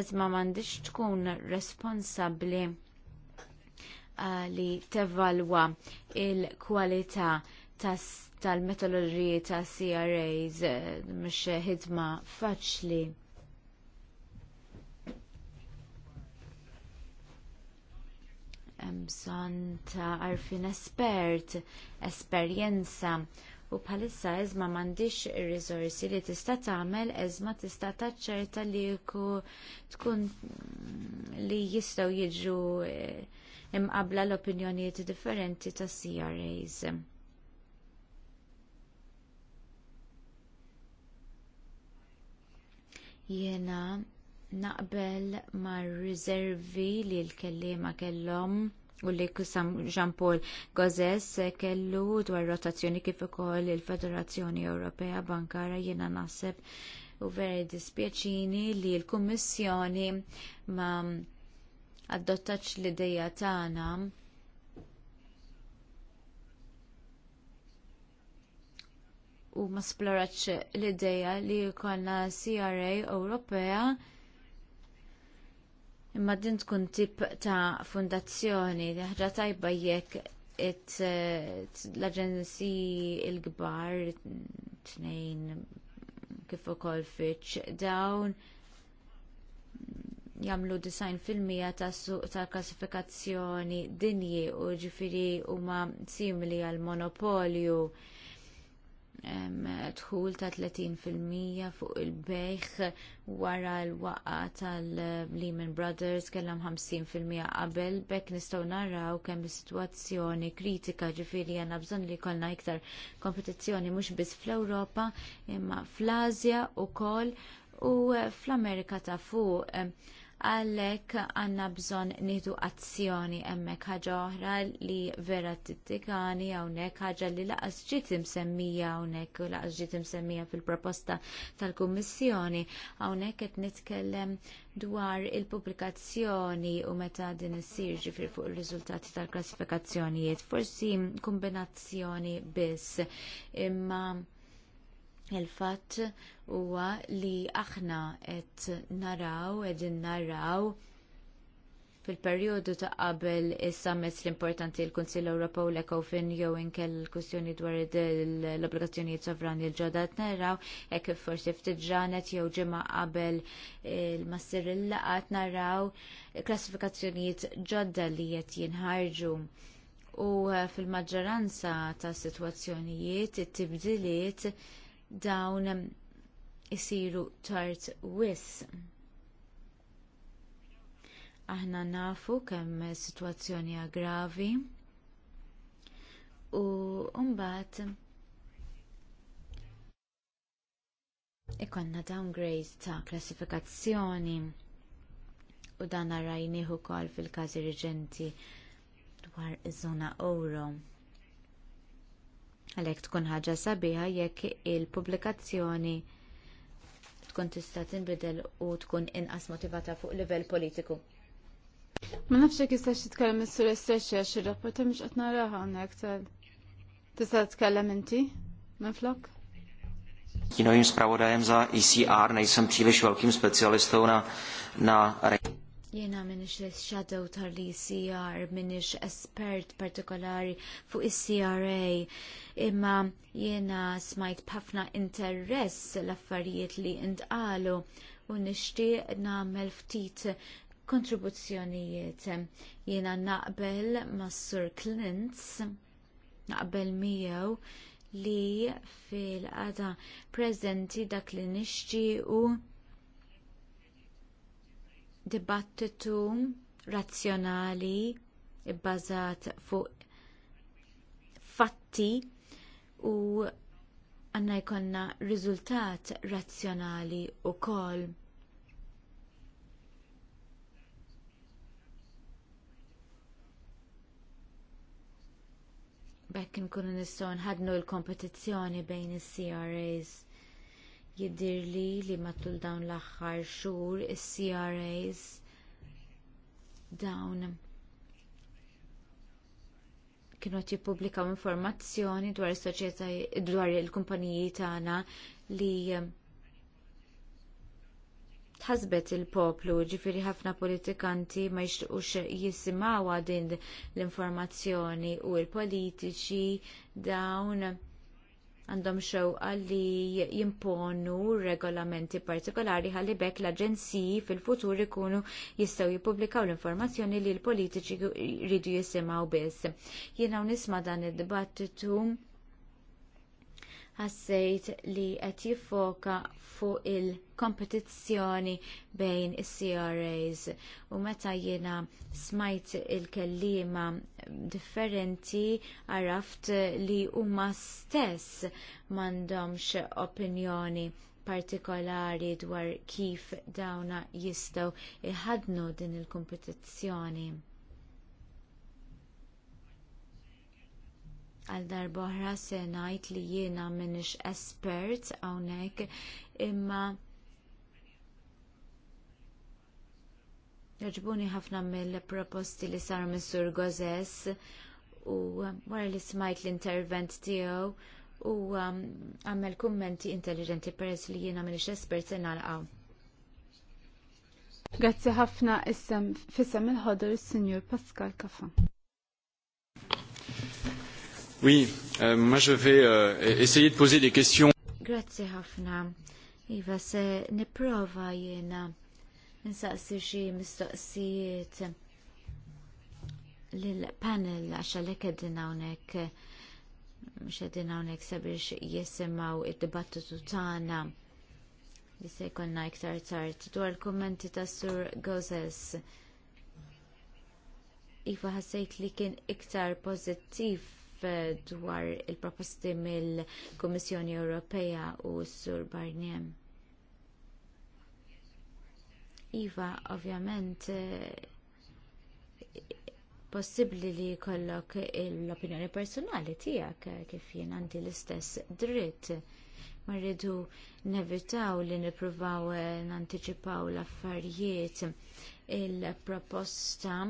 eżma m'għandix tkun responsabbli uh, li tevalwa il-kwalità tal-metodoloġiji ta' CRAs uh, mhux ħidma faċli. hemm bżonn ta' arfin espert, esperjenza u bħalissa ezma m'għandix il riżorsi li tista' tagħmel ezma tista' taċċerta li ku tkun li jistgħu jidġu eh, imqabla l-opinjonijiet differenti ta' CRAs. Jiena Naqbel mar riservi li l-kellima kellhom u li kusam Jean-Paul Gozes kellu dwar rotazzjoni kif ukoll il-Federazzjoni Ewropea Bankara jiena naħseb u veri dispjaċini li l-Kummissjoni ma adottax l-ideja tagħna u ma splorax l-ideja li jkollna CRA Ewropea Imma din tkun tip ta' fundazzjoni li ħaġa tajba jekk eh, l-aġenzi il-gbar tnejn kif ukoll Fitch dawn jagħmlu design fil-mija ta' klassifikazzjoni dinji u ġifiri huma simili għal monopolju dħul ta' 30% fuq il-bejħ wara l-waqqa tal-Lehman Brothers kellam 50% qabel bekk nistgħu naraw kemm is-sitwazzjoni kritika ġifieri għandna bżonn li jkollna iktar kompetizzjoni mhux biss fl-Ewropa imma fl-Asja wkoll u fl-Amerika ta' fuq għalhekk għandna bżonn nieħdu azzjoni hemmhekk ħaġa oħra li vera tittikani hawnhekk ħaġa li laqas ġiet imsemmija hawnhekk u laqas ġiet imsemmija fil-proposta tal-Kummissjoni hawnhekk qed nitkellem dwar il-pubblikazzjoni u meta din issir ġifri fuq ir-riżultati tal-klassifikazzjonijiet. Forsi kombinazzjoni biss imma Il-fatt huwa li aħna qed naraw, qegħdin naraw fil-perjodu ta' qabel is-summits l-importanti l-Kunsill Ewropew l ekofin jew inkel l-kwistjoni dwar l-obbligazzjonijiet sovrani l-ġodda naraw hekk forsi ftit ġranet jew ġimgħa qabel il-massir il-laqat naraw klassifikazzjonijiet ġodda li qed jinħarġu. U fil-maġġoranza ta' sitwazzjonijiet it-tibdiliet dawn um, isiru tard wis. Aħna nafu kemm sitwazzjoni aggravi u mbagħad ikonna downgrade ta' klassifikazzjoni u dan rajnieh wkoll fil-każi reġenti dwar iż-żona euro. Għalhekk tkun ħaġa sabiħa jekk il-pubblikazzjoni tkun tista' tinbidel u tkun inqas motivata fuq livell politiku. Ma nafx jekk jistax titkellem is-sur Estreċċa għax ir-rapporta mhux qed naraha hawnhekk tal. Tista' titkellem inti minflok? Jinovým zpravodajem za ECR nejsem příliš velkým specialistou na, na Jiena minix shadow tal-ECR, minix espert partikolari fuq is e cra imma jiena smajt b'ħafna interess l-affarijiet li intqalu u nixtieq nagħmel ftit kontribuzzjonijiet. Jiena naqbel ma' sur Clintz, naqbel miegħu li fil-qada preżenti dak li nixtiequ dibattitu razzjonali bbażat fuq fatti u għandna jkollna riżultat razzjonali wkoll. B'hekk inkunu nistgħu nħadnu l-kompetizzjoni bejn is-CRAs. Jidhirli li matul dawn l-aħħar xhur is-CRAs dawn kienu qed jippubblikaw informazzjoni dwar is dwar il-kumpaniji tagħna li um, tħasbet il-poplu, ġifiri ħafna politikanti ma jixtiequx jisimawa din l-informazzjoni u l-politiċi dawn għandhom xewqa li jimponu regolamenti partikolari ħalli bekk l-aġenziji fil-futur ikunu jistgħu jippubblikaw l-informazzjoni li l-politiċi jridu jisimgħu biss. Jien hawn nisma' dan id-dibattitu ħassejt li qed jiffoka fuq il-kompetizzjoni bejn is-CRAs u meta jiena smajt il kelliema differenti għaraft li huma stess m'għandhomx opinjoni partikolari dwar kif dawna jistgħu iħadnu din il-kompetizzjoni. għal darboħra se ngħid li jiena minix espert hawnhekk imma Raġbuni ħafna mill-proposti li sar Missur Gozes u wara li smajt l-intervent tiegħu u um, għamel kummenti intelligenti peress li jiena minix espert se nalqaw. Grazzi ħafna issem fissem il-ħodur il-Sinjur Pascal Kafan. Oui, euh, moi je vais euh, e-, essayer de poser des questions. Grazie ħafna. Iva se niprova jena nsaqsi xi mistoqsijiet lill-panel għax għalhekk qegħdin hawnhekk mhux qegħdin hawnhekk sabiex jisimgħu id-dibattitu tagħna li se jkollna iktar tard dwar il-kummenti ta' Sur Gozes. Iva ħassejt li kien iktar pożittiv dwar il-proposti mill-Kummissjoni Ewropea u s-Sur Barnier. Iva, ovvjament, eh, possibbli li jkollok l-opinjoni personali tiegħek eh, kif jien għandi l-istess dritt. Ma rridu nevitaw li nippruvaw eh, nantiċipaw l-affarijiet il-proposta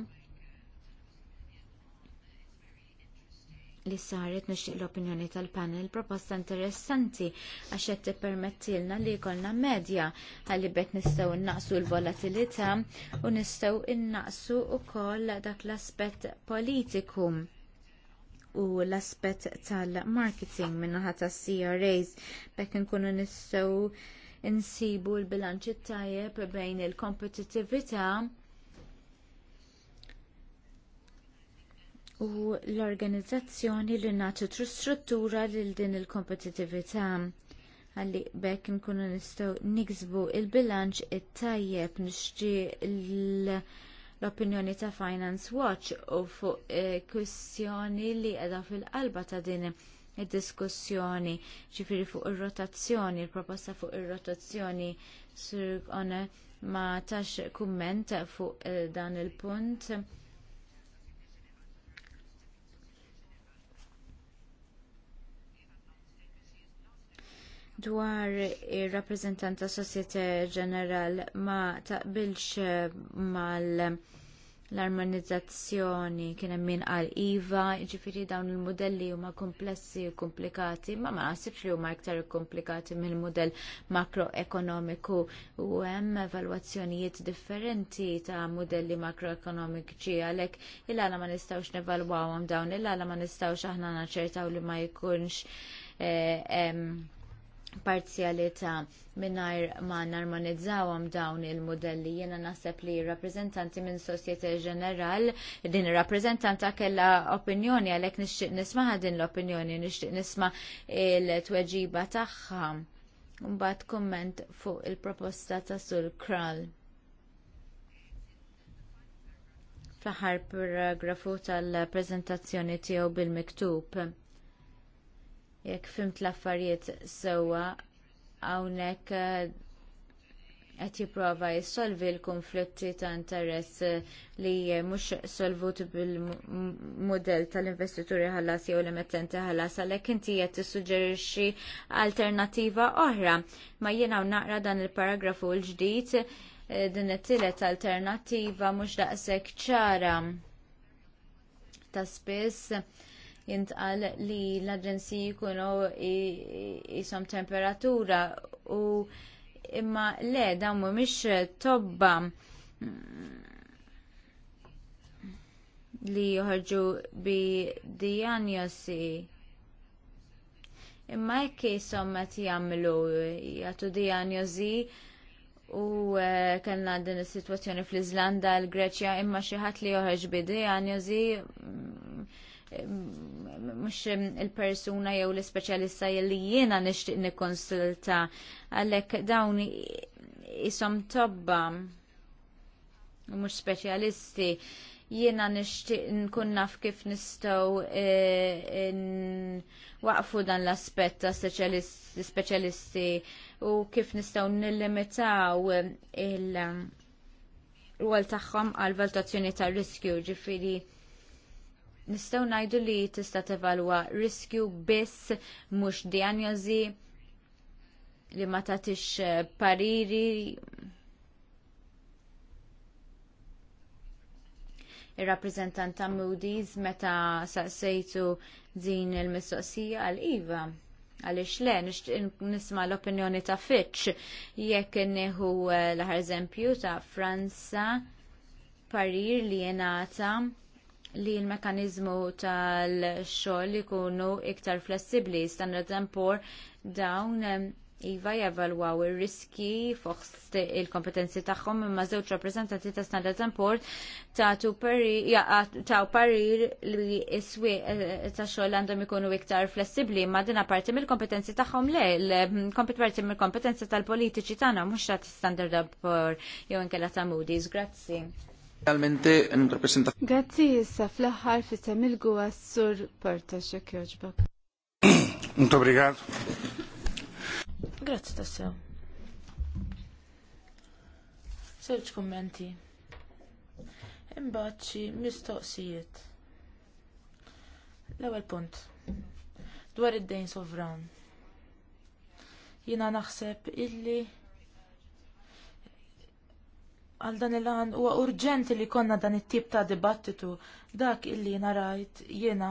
li saret nixtieq l-opinjoni tal-panel proposta interessanti għax qed tippermettilna li jkollna medja ħalli bet nistgħu innaqsu l-volatilità u nistgħu innaqsu wkoll dak l-aspett politiku u l-aspett tal-marketing min-naħa tas-CRAs bekk inkunu nistgħu insibu l-bilanċi tajjeb bejn il-kompetittività u l-organizzazzjoni li nagħtu struttura lil din il-kompetitività għalli bekk nkunu nistgħu niksbu il bilanċ it-tajjeb nixġi l-opinjoni ta' Finance Watch u fuq eh, kwestjoni li qiegħda fil-qalba ta' din id-diskussjoni ġifiri fuq ir-rotazzjoni, il-proposta fuq ir-rotazzjoni sur ma tax kumment fuq eh, dan il-punt dwar ir-rappreżentant ta' Sosjetà Ġeneral ma taqbilx eh, mal l-armonizzazzjoni kien hemm min qal iva, jiġifieri dawn il-modelli huma komplessi u komplikati, ma ma naħsibx li huma iktar komplikati mill mudell makroekonomiku u hemm evalwazzjonijiet differenti ta' mudelli makroekonomiċi għalhekk il-għala ma nistgħux nevalwawhom dawn, il-għala ma nistgħux aħna naċertaw li ma jkunx eh, parzjalità mingħajr ma narmonizzawhom dawn il mudelli Jiena naħseb li rappreżentanti minn Sosjetà Ġeneral din ir-rappreżentanta kellha opinjoni għalhekk nixtieq nisma' din l-opinjoni, nixtieq nisma' il-tweġiba tagħha. Mbagħad kumment fuq il-proposta ta' Sul Kral. Fl-aħħar paragrafu tal-preżentazzjoni tiegħu bil-miktub Jekk fimt l-affarijiet sewwa hawnhekk eh, qed jipprova jissolvi l-konflitti ta' interess eh, li mhux solvuti bil-mudell tal-investituri ħallas jew l-emittenti ħallas għalhekk inti qed tissuġġerixxi alternattiva oħra. Ma jien hawn naqra dan il-paragrafu l-ġdid eh, din it-tielet alternattiva mhux daqshekk ċara ta' spiss jintqal li l-adrensi jkunu jisom temperatura u imma le dammu mhumiex tobba mm, li joħorġu bi dijanjosi imma jekk jisom qed jagħmlu jagħtu dijanjosi u eh, kellna din is-sitwazzjoni fl-Iżlanda l-Greċja imma xi ħadd li joħorġ bi dijanjosi mm, mux il-persuna jew l-speċjalista li jiena nixtieq nikkonsulta għalhekk dawn jisom tobba mhux speċjalisti jiena nixtieq nkun naf kif nistgħu e, waqfu dan l-aspett ta' speċjalisti u kif nistgħu nillimitaw il- għal tagħhom għal valutazzjoni tar riskju ġifiri Nistgħu ngħidu li tista' tevalwa riskju biss mhux diagnosi li ma tagħtix eh, pariri ir-rappreżentant ta' Moody's meta saqsejtu din il-mistoqsija għal Iva għalix le, nisma l-opinjoni ta' Fitch, jekk neħu eh, l-ħar eżempju ta' Franza, parir li jenata li l-mekanizmu tal-xogħol ikunu iktar flessibbli standard tempor dawn Iva jevalwaw ir-riski fost il-kompetenzi tagħhom imma żewġ rappreżentanti ta' Standard Poor's tagħtu ta' parir li s-swieq eh, ta' xogħol għandhom ikunu iktar flessibbli imma din parti mill-kompetenzi tagħhom le l-parti mill-kompetenzi tal-politiċi tagħna mhux ta' Standard Poor's jew inkella ta' Moody's. Grazzi. Realmente in rappresentazione. Grazzi issa fl-aħħar fi semilgu għas-sur Porta Xekjoġbak. Muito obrigado. Grazzi tassew. Sewġ kommenti. Imbaċi mistoqsijiet. L-ewwel punt. Dwar id-dejn sovran. Jina naħseb illi għal dan il-għan huwa urġenti li konna dan it-tip ta' dibattitu dak illi narajt jiena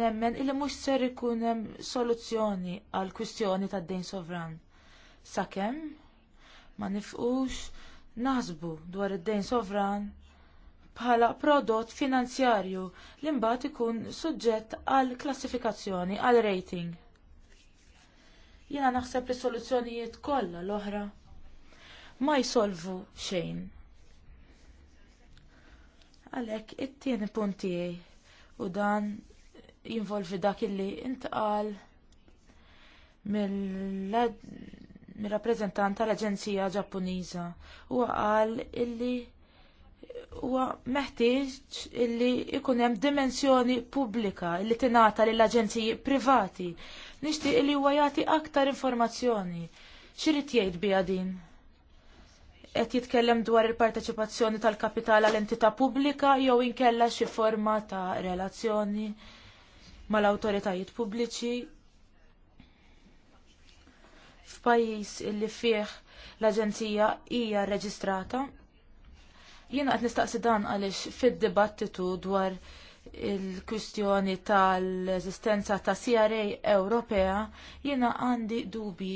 nemmen illi mhux ser ikun hemm soluzzjoni għal kwistjoni tad dejn sovran. Sakemm ma nifqux naħsbu dwar id-dejn sovran bħala prodott finanzjarju li mbagħad ikun suġġett għal klassifikazzjoni għal rating. Jiena naħseb li soluzzjonijiet kollha l-oħra ma jsolvu xejn. Għalhekk it-tieni punt tiegħi u dan jinvolvi dak illi intqal mill-rappreżentant tal-Aġenzija Ġappuniża u qal illi huwa meħtieġ illi ikun hemm dimensjoni pubblika li tingħata lill aġenziji privati. Nixtieq li huwa jagħti aktar informazzjoni. X'irid jgħid biha din? qed jitkellem dwar il-parteċipazzjoni tal-kapital għall entità pubblika jew inkella xi forma ta' relazzjoni mal-awtoritajiet pubbliċi. F'pajjiż illi fih l-aġenzija hija rreġistrata. Jiena qed nistaqsi dan għaliex fid-dibattitu dwar il-kwistjoni tal-eżistenza ta' CRA Ewropea jiena għandi dubi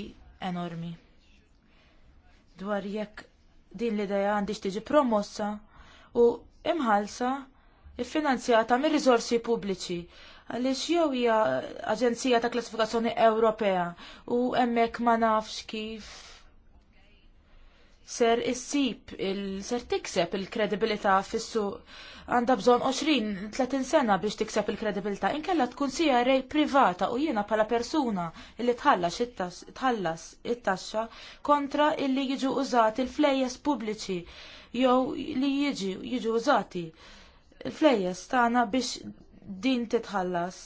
enormi dwar jekk din l-ideja għandix tiġi promossa u imħalsa iffinanzjata mir rizorsi pubbliċi għaliex jew hija Aġenzija ta' Klassifikazzjoni Ewropea u hemmhekk ma nafx kif ser issib il ser tikseb il-kredibilità fis-suq għandha bżonn 20-30 sena biex tikseb il-kredibilità inkella tkun CRA privata u jiena bħala persuna li tħallas it-taxxa kontra illi jiġu użati l-flejjes pubbliċi jew li jiġi jiġu użati il flejjes tagħna biex din titħallas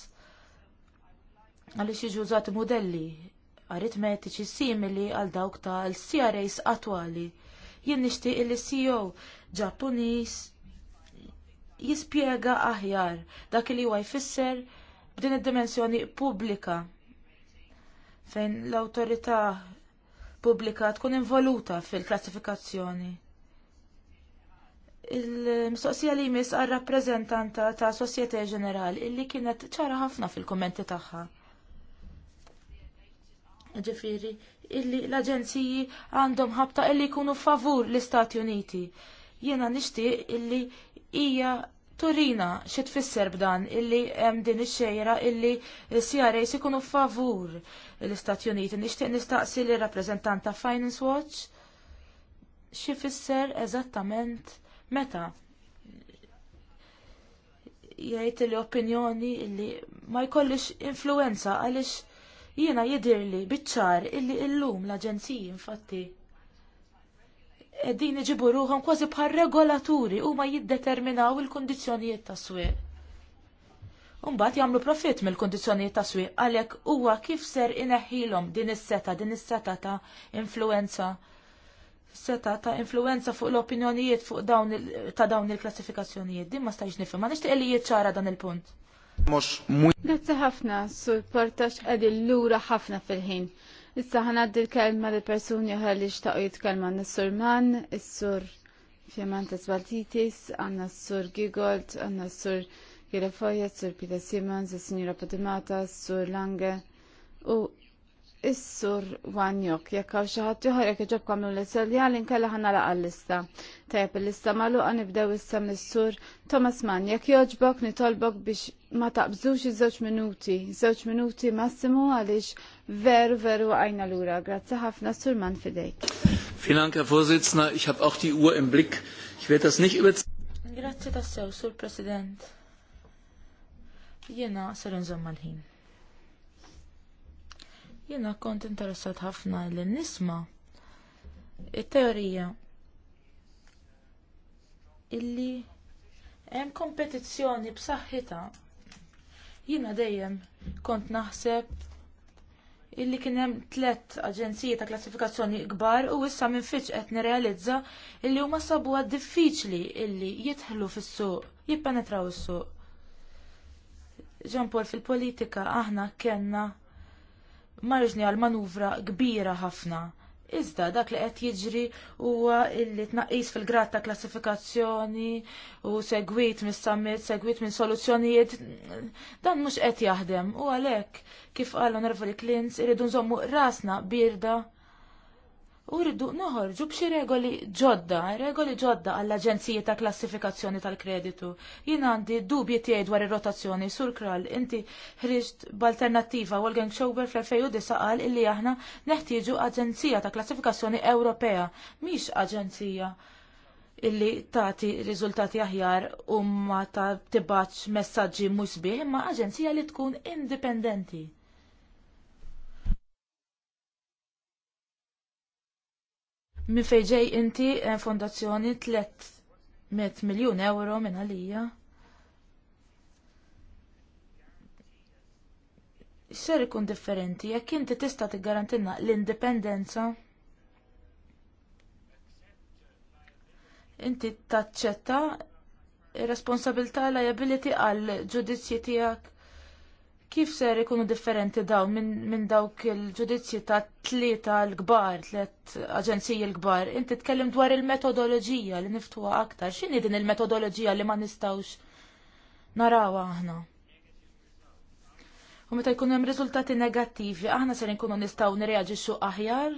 għaliex jiġu użati modelli aritmetiċi simili għal dawk tal CRAs attwali. Jien nixtieq il CEO Ġappuniż jispjega aħjar dak li huwa jfisser b'din id-dimensjoni pubblika fejn l-awtorità pubblika tkun involuta fil-klassifikazzjoni. Il-mistoqsija li jmiss għal rappreżentanta ta' Sosjetà Ġenerali illi kienet ċara ħafna fil-kommenti tagħha Ġifiri, illi l-aġenziji għandhom ħabta illi jkunu favur l-Istati Uniti. Jiena nixtieq illi hija Turina xi tfisser b'dan illi hemm din ix-xejra illi CRAs ikunu favur l-Istati Uniti. Nixtieq nistaqsi li rappresentanta Finance Watch xi fisser eżattament meta jgħid li opinjoni illi ma jkollix influenza għaliex Jiena jidirli ċar illi illum l-aġenziji infatti din iġibu ruħom kważi bħal regolaturi u ma jiddeterminaw il-kondizjonijiet ta' swieq. Umbat jagħmlu profit mill-kondizjonijiet ta' swieq għalhekk huwa kif ser ineħħilhom din is-seta din is-seta ta' influenza seta ta' influenza fuq l-opinjonijiet fuq dawn ta' dawn il-klassifikazzjonijiet. Din ma stajtx nifhem, ma nixtieq li jiċċara dan il-punt. Grazzi ħafna, sur portax għadil lura ħafna fil-ħin. Issa ħanad il kelma li persuni oħra li xtaqo jitkellma n-sur Man, s-sur Fiamanta Sbaltitis, għanna s-sur Gigold, għanna s-sur Girafoja, s-sur Pita Simons, s sinjura Patimata, s-sur Lange u Is-sur Wanjok, jekk għaw xi ħadd jekk iġob kamlu l-isoljan inkella ħana laqqa l-lista. Tajab il-lista magħluqa nibdew issa mis-sur Thomas Mann, jekk jogħġbok nitolbok biex ma taqbżux iż-żewġ minuti, żewġ minuti massimu għaliex veru veru għajna lura. Grazzi ħafna sur Mann fidejk. Finanka, Dank, Herr Vorsitzender. Ich habe auch die Uhr im Blick. Ich werde das nicht über... Grazie tassew, sur President. Jena, sal-nżomma ħin Jiena kont interessat ħafna li nisma it-teorija illi hemm kompetizzjoni b'saħħitha. Jiena dejjem kont naħseb illi kien hemm tliet aġenziji ta' klassifikazzjoni kbar u issa minn fiċ qed nirrealizza illi huma sabuha diffiċli illi jidħlu fis-suq, jippenetraw is-suq. Ġampol fil-politika aħna kellna marġni għal manuvra kbira ħafna. Iżda dak li qed jiġri huwa li tnaqqis fil-grad ta' klassifikazzjoni u segwit mis-summit, segwit minn soluzzjonijiet dan mhux qed jaħdem u għalhekk kif qal Onorevoli Klins irridu nżommu rasna birda u rridu noħorġu b'xi regoli ġodda, regoli ġodda għall aġenzija ta' Klassifikazzjoni tal-Kreditu. Jien għandi dubji tiegħi dwar ir-rotazzjoni sur kral inti ħriġt b'alternattiva Wolfgang Shower fl-2009 qal illi aħna neħtieġu Aġenzija ta' Klassifikazzjoni Ewropea, mhix aġenzija illi tagħti riżultati aħjar u ma ta' tibaċ messaġġi mhux sbieħ imma aġenzija li tkun indipendenti. Min fejġej inti eh, fondazzjoni 300 miljon euro minn għalija. Ser ikun differenti, jekk inti tista' tiggarantinna l-indipendenza inti taċċetta ir-responsabilità liability għal ġudizzji tiegħek Kif ser ikunu differenti dawn minn min dawk il-ġudizzji ta' tlieta l-kbar, tliet aġenziji l-kbar? Inti tkellem dwar il-metodoloġija li niftuha aktar. X'inhi din il-metodoloġija li ma nistgħux narawha aħna? U meta jkun hemm riżultati negattivi, aħna ser nkunu nistgħu nirreaġixxu aħjar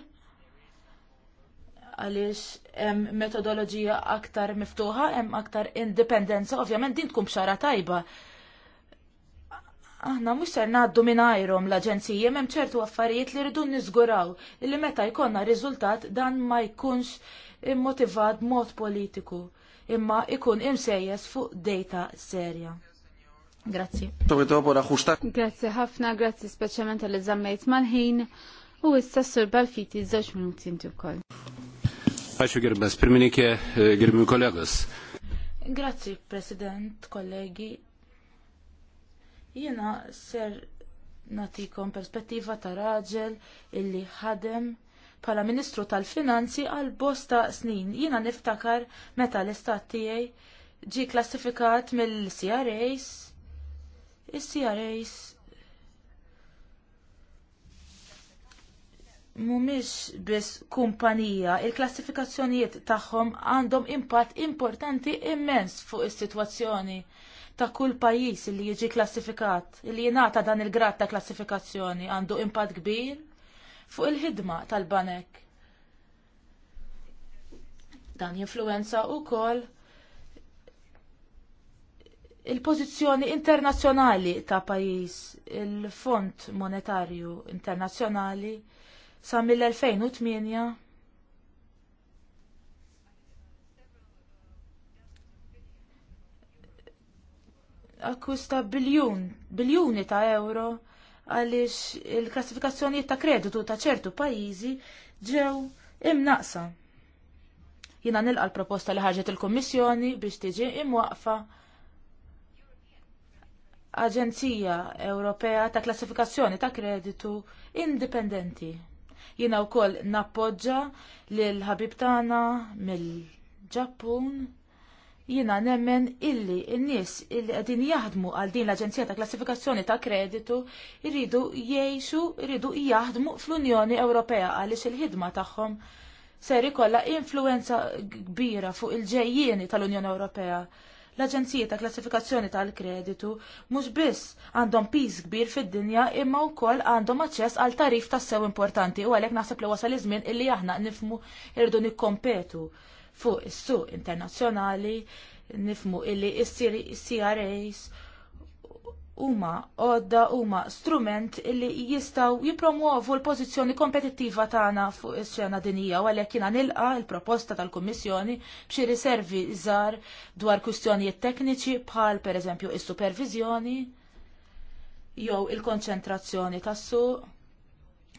għaliex hemm metodoloġija aktar miftuħa, hemm aktar indipendenza, ovvjament din tkun bxara tajba aħna mhux ser ngħaddu mingħajrhom l-aġenziji hemm ċertu affarijiet li rridu niżguraw li meta jkollna riżultat dan ma jkunx immotivat b'mod politiku imma ikun imsejjes fuq data serja. Grazzi. Grazzi ħafna, grazzi speċjalment għall żammejt mal-ħin u issa sur Balfiti żewġ minuti inti wkoll. Għaxu girbas, pirminike girbmi kollegas. Grazzi, President, kollegi, Jiena ser natikom perspettiva ta' raġel illi ħadem bħala Ministru tal-Finanzi għal bosta snin. Jiena niftakar meta l-istat tiegħi ġie klassifikat mill-CRAs. Is-CRAs mhumiex biss kumpanija, il-klassifikazzjonijiet tagħhom għandhom impatt importanti immens fuq is-sitwazzjoni ta' kull pajjiż li jiġi klassifikat, li jingħata dan il-grad ta' klassifikazzjoni għandu impatt kbir fuq il-ħidma tal-banek. Dan u wkoll il-pożizzjoni internazzjonali ta' pajjiż, il-Fond Monetarju Internazzjonali sa mill-2008 akkusta biljun, biljuni ta' euro għaliex il-klassifikazzjonijiet ta' kreditu ta' ċertu pajjiżi ġew imnaqsa. Jina nilqa l-proposta li ħarġet il-Kommissjoni biex tiġi imwaqfa Aġenzija Ewropea ta' Klassifikazzjoni ta' Kreditu Indipendenti. Jina wkoll nappoġġa lil ħabib tagħna mill-Ġappun Jiena nemmen illi n-nies illi għedin jaħdmu għal din l-Aġenzija ta' Klassifikazzjoni ta' Kreditu jridu jgħixu, jridu jaħdmu fl-Unjoni Ewropea għaliex il-ħidma tagħhom ser ikollha influenza kbira fuq il-ġejjieni tal-Unjoni Ewropea l-Aġenzija ta' Klassifikazzjoni tal-Kreditu mhux biss għandhom piż kbir fid-dinja imma wkoll għandhom aċċess għal tarif tassew importanti u għalhekk naħseb li wasal iż-żmien illi aħna nifmu irdu nikkompetu fuq is-suq internazzjonali nifmu illi is-CRAs huma għodda huma strument illi jistgħu jipromuovu l-pożizzjoni kompetittiva tagħna fuq is-xena dinija u għalhekk jiena nilqa l-proposta tal-Kummissjoni b'xi riservi żgħar dwar kwistjonijiet tekniċi bħal pereżempju is-supervizjoni jew il-konċentrazzjoni tas-suq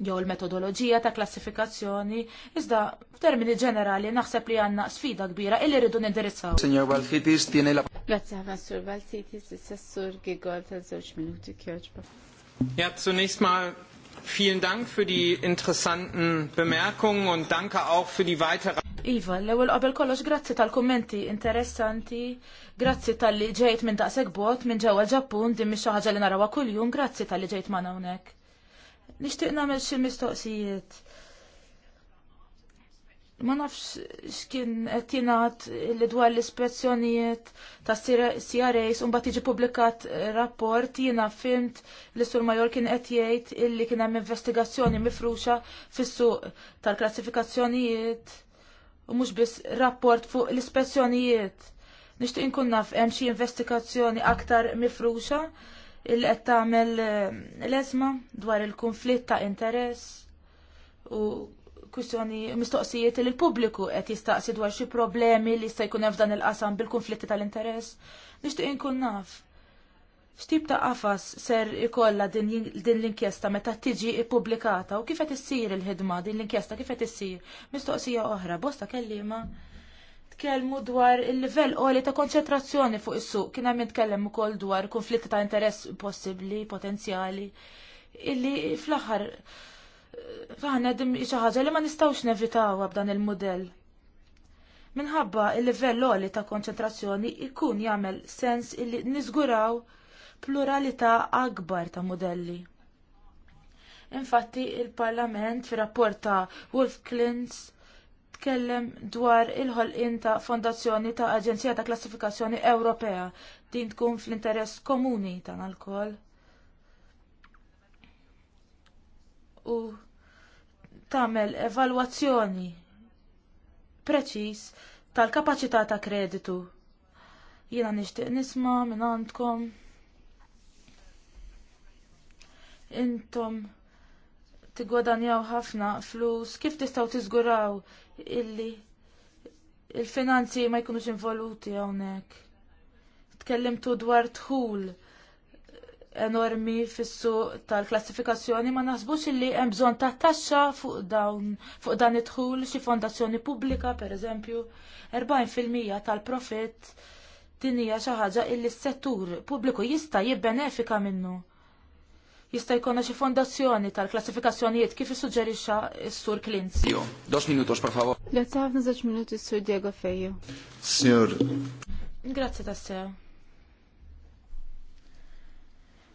jew il-metodoloġija ta' klassifikazzjoni, iżda f'termini ġenerali naħseb li għandna sfida kbira illi rridu nindirizzaw. Signor Valfitis, tieni la. Grazie ħafna Sur Valfitis, s-sessur Gigol ta' żewġ minuti kjoġba. Ja, zunächst mal vielen Dank für die interessanten Bemerkungen und danke auch für die weitere. Iva, l-ewwel qabel kollox grazzi tal-kummenti interessanti, grazzi tal-li ġejt minn daqshekk bot minn ġewwa Ġappun dimmi xaħġa xi ħaġa li jum kuljum, grazzi tal-li ġejt manawnek. hawnhekk. Nixtieq nagħmel xi mistoqsijiet. Ma nafx x'kien qed jingħad li dwar l-ispezzjonijiet ta' CRAs un mbagħad jiġi publikat eh, rapport jiena fimt li sur Major kien qed jgħid illi kien hemm investigazzjoni mifruxa fis-suq tal-klassifikazzjonijiet u mhux biss rapport fuq l-ispezzjonijiet. Nixtieq inkun naf hemm xi investigazzjoni aktar mifruxa il qed tagħmel eh, l-esma dwar il-konflitt ta' interess u kwistjoni mistoqsijiet li l-pubbliku qed jistaqsi dwar xi problemi li jista' jkun hemm f'dan il-qasam bil-konflitti tal-interess. Nixtieq inkun naf. X'tip ta' qafas ser ikollha din, l-inkjesta meta tiġi ippubblikata u kif qed issir il-ħidma din l-inkjesta kif qed issir mistoqsija oħra bosta kelliema tkellmu dwar il-livell qoli ta' konċentrazzjoni fuq is-suq, kien hemm nitkellem ukoll dwar konflitti ta' interess possibbli, potenzjali, illi fl-aħħar faħna dim xi ħaġa li ma nistgħux nevitawha b'dan il-mudell. Minħabba il-livell qoli ta' konċentrazzjoni jkun jagħmel sens illi niżguraw pluralità akbar ta' modelli. Infatti il-Parlament fir rapport ta' Wolf Klintz tkellem dwar il-ħolqien ta' fondazzjoni ta' Aġenzija ta' Klassifikazzjoni Ewropea din tkun fl-interess komuni tan alkohol. U tagħmel evalwazzjoni preċiż tal-kapaċità ta' kreditu. Jiena nixtieq nisma' minn għandkom. Intom tigwadanjaw ħafna flus, kif tistgħu tiżguraw illi il-finanzi ma jkunux involuti hawnhekk. Tkellimtu dwar dħul enormi fis-suq tal-klassifikazzjoni ma naħsbux illi hemm bżonn ta' taxxa fuq dawn fuq dan id-dħul xi fondazzjoni pubblika pereżempju 40% tal-profitt din hija xi ħaġa illi s-settur pubbliku jista' jibbenefika minnu jista' jkollna xi fondazzjoni tal-klassifikazzjonijiet kif issuġġerixxa s-Sur Klinz. Jo, dos minutos, per favor. Grazie ħafna żewġ minuti s-Sur Diego Fejju. Signor. Grazzi tassew.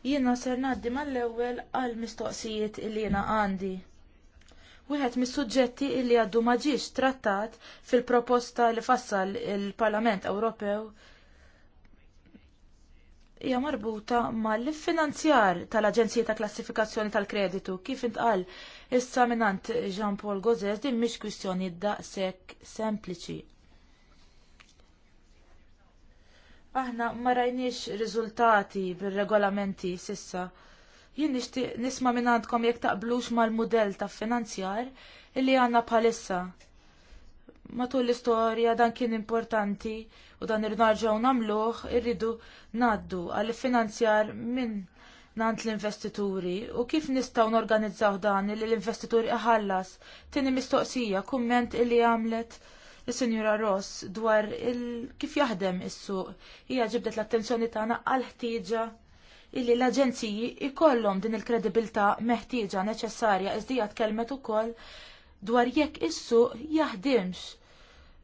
Jiena ser ngħaddi mal-ewwel għal mistoqsijiet li jiena għandi. Wieħed mis-suġġetti li għaddu ma trattat fil-proposta li fassal il-Parlament Ewropew hija marbuta mal-finanzjar tal-Aġenzija ta' Klassifikazzjoni tal-Kreditu kif intqal issa saminant Jean-Paul Gozes din mhix kwistjoni daqshekk sempliċi. Aħna ma rajniex riżultati bir-regolamenti sissa. Jien nixtieq nisma' minn għandkom jekk taqblux mal-mudell ta' finanzjar illi għandna bħalissa matul l-istorja dan kien importanti u dan irnarġaw namluħ irridu naddu għal finanzjar minn nant l-investituri u kif nistaw norganizzaw dan li l-investituri iħallas tini mistoqsija kumment illi għamlet il-Sinjura Ross dwar il kif jaħdem is-suq hija ġibdet l-attenzjoni tagħna għal ħtieġa illi l-aġenziji ikollhom din il-kredibilità meħtieġa neċessarja iżdija tkellmet ukoll dwar jekk is-suq jaħdimx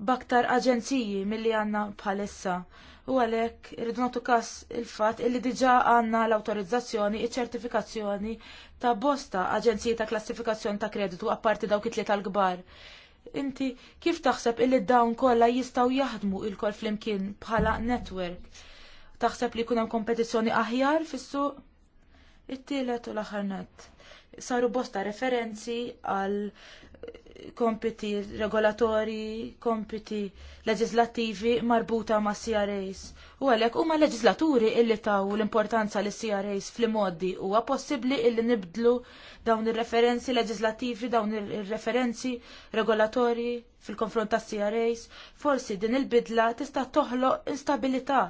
baktar aġenziji milli għandna bħalissa. U għalhekk irridu nagħtu każ il-fatt illi diġà għandna l-awtorizzazzjoni, iċ-ċertifikazzjoni ta' bosta aġenziji ta' klassifikazzjoni ta' kreditu apparti dawk it tliet l-kbar. Inti kif taħseb illi dawn kollha jistgħu jaħdmu il-kol flimkien bħala netwerk? Taħseb li jkun hemm kompetizzjoni aħjar fis-suq? It-tielet u l-aħħar nett saru bosta referenzi għal kompiti regolatori, kompiti leġislattivi marbuta ma' CRAs. U għalhekk huma leġislaturi illi taw l-importanza li CRAs fl-modi huwa possibbli illi nibdlu dawn ir-referenzi leġislattivi, dawn ir-referenzi regolatori fil-konfront ta' CRAs. Forsi din il-bidla tista' toħloq instabilità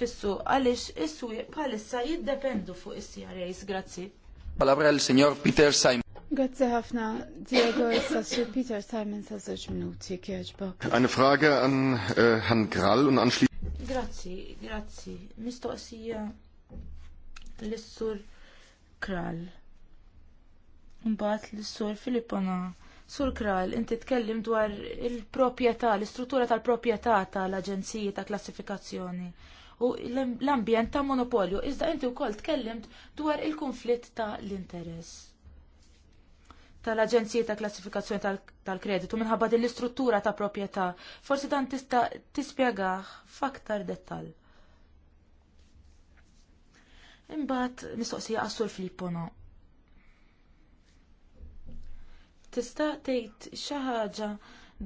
fissu għaliex is-swieq bħalissa jiddependu fuq is-CRAs. Grazzi palabra l signor Peter Simon. Grazie ħafna, Diego Sassur Peter Simon sassu zoċ minuti kieġbok. Eine Frage an uh, Herrn Grall und anschließend. Grazzi, grazzi. Mistoqsija l-Sur Krall. Mbagħad l-Sur Filippona. Sur Kral, inti tkellim dwar il-proprjetà, l-istruttura tal-proprjetà tal aġenzija ta' Klassifikazzjoni u l-ambjent ta' monopolju, iżda inti wkoll tkellimt dwar il-konflitt ta' l-interess tal-Aġenzija ta' Klassifikazzjoni tal-Kreditu minħabba din l-istruttura ta' proprjetà. Forsi dan tista' tispjegaħ f'aktar dettall. Imbagħad mistoqsija għas-Sur no. Tista' tgħid xi ħaġa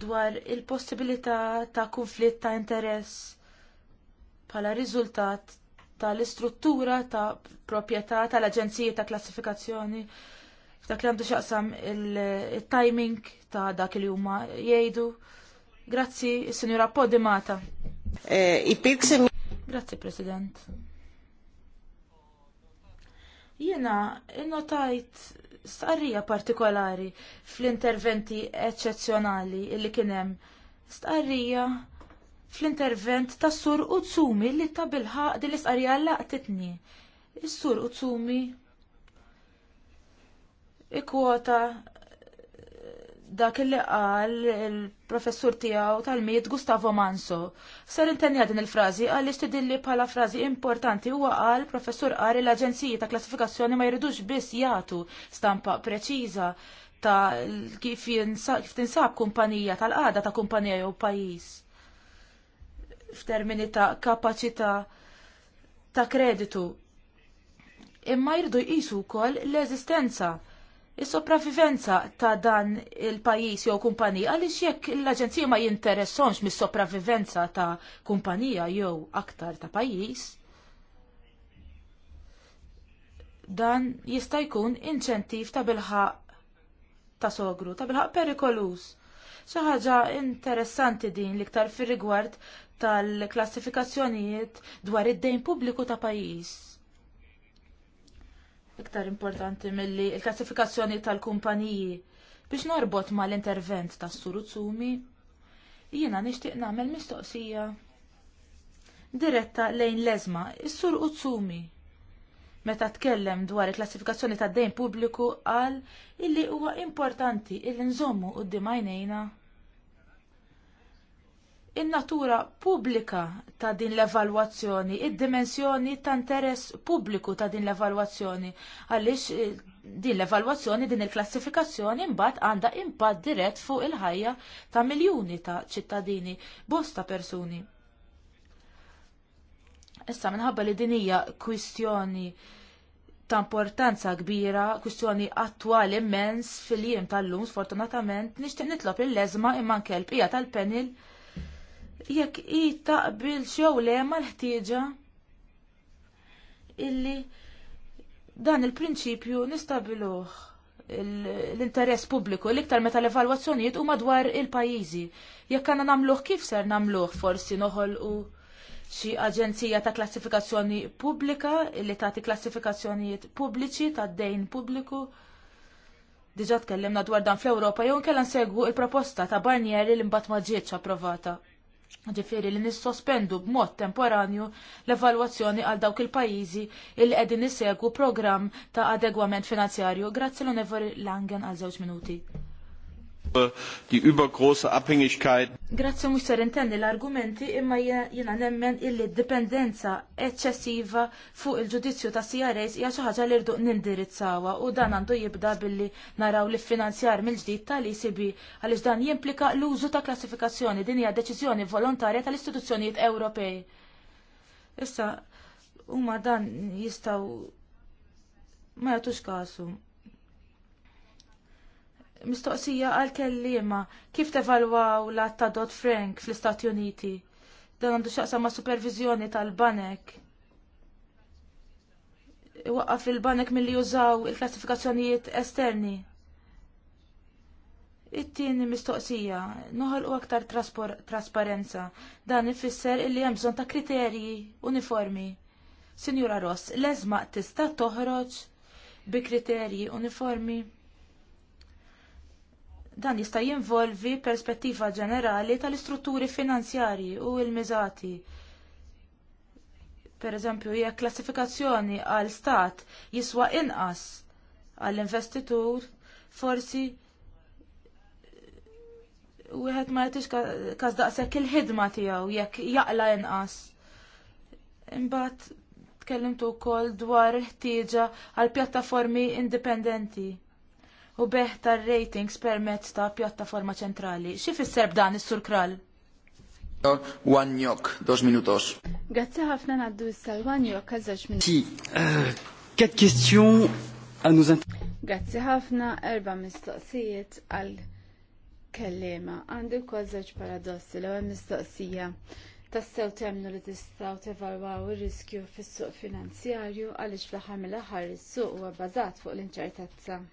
dwar il-possibilità ta' konflitt ta' interess bħala riżultat tal-istruttura ta' proprjetà tal-aġenziji ta' klassifikazzjoni dak li għandu xaqsam il-timing ta' dak li huma jgħidu. Grazzi, signora Podimata. Eh, Grazzi, President. Jena, innotajt starrija partikolari fl-interventi eccezzjonali illi kienem. Starrija fl-intervent tas sur Utsumi li ta' bilħaq l-isqarja laqtitni. Is-sur Utsumi ikwota eh, dak li qal il-professur tiegħu tal-miet Gustavo Manso. Ser intenja din il-frażi għaliex tidilli bħala frażi importanti huwa qal professur qari l-Aġenziji ta' Klassifikazzjoni ma jridux biss jagħtu stampa preċiża ta' kif tinsab kumpanija tal-qada ta' kumpanija jew pajjiż f'termini ta' kapaċità ta' kreditu. Imma jirdu jqisu wkoll l-eżistenza is-sopravivenza ta' dan il-pajjiż jew kumpanija għaliex jekk l-aġenzija ma jinteressonx mis-sopravivenza ta' kumpanija jew aktar ta' pajjiż, dan jista' jkun inċentiv ta' bilħaq ta' sogru, ta' bilħaq perikolus. Xi ħaġa interessanti din liktar fir-rigward tal-klassifikazzjonijiet dwar id-dejn pubbliku ta' pajjiż. Iktar importanti milli l klassifikazzjoni tal-kumpaniji biex norbot mal-intervent tas Surutsumi, jiena nixtieq nagħmel mistoqsija diretta lejn lezma is-Sur Utsumi. Meta tkellem dwar il-klassifikazzjoni tad dejn pubbliku qal illi huwa importanti illi nżommu quddiem dimajnejna in-natura pubblika ta' din l-evalwazzjoni, id-dimensjoni ta' interess pubbliku ta' din l-evalwazzjoni, għaliex eh, din l-evalwazzjoni, din il-klassifikazzjoni mbagħad għandha impatt dirett fuq il-ħajja ta' miljuni ta' ċittadini, bosta persuni. Issa minħabba li din hija kwistjoni ta' importanza kbira, kwistjoni attwali immens fil-jiem tal-lum, sfortunatament, nixtieq nitlob il-leżma imman kelb hija tal-penil jekk i taqbil xew le l-ħtieġa illi dan il-prinċipju nistabiluh l-interess pubbliku l-iktar meta l-evalwazzjonijiet u madwar il-pajjiżi. Jekk għandna nagħmluh kif ser nagħmluh forsi noħolqu xi aġenzija ta' klassifikazzjoni pubblika li tagħti klassifikazzjonijiet pubbliċi tad-dejn pubbliku. Diġà tkellimna dwar dan fl-Ewropa jew nkella nsegwu il-proposta ta' Barnier li mbagħad ma ġietx approvata. Ġifieri li nissospendu b'mod temporanju l-evalwazzjoni għal dawk il-pajjiżi il qegħdin isegwu programm ta' adegwament finanzjarju. Grazzi l-Onorevoli Langen għal żewġ minuti die übergroße Abhängigkeit. Grazzi mhux ser intenni l-argumenti imma jiena nemmen illi dipendenza eċċessiva fuq il-ġudizzju ta' CRS hija xi ħaġa li rduq nindirizzawha u dan għandu jibda billi naraw li finanzjar mill-ġdid tal-ECB għaliex dan jimplika l-użu ta' klassifikazzjoni din hija deċiżjoni volontarja tal-istituzzjonijiet Ewropej. Issa huma dan jistgħu ma jagħtux kasu mistoqsija għal kelliema kif tevalwaw l-att ta' Dodd Frank fl-Istati Uniti? Dan għandu xaqsa ma' supervizjoni tal-banek. Waqqaf il-banek mill-li jużaw il-klassifikazzjonijiet esterni. It-tieni mistoqsija, noħolqu aktar trasparenza. Dan ifisser li hemm bżonn ta' kriterji uniformi. Sinjura Ross, l-eżma tista' toħroġ bi kriterji uniformi? Dan jista' jinvolvi perspettiva ġenerali tal-istrutturi finanzjarji u l-miżati. Pereżempju, jekk klassifikazzjoni għal stat jiswa inqas għall-investitur, forsi wieħed ma jagħtix każ daqshekk il-ħidma tiegħu jekk jaqla inqas. Imbagħad tkellimtu wkoll dwar il-ħtieġa għal pjattaformi indipendenti u beħ ratings permezz ta' pjattaforma ċentrali. X'ifisser fisser b'dan is-Sur Kral? Wan dos minutos. Grazzi ħafna ngħaddu issa Wan Jok għal żewġ minuti. Eh, ket kistjon għannu Grazzi ħafna erba' mistoqsijiet għal kellema. Għandu kważax żewġ paradossi l-ewwel mistoqsija tassew temnu li tistaw tevalwaw ir-riskju fis-suq finanzjarju għaliex fl ħamil aħar il is-suq huwa bbażat fuq l-inċertezza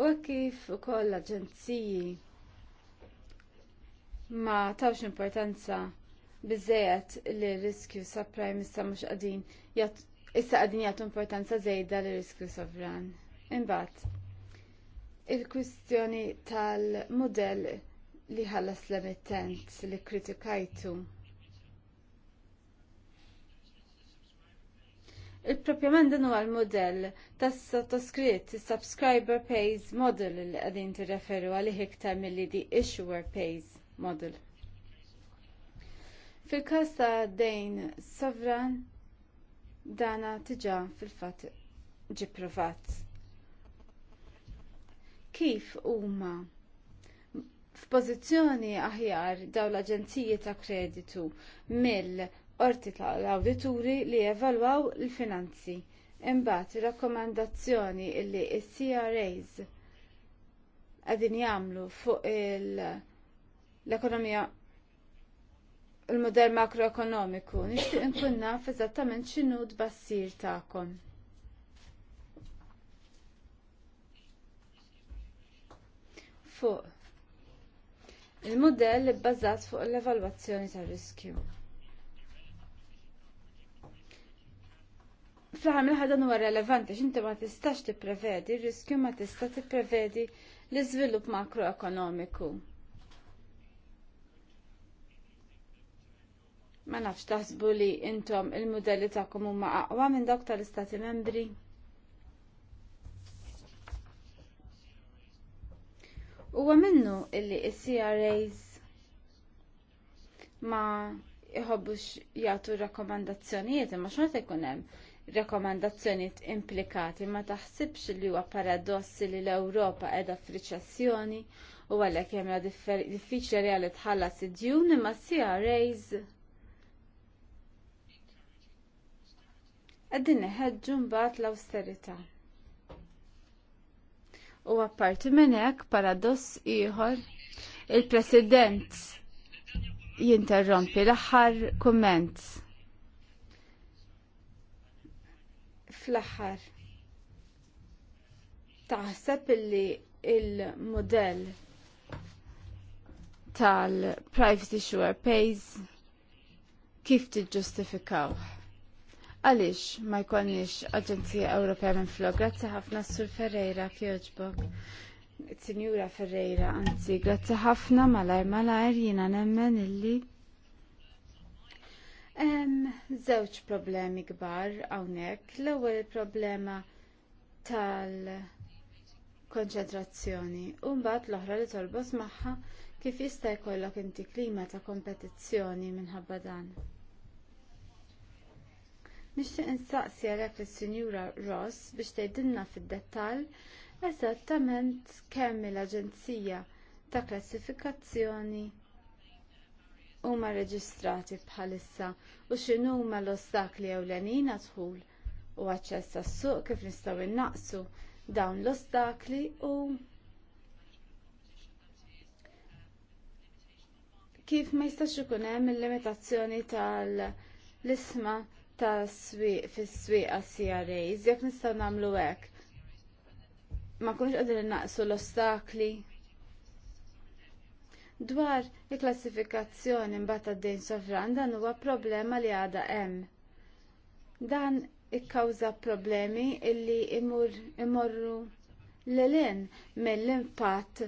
u kif ukoll l-aġenziji ma tawx importanza biżżejjed li riskju subprime issa mhux qegħdin issa qegħdin jagħtu importanza żejda li riskju sovran. Imbagħad il-kwistjoni tal-mudell li ħallas l-emittent li kkritikajtu. Il-propjament dan huwa l-modell tas sottoskritt subscriber pays model li qegħdin tirreferu għalih iktar milli di issuer pays model. Fil-każ ta' dejn sovran dana tiġa fil-fatt ġi provat. Kif huma f'pożizzjoni aħjar daw l-aġenziji ta' kreditu mill orti tal-awdituri li evalwaw l-finanzi. Imbagħad ir rakkomandazzjoni li s-CRAs qegħdin jagħmlu fuq l-ekonomija il mudell makroekonomiku, nixtieq inkun naf eżattament x'inhu d-bassir tagħkom. Fuq il-modell bbażat fuq l-evalwazzjoni tar-riskju. fl-ħar mill dan huwa relevanti x'inti ma tistax tipprevedi r-riskju ma tista' tipprevedi l-iżvilupp makroekonomiku. Ma nafx taħsbu li intom il-modelli tagħkom huma aqwa minn dawk tal-Istati Membri. Huwa minnu illi s-CRAs ma jħobbux jagħtu rakkomandazzjonijiet imma xorta jkun hemm rekomandazzjonijiet implikati ma taħsibx li huwa paradossi li l-Ewropa qiegħda f'riċessjoni u għalhekk hija diffiċli reali tħallas id-djun imma CRAs qegħdin iħeġġu mbagħad l-awsterità. U apparti minn hekk paradoss ieħor il-President jinterrompi l-aħħar kumment. fl-aħħar taħseb illi il-modell tal-privacy sure pays kif tiġġustifikaw. Għalix ma jkollniex Aġenzija Ewropea minn flok, grazzi ħafna Sur Ferreira kjoġbok. Sinjura Ferreira, anzi, grazzi ħafna malajr malajr jina nemmen illi Żewġ problemi kbar hawnhekk. L-ewwel problema tal-konċentrazzjoni u mbagħad l-oħra li tolbos magħha kif jista' jkollok inti klima ta' kompetizzjoni minħabba dan. Nixtieq instaqsi għalhekk lis-Sinjura Ross biex tgħidilna fid-dettall eżattament kemm l-Aġenzija ta' Klassifikazzjoni huma reġistrati bħalissa u x'inhu huma l-ostakli ewlenin għadħul u aċċess tas suq kif nistgħu innaqsu dawn l-ostakli u kif ma jistax ikun hemm il-limitazzjoni tal-isma tas-swieq fis swieqa cras jekk nistgħu nagħmlu hekk ma kunx qegħdin innaqsu l-ostakli Dwar il-klassifikazzjoni mbagħad għad dejn sovran dan huwa problema li għada hemm. Dan ikkawża problemi illi imur imorru l mill-impatt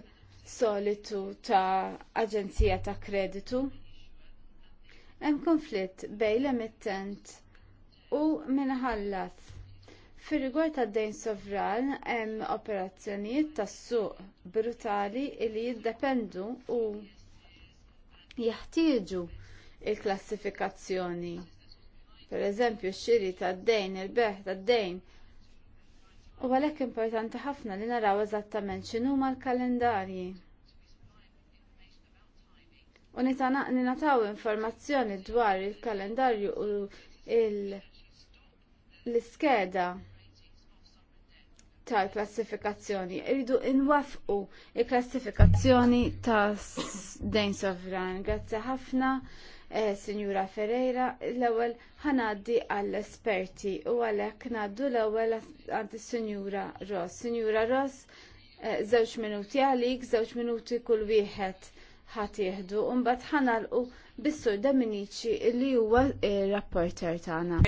solitu ta' aġenzija ta' kreditu. Hemm konflitt bejn l-emittent u minħallas Fir-rigward tad-dejn sovran hemm operazzjonijiet tas-suq brutali li jiddependu u jeħtieġu il-klassifikazzjoni. Pereżempju x-xiri tad-dejn, il-beħ tad-dejn. U għalhekk importanti ħafna li naraw eżattament x'inhuma l-kalendarji. U nitanaw informazzjoni dwar il-kalendarju u l-iskeda. il kalendarju u l iskeda tal-klassifikazzjoni. Iridu inwafqu il-klassifikazzjoni ta' dejn sovran. Grazzi ħafna, eh, Signora Ferreira. L-ewwel ħanaddi għall-esperti u għalhekk ngħaddu l-ewwel għandi Signora Ross. Signora Ross, eh, żewġ minuti għalik, żewġ minuti kull wieħed ħat jieħdu u mbagħad ħanalqu bis-sur Dominici li huwa ir-rapporter tagħna.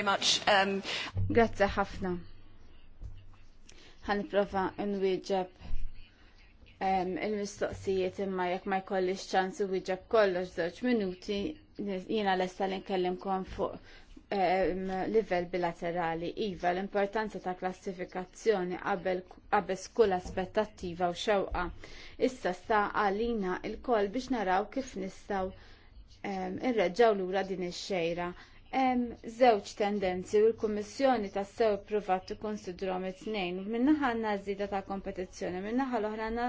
Um, Grazzi ħafna ħanprofa nwieġeb il-mistoqsijiet imma jekk ma jkollix ċans wieġeb kollox żewġ minuti jiena lesta li nkellimkom fuq livell bilaterali. Iva, l-importanza ta' klassifikazzjoni qabel skull aspettattiva u xewqa. Issa sta għalina il-koll biex naraw kif nistaw irreġgħu lura din ix-xejra Hemm żewġ tendenzi u l-Kummissjoni tassew ippruvat tikkonsidrahom it-tnejn. Minnaħa għandna żieda ta' kompetizzjoni, minnaħa l-oħra għandna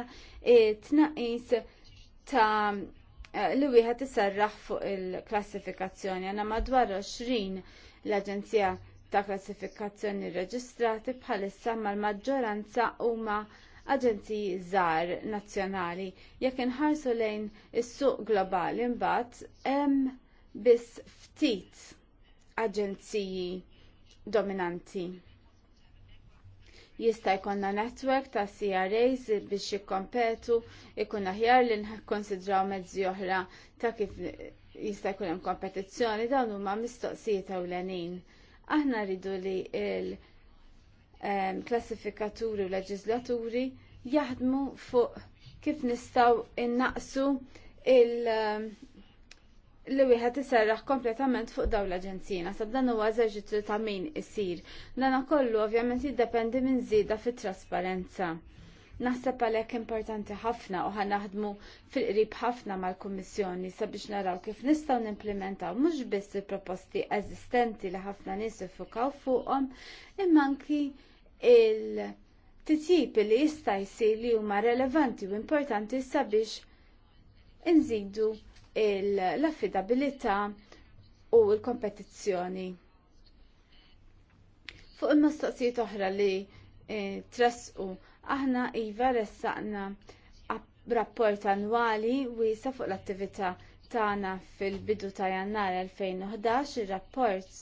tnaqis ta' li wieħed isarraħ fuq il-klassifikazzjoni. Għandna madwar 20 l-Aġenzija ta' klassifikazzjoni rreġistrati bħalissa mal-maġġoranza huma aġenziji żgħar nazzjonali. Jekk inħarsu lejn is-suq globali mbagħad hemm biss ftit aġenziji dominanti. Jista' jkollna netwerk ta' CRAs biex jikkompetu ikun aħjar li nkonsidraw mezzi oħra ta' kif jista' jkun hemm kompetizzjoni dawn huma mistoqsijiet ewlenin. Aħna rridu li l ehm, klassifikaturi u leġislaturi jaħdmu fuq kif nistgħu innaqsu il- ehm, li wieħed iserraħ kompletament fuq dawn l aġenzina sa dan huwa eżerġizzju ta' min isir. Dan kollu ovvjament jiddependi minn żieda fit-trasparenza. Naħseb għalhekk importanti ħafna u ħanaħdmu fil-qrib ħafna mal-Kummissjoni sabiex naraw kif nistgħu nimplementaw mhux biss il-proposti eżistenti li ħafna nies iffukaw fuqhom, imma anki il- titjib li jista' jsir li huma relevanti u importanti sabiex inżidu l-affidabilità u l-kompetizzjoni. Fuq il-mistoqsijiet oħra li eh, tresqu, aħna iva ressaqna rapport annwali wiesa fuq l-attività tagħna fil-bidu ta' jannar 2011 ir-rapport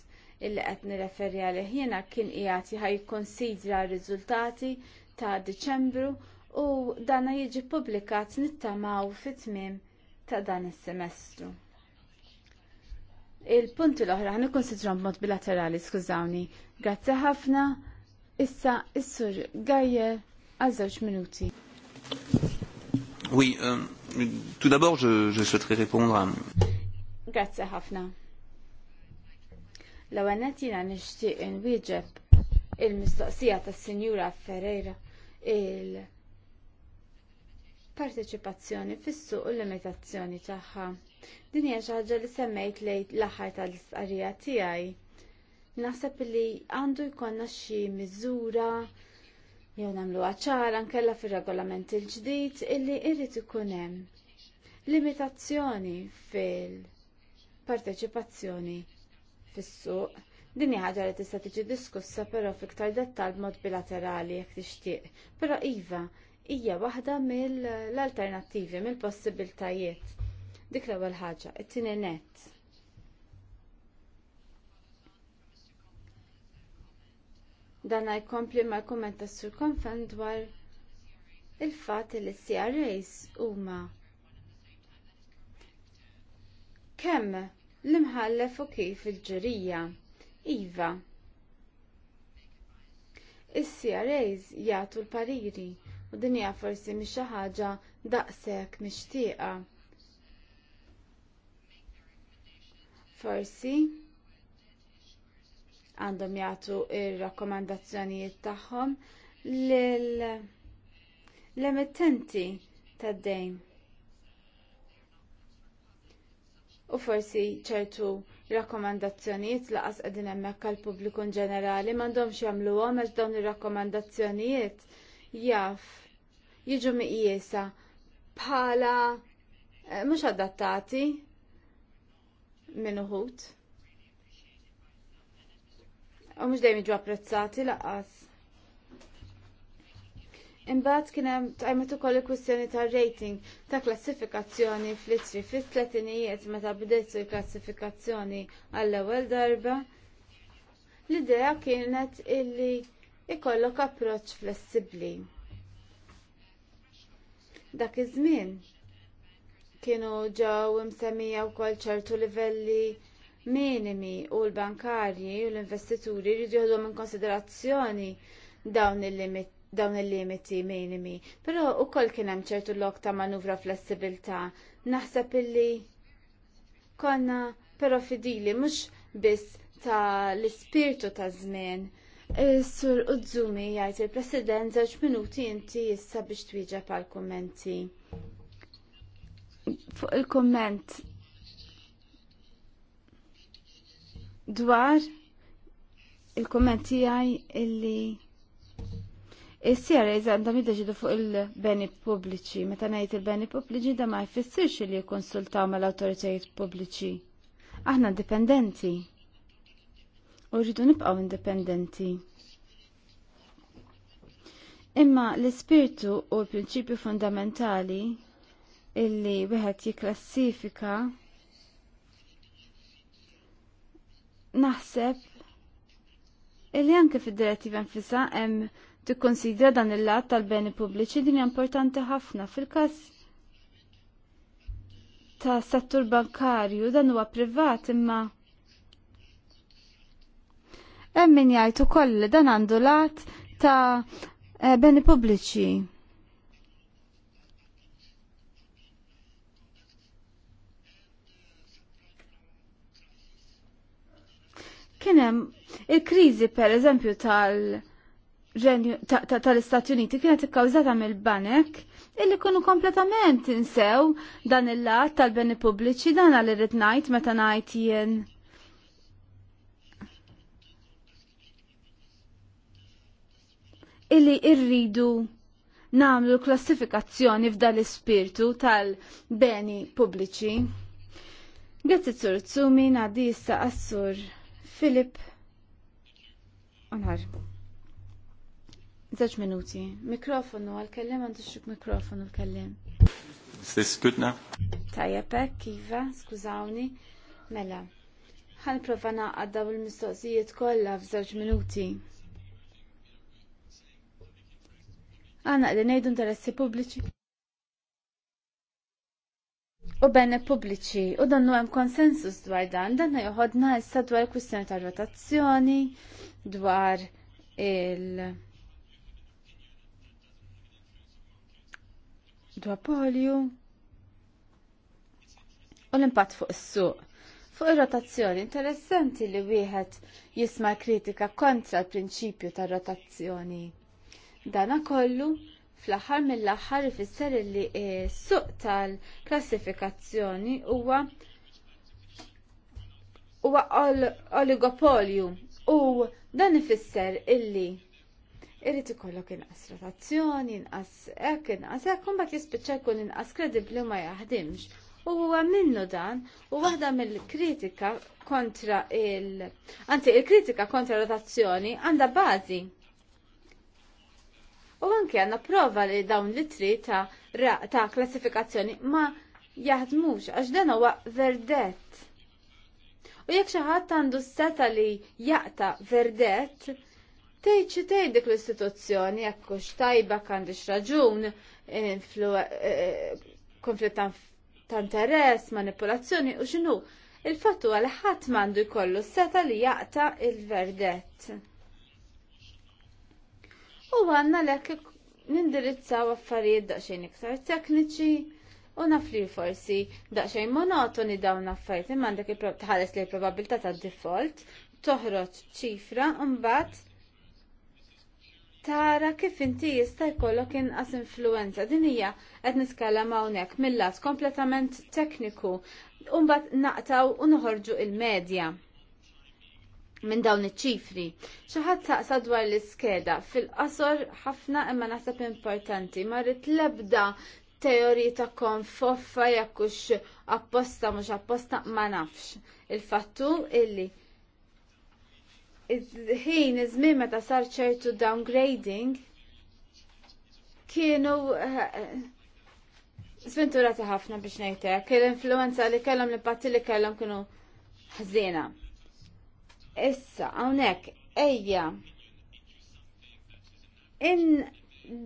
illi qed nirreferi għalih jiena kien qiegħed jikkonsidra r-riżultati ta' Diċembru u dana jiġi ppubblikat nittamaw fit-tmiem ta' dan is-semestru. Il-punti l-oħra ħan sidrom mod bilaterali, skużawni. Grazzi ħafna. Issa is-sur Gajer għal żewġ minuti. Oui, euh, tout d'abord, je, je souhaiterais répondre à... Grazzi ħafna. L-ewwel nishti in nixtieq il-mistoqsija tas-Sinjura Ferreira il-, -mistoqsija ta parteċipazzjoni fis-suq u l-limitazzjoni tagħha. Din hija xi ħaġa li semmejt lejn l-aħħar tal-istqarrija tiegħi. Naħseb li għandu jkollna xi miżura jew nagħmlu ċara nkella fir-regolament il-ġdid illi jrid ikun hemm limitazzjoni fil-parteċipazzjoni fis-suq. Din hija ħaġa li tista' tiġi diskussa però fiktar dettall b'mod bilaterali jekk tixtieq. Però iva, hija waħda mill-alternattivi, mill-possibiltajiet. Dik l-ewwel ħaġa, it-tieni net. Dan jkompli ma' kumment tas-sur konfen dwar il-fatt li CRAs huma kemm l-imħallef u kif il ġirija Iva. Is-CRAs jagħtu l-pariri u din hija forsi mhix xi ħaġa daqshekk mixtieqa. Forsi għandhom jagħtu ir-rakkomandazzjonijiet tagħhom lil l-emittenti tad-dejn. U forsi ċertu rakkomandazzjonijiet laqas qegħdin hemmhekk għall pubbliku ġenerali m'għandhomx jagħmluhom għax dawn ir-rakkomandazzjonijiet jaf jiġu miqjesa bħala eh, mhux adattati minn uħud. U mhux dejjem jiġu apprezzati laqas. Imbagħad kien hemm tajmet ukoll il-kwistjoni tar-rating ta' klassifikazzjoni fl-itri fit-tletinijiet meta bdiet l klassifikazzjoni għall-ewwel darba. L-idea kienet illi ikollok approċċ flessibbli. Dak iż-żmien kienu ġew imsemmija wkoll ċertu livelli minimi u l-bankarji u l-investituri jridu jieħdu minn konsiderazzjoni dawn il-limit dawn il-limiti minimi. Però wkoll kien hemm ċertu lok ta' manuvra flessibilità. Naħseb illi konna però fidili mhux biss ta' l-ispirtu ta' żmien Sur Uzzumi jgħid il-President żewġ minuti inti issa biex twieġeb għal kummenti. Fuq il-kumment dwar il-kumment tiegħi illi Is-sjer għandhom jiddeċidu fuq il-beni pubbliċi. Meta ngħid il-beni pubbliċi da ma jfissirx li jikkonsultaw mal-awtoritajiet pubbliċi. Aħna dipendenti u rridu nibqgħu indipendenti. Imma l-ispirtu u l-prinċipju fundamentali illi wieħed jiklassifika naħseb illi anke fid-direttiva nfisha hemm tikkonsidra dan il-lat tal-beni pubbliċi din importanti ħafna fil-każ ta' settur bankarju dan huwa privat imma hemm min jgħid ukoll li dan għandu lat ta' eh, beni pubbliċi. Kien hemm il-kriżi pereżempju tal- tal-Istati Uniti kienet ikkawżata mill-banek illi kunu kompletament insew dan il-lat tal-beni pubbliċi dan għal irrid ngħid meta ngħid jien illi irridu namlu klassifikazzjoni f'dal ispirtu tal-beni pubbliċi. Grazzi Tsur Tzumi nadi issa assur Filip Onħar. Zaċ minuti. Mikrofonu għal-kellem, għandu mikrofonu għal-kellem. Stess kutna? Tajja pek, kiva, skużawni. Mela, Għan prova naqqa dawl il-mistoqsijiet kollha f'żewġ minuti. Għana li nejdu interessi pubbliċi. U bene pubbliċi, u dannu hemm konsensus dwar dan, danna joħodna issa dwar kwistjoni ta' rotazzjoni, dwar il- dwar polju u l-impatt fuq is-suq. Fuq ir-rotazzjoni interessanti li wieħed jisma' kritika kontra l-prinċipju tar-rotazzjoni. Dana kollu fl-aħħar mill-aħħar ifisser li s-suq tal-klassifikazzjoni huwa huwa oligopolju u dan ifisser illi irrid ikollok inqas rotazzjoni, inqas hekk, inqas hekk, imbagħad jispiċċa jkun inqas kredibbli ma jaħdimx. U huwa minnu dan u waħda mill-kritika kontra il- anzi il-kritika kontra rotazzjoni għandha bażi U anke għanna prova li dawn litri ta', ta klassifikazzjoni ma jaħdmux għax dan huwa verdett. U jekk xi ħadd għandu seta li jaqta' verdett, tgħid xi tgħid dik l-istituzzjoni jekk hux tajba għandix raġun, eh, konflitt ta' interess, manipolazzjoni u x'inhu. Il-fatt huwa li ħadd m'għandu jkollu seta li jaqta' il-verdett u għanna l nindirizzaw affarijiet daqxejn iktar tekniċi u naf li forsi daqxejn monotoni dawn affarijiet imma għandek tħares li probabilità ta' default toħroġ ċifra mbagħad tara kif inti jista' jkollok inqas influenza din hija qed niskellem hawnhekk mill-lat kompletament tekniku u mbagħad naqtaw u noħorġu il-medja minn dawn iċ-ċifri. Xi ħadd taqsa dwar l-iskeda fil-qasor ħafna imma naħseb importanti marrid l-ebda teoriji ta' konfoffa hux apposta mhux apposta ma nafx. Il-fattu illi ħin iż-żmien meta sar ċertu downgrading kienu eh, sventurati ħafna biex ngħidlek, l-influenza li kellhom l-patti li kellhom kienu ħżiena. Issa, hawnhekk ejja in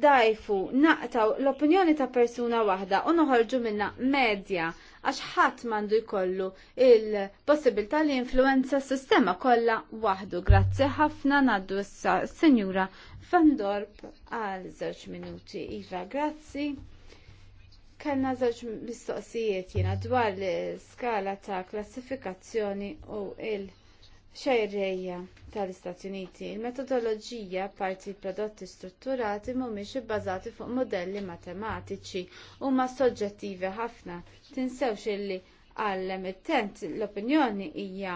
dajfu naqtaw l-opinjoni ta' persuna waħda u noħorġu minna medja għax ħadd mandu jkollu il-possibilità li influenza s-sistema kollha waħdu. Grazzi ħafna naddu issa Sinjura Fandorp għal żewġ minuti. Iva, grazzi. Kellna żewġ mistoqsijiet jiena dwar l-skala ta' klassifikazzjoni u il- xejrejja tal-Istati Uniti. Il-metodoloġija parti prodotti strutturati mhumiex ibbażati fuq modelli matematiċi huma soġġettivi ħafna. Tinsewx illi għall it-tent l-opinjoni hija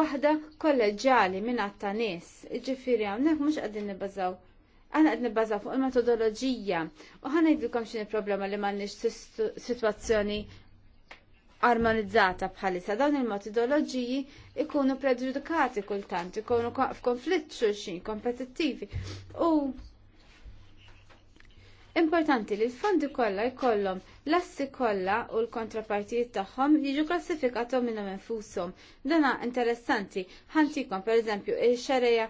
waħda kolleġjali minn ta' nies. Ġifieri hawnhekk mhux qegħdin nibbażaw għana għed nibbażaw fuq il-metodologija u għana jidilkom xin il-problema li mannix situazzjoni armonizzata bħalissa dawn il-metodoloġiji ikunu preġudikati kultant, ikunu f'konflitt xulxin, kompetittivi. U importanti li l-fondi kollha jkollhom l-assi kollha u l-kontrapartijiet tagħhom jiġu klassifikatom minnhom infushom. Dana interessanti, ħantikom pereżempju il-xereja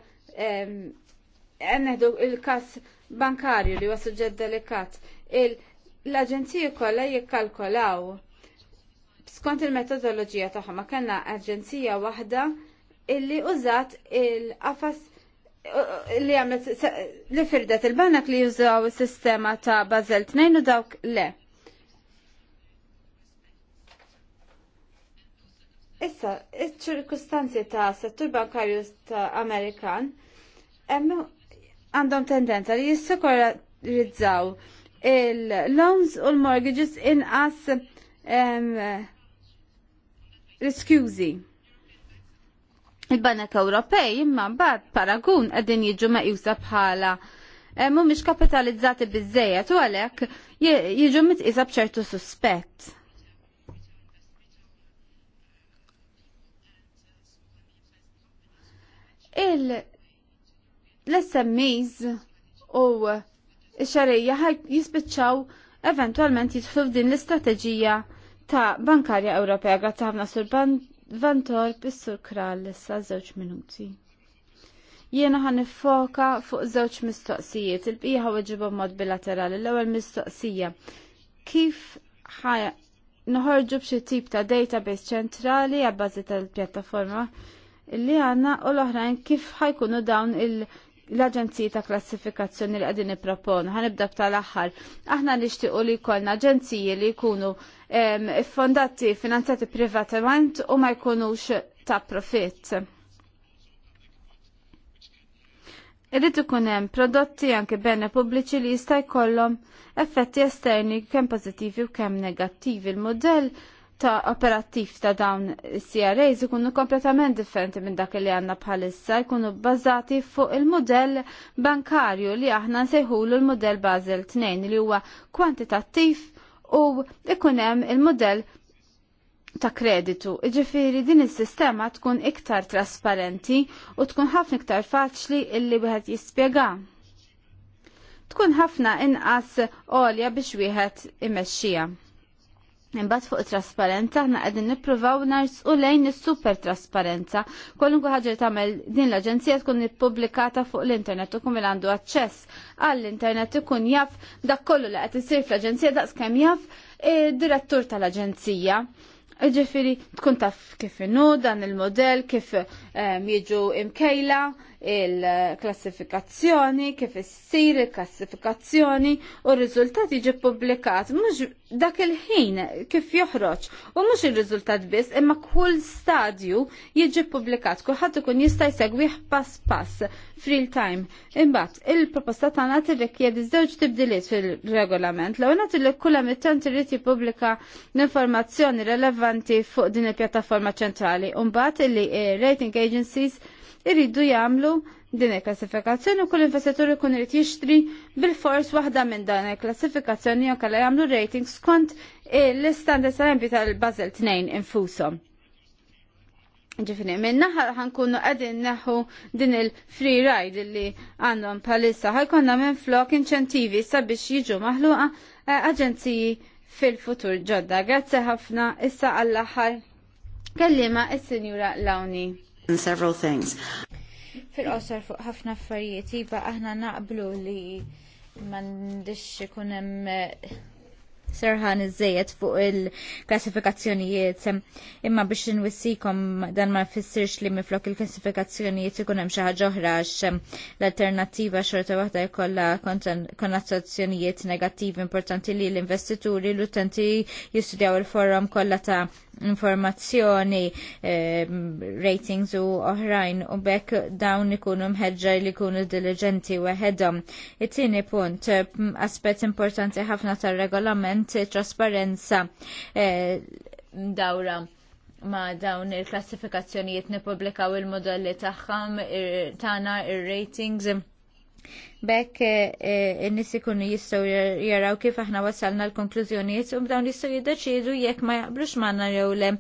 għenneħdu il-kas bankarju li huwa suġġett delikat, l-aġenziji kollha jikkalkolaw skont il-metodoloġija tagħha ma kellna aġenzija waħda illi użat il-qafas li għamlet li firdet il-banak li jużaw is-sistema ta' Basel 2 u dawk le. Issa, iċ-ċirkustanzi ta' settur bankarju ta' Amerikan għandhom tendenza li jissukorizzaw il-loans u l-mortgages inqas riskjużi. Il-Banek Ewropej imma mbagħad paragun qegħdin jiġu meqjusa bħala eh, mhumiex kapitalizzati biżejjed u għalhekk jiġu mitqisa b'ċertu suspett. Il l-SMEs u xarija jispiċċaw eventualment jidħlu f'din l-istrateġija ta' Bankarja Ewropea grazzi ħafna sur Vantor bis-sur Kral lissa żewġ minuti. Jiena ħan foka fuq żewġ mistoqsijiet, il-bqija ħawġibu mod bilaterali. L-ewwel mistoqsija. Kif ħaj noħorġu b'xi tip ta' database ċentrali għabbażi tal-pjattaforma li għanna u l-oħrajn kif ħajkunu dawn il- l-Aġenziji ta' Klassifikazzjoni li qegħdin nipproponu. Ħanibda tal-aħħar. Aħna nixtiequ li jkollna aġenziji li jkunu fondati finanzati privatament u ma jkunux ta' profitt. Irrid ikun hemm prodotti anke bene pubbliċi li jista' jkollhom effetti esterni kemm pożittivi u kemm negattivi. Il-modell ta' operattiv ta' dawn CRAs ikunu kompletament differenti minn dak li għanna bħalissa, jkunu bbażati fuq il-modell bankarju li aħna nsejħulu l-modell Basel 2 li huwa kwantitattiv u ikun hemm il-modell ta' kreditu. Iġifiri din is-sistema tkun iktar trasparenti u tkun ħafna iktar faċli illi wieħed jispjega. Tkun ħafna inqas għolja biex wieħed imexxija. Imbagħad fuq trasparenza aħna qegħdin nippruvaw narsqu lejn is-super trasparenza. Kwalunkwe ħaġa tagħmel din l-aġenzija tkun ippubblikata fuq l-internet u kum il għandu aċċess għall-internet ikun jaf dak kollu li qed isir fl-aġenzija kemm jaf id-direttur tal-aġenzija. Ġifiri tkun taf kif inhu dan il-modell, kif ehm, jiġu imkejla il-klassifikazzjoni, kif issir il-klassifikazzjoni u r riżultati jiġi publikat mhux dak il-ħin kif joħroġ u mhux ir-riżultat biss imma kull stadju jiġi publikat kulħadd ikun jista' jsegwih pass pass free time. Imbagħad il-proposta tagħna tirrikjedi żewġ tibdiliet fil-regolament l għonat li kull emittent irid jippubblika l-informazzjoni relevanti fuq din il-pjattaforma ċentrali u mbagħad li eh, rating agencies irridu jagħmlu din il-klassifikazzjoni u kull investitur ikun irid jixtri bil-fors waħda minn dan il-klassifikazzjoni jew kellha jagħmlu rating skont l-istandards tal tal-Basel 2 infushom. Ġifini, minn naħar ħankunu għedin neħu din il-free ride li għandhom palissa ħajkonna minn flok inċentivi sabiex jiġu maħluqa eh, aġenziji fil-futur ġodda. Grazzi ħafna issa għall-aħħar kellima il sinjura Lawni in several things. Fil-qosor fuq ħafna affarijiet iba aħna naqblu li m'għandix kunem serħan iżejjed fuq il-klassifikazzjonijiet. Imma biex nwissikom dan ma jfissirx li miflok il-klassifikazzjonijiet ikun hemm xi ħaġa oħra għax l-alternattiva xorta waħda jkollha konnotazzjonijiet negattivi importanti li l-investituri l-utenti jistudjaw il-forum kollha ta' informazzjoni, eh, ratings u oħrajn u bekk dawn ikunu mħedġa li jkunu diligenti weħedhom. It-tieni punt, aspett importanti ħafna tar-regolament kont trasparenza eh, dawra ma dawn il-klassifikazzjonijiet nipublikaw il-modelli tagħhom tagħna ir-ratings. Bekk eh, n-nis ikunu jistaw jaraw kif aħna wasalna l-konklużjonijiet u bdawn jistaw jiddeċidu jekk ma jaqblux manna jew le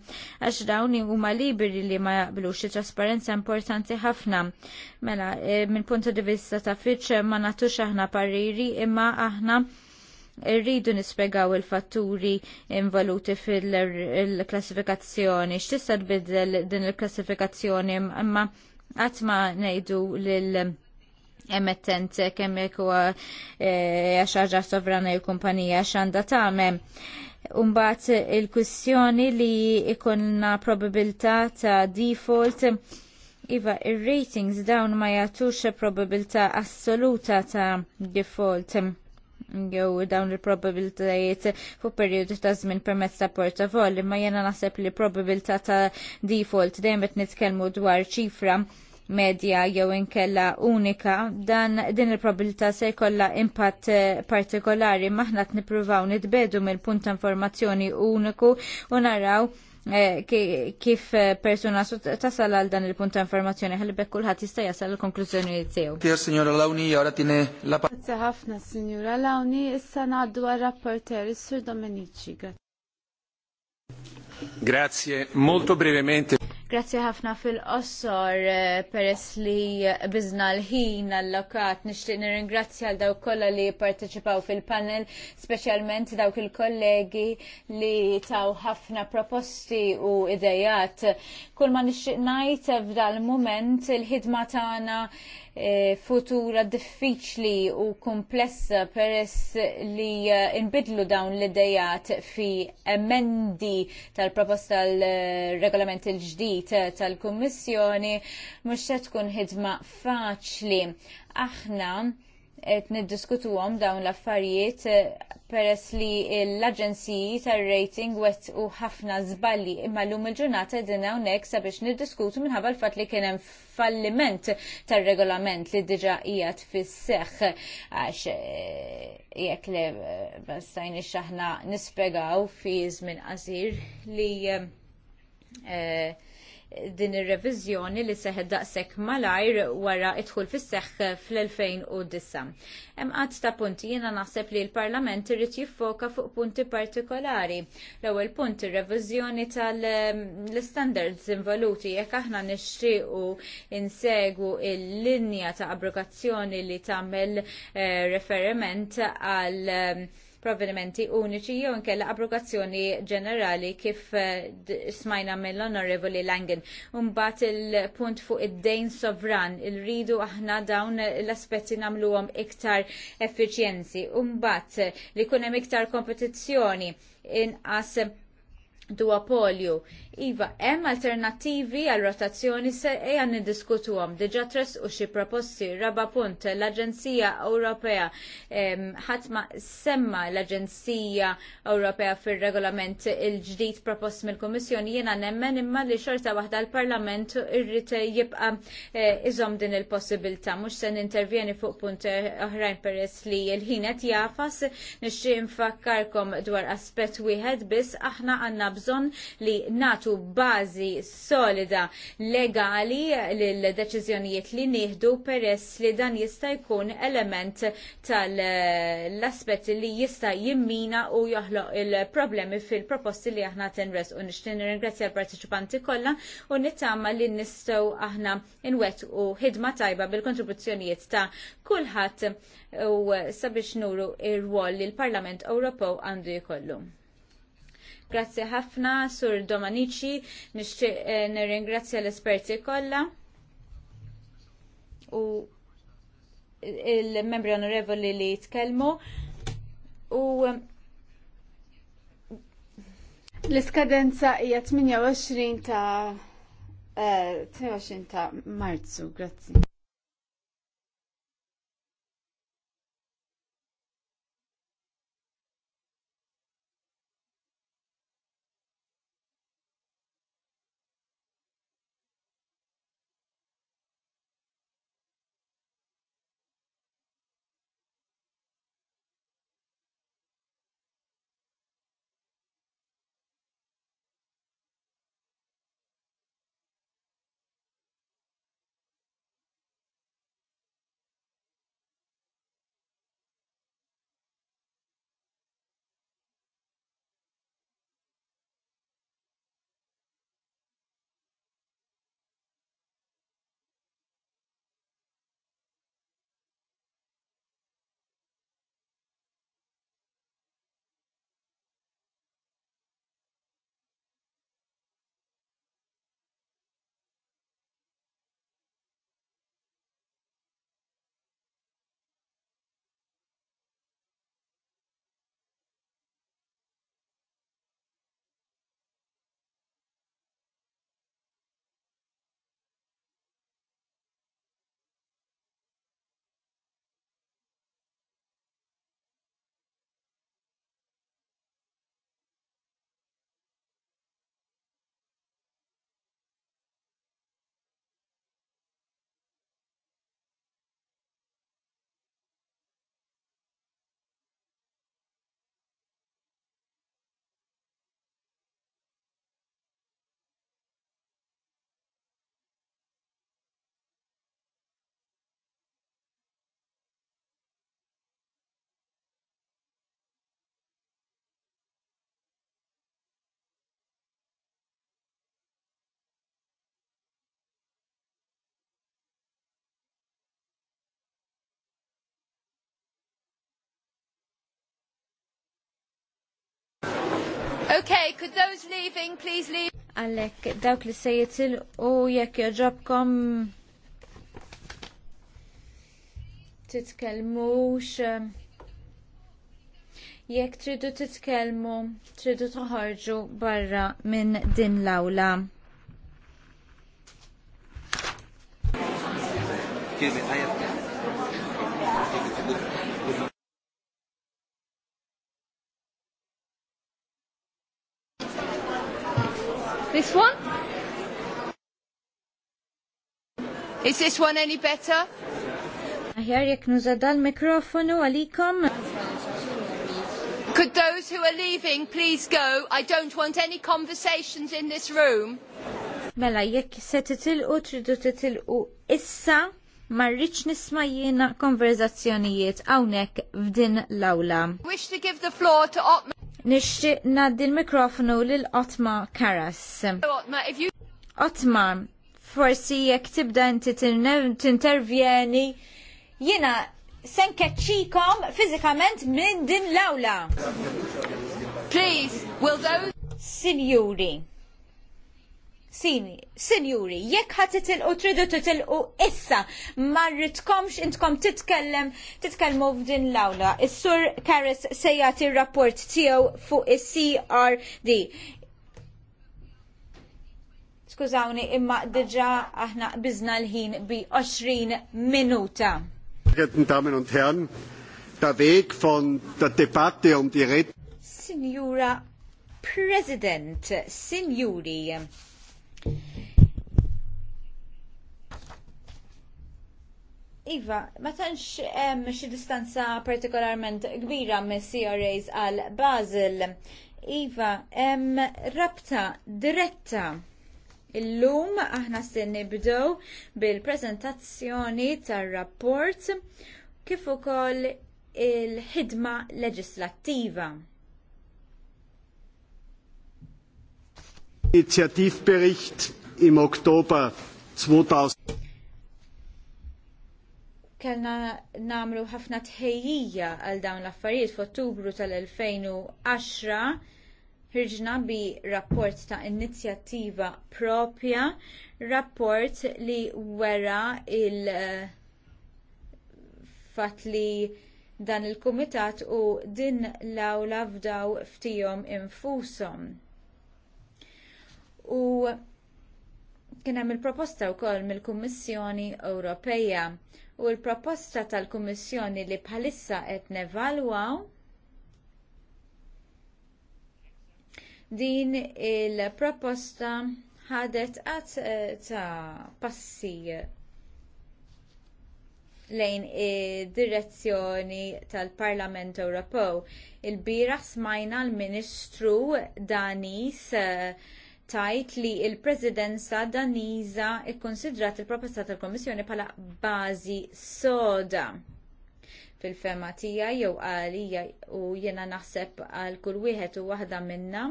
għax dawn huma liberi li ma jaqblux trasparenza importanti ħafna. Mela, eh, minn punta di vista ta' fitx ma natux aħna pariri imma aħna Irridu nispjegaw il-fatturi involuti fil-klassifikazzjoni. X'tista' tbiddel din il-klassifikazzjoni imma qatt ma ngħidu lil emettent kemm huwa e, għax sovrana il kumpanija x'għandha tagħmel. Umbat il-kwistjoni li ikonna probabilità ta' default Iva, ir ratings dawn ma jagħtux probabilità assoluta ta' default jew dawn il-probabilitajiet fuq perjodu ta' żmien permezz ta' portafol, imma jiena naħseb li probabilità ta' default dejjem qed nitkellmu dwar ċifra medja jew inkella unika, dan din il-probabilità se jkollha impatt eh, partikolari maħna nippruvaw nitbedu mill-punt ta' informazzjoni uniku u naraw Eh, kif eh, persona tasal għal dan il punta informazzjoni għal bekk kulħat jista' jasal il-konklużjoni tiegħu. Tier Signora Lawni jara tiene la Grazie ħafna Signora Lawni, issa ngħaddu għar-rapporter Sir Domenici. Grazie, molto brevemente. Grazzi ħafna fil-qossor eh, peress li bizna l-ħin Nishtiq Nixtieq nirringrazzja għal dawk kollha li parteċipaw fil-panel, speċjalment dawk il-kollegi li taw ħafna proposti u idejat. Kull ma nixtieq ngħid f'dal mument il-ħidma tagħna E, futura diffiċli u komplessa peress li e, inbidlu dawn l-idejat fi emendi tal-proposta l regolament il-ġdid tal-Kummissjoni mhux se tkun ħidma faċli. Aħna qed niddiskutuhom dawn l-affarijiet eh, peress li l-aġenziji tar-rating wettqu ħafna żbalji imma llum il-ġurnata din hawnhekk sabiex niddiskutu minħabba l-fatt li kien hemm falliment tar-regolament li diġà qiegħed fis-seħħ għax eh, jekk li bastajn eh, aħna nispjegaw fi żmien qasir li din ir-reviżjoni li seħed daqshekk malajr wara idħul fis-seħħ fl-2009. Hemm qatt ta' punti jiena naħseb li l-Parlament irid jiffoka fuq punti partikolari. L-ewwel punt ir-reviżjoni tal-standards ehm, involuti jekk aħna nixtiequ insegu l-linja ta' abrogazzjoni li tagħmel eh, referiment għal ehm, provvedimenti uniċi jew inkella abrogazzjoni ġenerali kif eh, smajna mill-Onorevoli Langen. Umbat il-punt fuq id-dejn sovran, il-ridu aħna dawn l-aspetti namluhom iktar effiċjenzi. Umbat li kunem iktar kompetizzjoni inqas Polju, Iva, hemm alternattivi għal rotazzjoni se ejja niddiskutu għom. Diġa tres u xi proposti. Raba punt, l-Aġenzija Ewropea ħatma semma l-Aġenzija Ewropea fir-regolament il-ġdid propost mill-Kummissjoni jiena nemmen imma li xorta waħda l-Parlament irrit jibqa e, izom din il possibilta Mhux se nintervjeni fuq punt oħrajn peress li l ħinet jafas nixtieq infakkarkom dwar aspett wieħed biss aħna għandna bżonn li natu bażi solida legali l deċiżjonijiet li nieħdu peress li dan jista' jkun element tal-aspett li jista' jimmina u joħloq il-problemi fil-proposti li aħna tenres u nixtieq nirringrazzja l parteċipanti kollha u nittama li nistgħu aħna inwet u ħidma tajba bil-kontribuzzjonijiet ta' kulħadd u sabiex nuru ir-rwol li l-Parlament Ewropew għandu jkollu. Grazzi ħafna, Sur Domanici, nixtieq eh, nirringrazzja l-esperti kollha. U il-membri onorevoli li jitkellmu. U eh, l-iskadenza hija 28 ta' 28 eh, ta' Marzu, grazzi. Okay, could those leaving please leave? Għallek, dawk li sejjitil u jekk joġobkom titkelmux. Jekk tridu titkellmu, tridu toħorġu barra minn din l-awla. Give me, I have This one? Is this one any better? Aħjar jekk nużada mikrofonu għalikom. Could those who are leaving please go? I don't want any conversations in this room. Mela, jekk se titilqu tridu titilqu issa ma marriċ nisma jiena konverzazzjonijiet hawnhekk f'din l-awla. Wish to give the floor to Otman. Nixtieq ngħaddi l-mikrofonu lil Otma Karas. Otma, forsi jekk tibda inti tintervjeni jiena senkeċċikom fiżikament minn din l-awla. Please, will those Sinjuri, Sini, sinjuri, jekk ħat titilqu tridu titilqu issa, marritkomx intkom titkellem, titkellmu f'din l-awla. Is-sur Karis se jagħti r-rapport tiegħu fuq is-CRD. Skużawni, imma diġa aħna biżna l-ħin bi 20 minuta. Damen und Herren, der Weg von der Debatte um die Rede. Signora President, Signori, Iva, ma tantx xi distanza partikolarment kbira mis CRAs għal Basel. Iva, hemm rabta diretta Illum aħna se nibdew bil-prezentazzjoni tar-rapport kif ukoll il-ħidma leġislattiva. Initiativbericht im Oktober 2000. Kellna namlu ħafna tħejjija għal dawn l-affarijiet f'Ottubru tal-2010 ħirġna bi rapport ta' inizjattiva propja, rapport li wera il eh, fat li dan il kumitat u din l-awla fdaw ftijom infushom u kien hemm il-proposta wkoll mill-Kummissjoni Ewropea u l-proposta tal-Kummissjoni li bħalissa qed nevalwaw din il-proposta ħadet qatt eh, ta' passi lejn id-direzzjoni tal-Parlament Ewropew. Il-bira smajna l-Ministru Danis uh, tajt li l presidenza Daniża kkunsidrat il-proposta tal kummissjoni bħala bażi soda fil-fema tiegħi jew għalija u jiena naħseb għal kull wieħed u waħda minnha.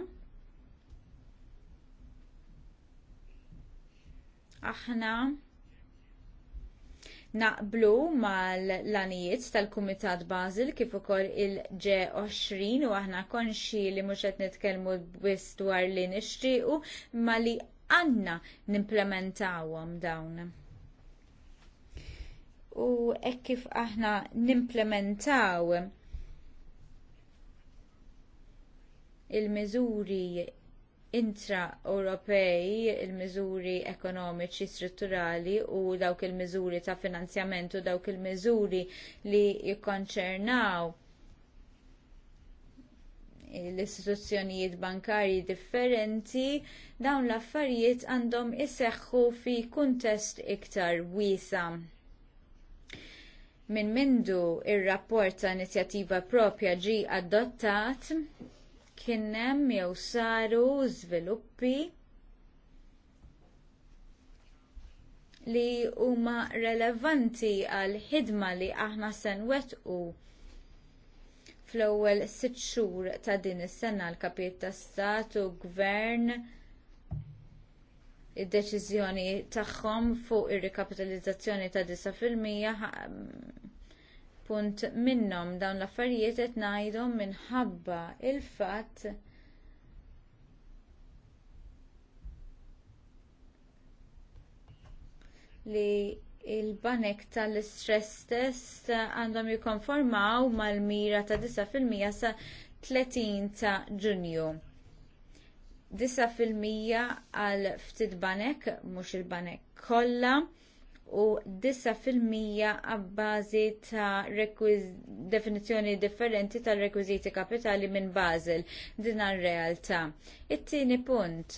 Aħna naqblu mal-lanijiet tal-Kumitat Basil kif ukoll il-G20 u aħna konxi li mhux qed nitkellmu biss dwar li nixtiequ ma li għandna nimplementawhom dawn u hekk kif aħna nimplementaw il-miżuri intra-Ewropej il-miżuri ekonomiċi strutturali u dawk il-miżuri ta' finanzjament u dawk il-miżuri li jikkonċernaw l-istituzzjonijiet bankarji differenti, dawn l-affarijiet għandhom iseħħu fi kuntest iktar wiesa. Minn mindu r rapport ta' inizjattiva proprja ġie adottat, kien hemm jew saru żviluppi li huma relevanti għal ħidma li aħna se nwettqu fl-ewwel sitt xhur ta' din is-sena l-kapijiet ta' stat u gvern id-deċiżjoni tagħhom fuq ir-rikapitalizzazzjoni ta' 9 fil-mija punt minnhom dawn l-affarijiet qed ngħidhom minħabba il-fatt li l banek tal-stress test għandhom jikkonformaw mal-mira ta' 9% sa 30 ta' Ġunju. 9% għal ftit banek, mhux il-banek kollha u 9% abbażi ta' definizzjoni differenti tal-rekwiżiti kapitali minn Basel din għal-realtà. It-tieni punt.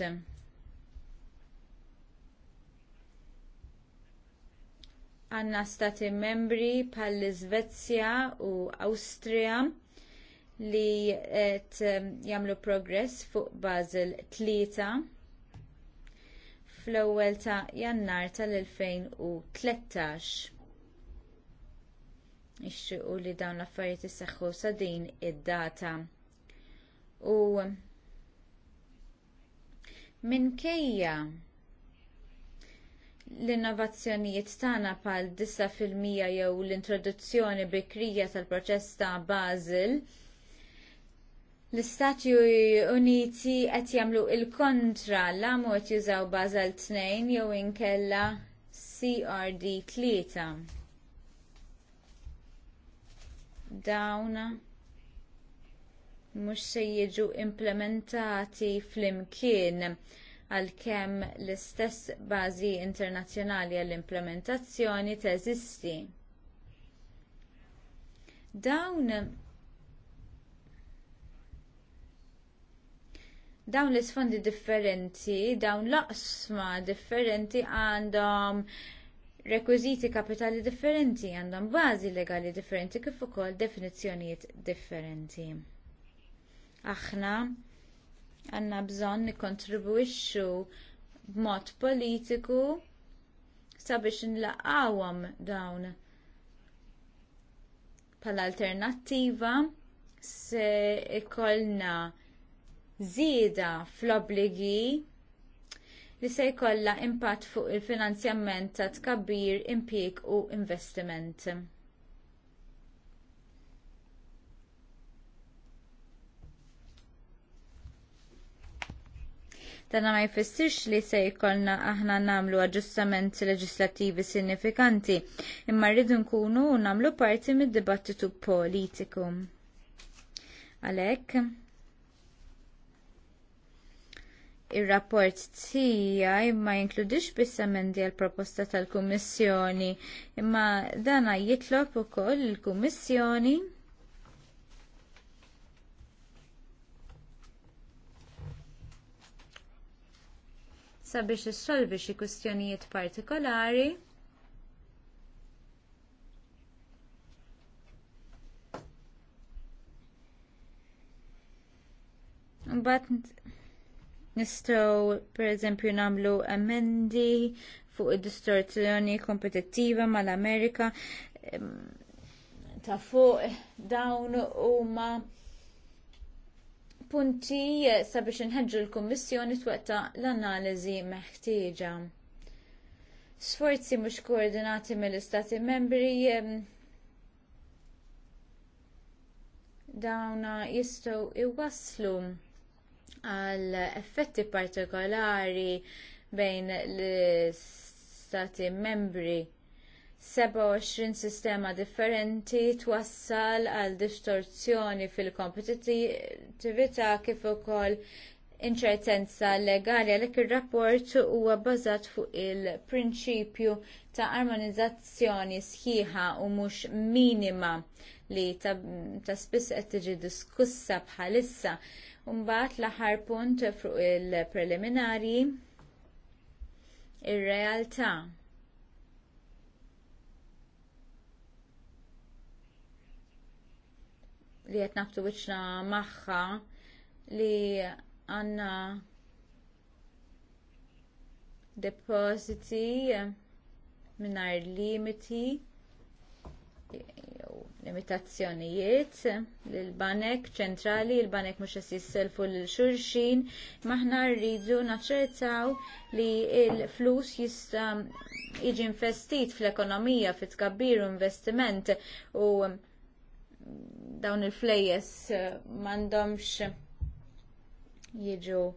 għanna stati membri bħall iżvezzja u Awstrija li qed ehm, jagħmlu progress fuq Basel tlieta fl-ewwel ta' Jannar tal-2013. Ixxiequ li dawn l-affarijiet isseħħu sa din id-data. U minkejja l-innovazzjonijiet tagħna bħal 9% jew l-introduzzjoni bikrija tal-proċess ta' Basel l-Istati Uniti qed jagħmlu il-kontra l-għamu qed jużaw Basel 2 jew inkella CRD 3. Dawn mhux se jiġu implementati flimkien għalkemm l-istess bażi internazzjonali għall-implementazzjoni teżisti. Dawn dawn l-isfondi differenti, dawn l differenti għandhom rekwiżiti kapitali differenti, għandhom bażi legali differenti kif ukoll definizzjonijiet differenti. Aħna għandna bżonn nikkontribwixxu b'mod politiku sabiex nlaqawhom dawn bħala alternattiva se ikollna żieda fl-obbligi li se jkollha impatt fuq il-finanzjament ta' tkabbir, impjieg u investiment. Tana ma jfissirx li se jkollna aħna nagħmlu aġġustamenti leġislattivi sinifikanti, imma rridu nkunu nagħmlu parti mid-dibattitu politiku. Għalhekk, ir-rapport tiegħi ma jinkludix biss emendi għall proposta tal-Kummissjoni, imma dana jitlob ukoll il-Kummissjoni sabiex issolvi xi kwistjonijiet partikolari. Mbagħad Nistgħu pereżempju nagħmlu emendi fuq id-distorzjoni kompetittiva mal-Amerika ta' fuq dawn huma punti sabiex nħedġu l-Kummissjoni twetta l-analiżi meħtieġa. Sforzi mhux koordinati mill-Istati membri dawna jistgħu iwasslu għal effetti partikolari bejn l-stati membri 27 sistema differenti twassal għal distorzjoni fil kompetitività kif ukoll inċertenza legali għalhekk ir rapport huwa bbażat fuq il-prinċipju ta' armonizzazzjoni sħiħa u mhux minima li ta', ta spiss qed tiġi diskussa bħalissa Umbat l-aħħar punt fuq il-preliminari ir-realtà. li qed naftu wiċċna magħha li għandna depositi mingħajr limiti limitazzjonijiet l-banek ċentrali, il-banek mhux qed jisselfu lil xulxin maħna rridu naċċertaw li l flus jista' jiġi investit fl-ekonomija fit tkabbir u investiment u dawn il-flejjes m'għandhomx jiġu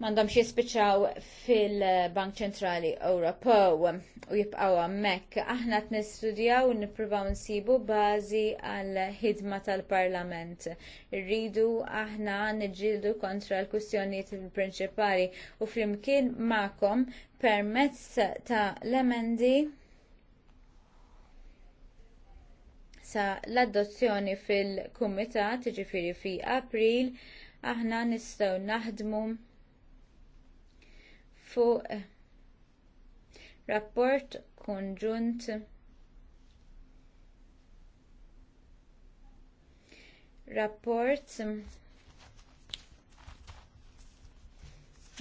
xie jispiċaw fil-Bank Ċentrali Ewropew u jibqaw hemmhekk. Aħna qed nistudjaw u nippruvaw nsibu bażi għal ħidma tal-Parlament. Irridu aħna niġġieldu kontra l-kwistjonijiet prinċipali u flimkien makom permezz ta' l-emendi sa l-adozzjoni fil-Kumitat ġifiri fi April aħna nistgħu naħdmu fuq eh, rapport konġunt rapport mm,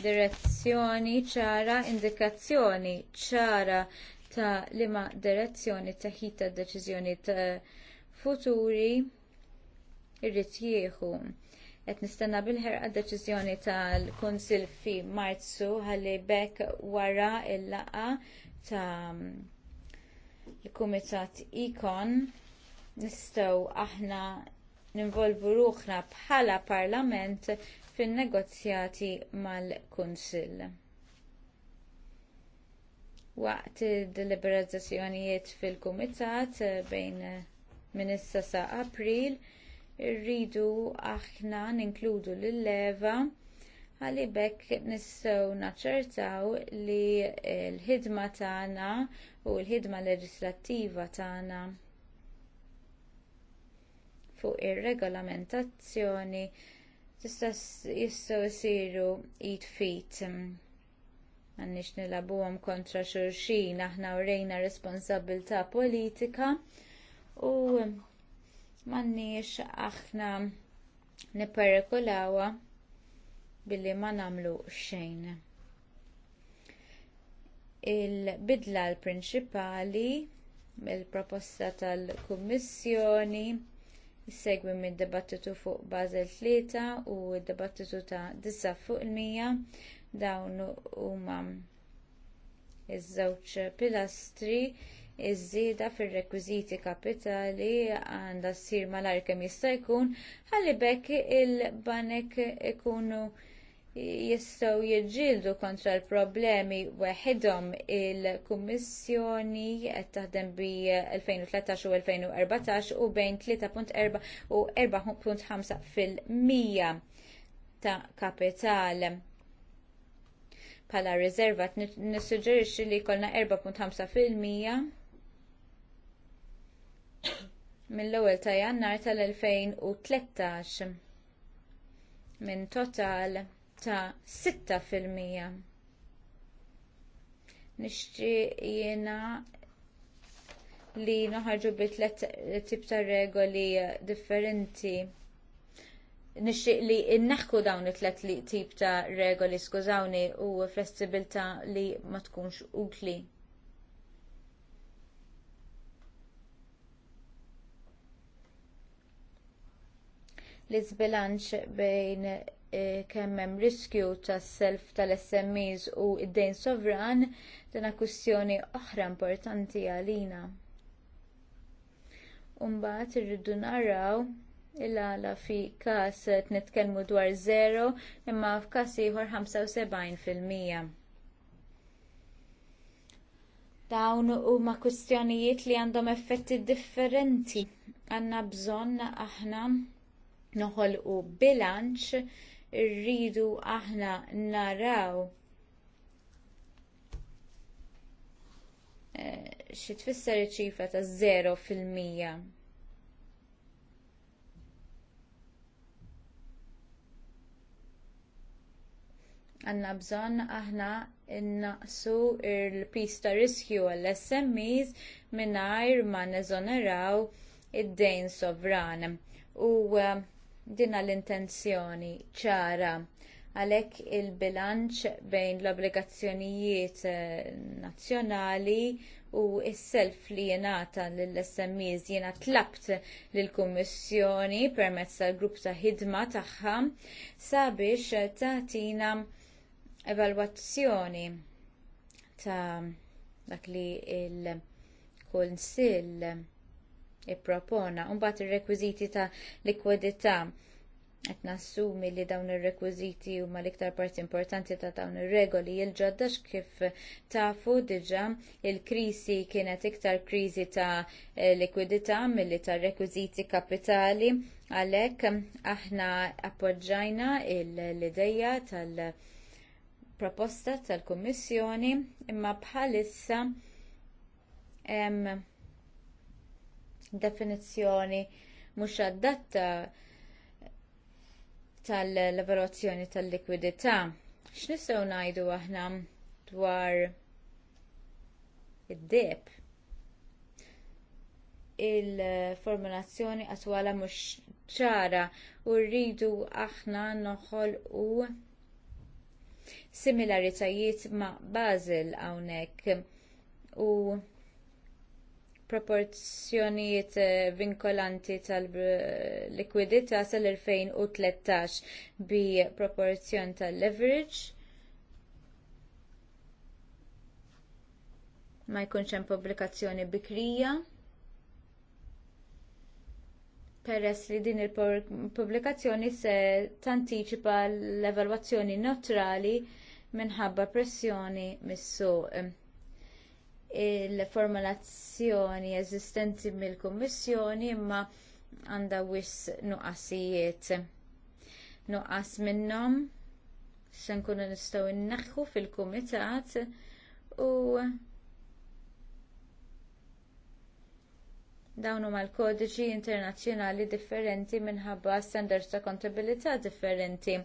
direzzjoni ċara, indikazzjoni ċara ta' liema direzzjoni ta' ħita deċiżjoni ta' futuri irrid jieħu qed nistenna bil-ħerqa deċiżjoni tal konsil fi Marzu ħalli bekk wara l laqgħa ta' l-Kumitat Ikon nistgħu aħna ninvolvu ruħna bħala Parlament fin-negozjati mal konsil waqt deliberazzjonijiet fil-Kumitat bejn minn issa sa' April rridu aħna ninkludu l-leva għalli nistgħu naċċertaw li l-ħidma tagħna u l-ħidma leġislattiva tagħna fuq ir-regolamentazzjoni tista' jistgħu jsiru id fit għannix nilabuhom kontra xulxin aħna urejna responsabilta politika u mannix aħna niperikulawa billi ma nagħmlu xejn. Il-bidla l-prinċipali mill-proposta tal-Kummissjoni segwi mid-dibattitu fuq Basel 3 u d-dibattitu ta' 9 fuq il-mija dawn huma iż-żewġ pilastri iż-żieda fir-rekwiżiti kapitali għandha ssir malajr kemm jista' jkun ħalli bekk il-banek ikunu jistgħu jiġġieldu kontra l-problemi weħidhom il-Kummissjoni qed taħdem bi 2013 u 2014 u bejn 3.4 u 4.5 fil-mija ta' kapital bħala riserva nissuġġerixxi li jkollna 4.5 fil-mija mill-ewwel ta' Jannar tal-2013 minn total ta' 6%. Nixtieq jiena li noħarġu bi tliet tip ta' regoli differenti nixtieq li inneħku dawn it-tlet tip ta' regoli, skużawni, u flessibilità li ma tkunx utli. l-izbilanċ bejn eh, kemm hemm riskju tas-self tal-SMEs u id-dejn sovran dina kwistjoni oħra importanti għalina. Umbagħad irridu naraw il-għala fi każ t dwar żero imma f'każ ieħor 75 fil-mija. Dawn huma kwistjonijiet li għandhom effetti differenti. Għandna bżonn aħna noħolqu bilanċ irridu aħna naraw eh, xi tfisser iċ-ċifra ta' 0 fil-mija. Għanna bżonn aħna innaqsu il-pis ta' riskju għall-SMEs mingħajr ma neżoneraw id-dejn sovran. U uh, Dinha l-intenzjoni ċara għalhekk il-bilanċ bejn l-obbligazzjonijiet eh, nazzjonali u s-self li jenata l-SMEs jiena tlabt lill kummissjoni permezz tal-grupp ta' ħidma tagħha sabiex tagħtina evalwazzjoni ta' dak li l kunsill ippropona. Mbagħad ir-rekwiżiti ta' likwidità qed nassumi li dawn ir-rekwiżiti huma l-iktar parti importanti ta' dawn ir-regoli il ġoddax kif tafu diġà il-krisi kienet iktar kriżi ta' likwidità milli ta' rekwiżiti kapitali għalhekk aħna appoġġajna l-idea tal-proposta tal-Kummissjoni imma bħalissa hemm definizzjoni mhux adatta tal-evaluazzjoni tal-likwidità. X'nistgħu ngħidu aħna dwar id-deb? il-formulazzjoni attwala mhux ċara u rridu aħna noħolqu similaritajiet ma' bazil hawnhekk u proporzjonijiet eh, vinkolanti tal-likwidità sal-2013 bi proporzjon tal-leverage ma jkunx hemm pubblikazzjoni bikrija. Peress li din il-pubblikazzjoni se tantiċipa l-evalwazzjoni neutrali minħabba pressjoni mis-suq il-formulazzjoni eżistenti mill-Kummissjoni imma għandha wis nuqqasijiet. Nuqqas minnhom se nkunu nistgħu nneħħu fil-kumitat u dawn huma l-kodiċi internazzjonali differenti minħabba standards ta' kontabilità differenti.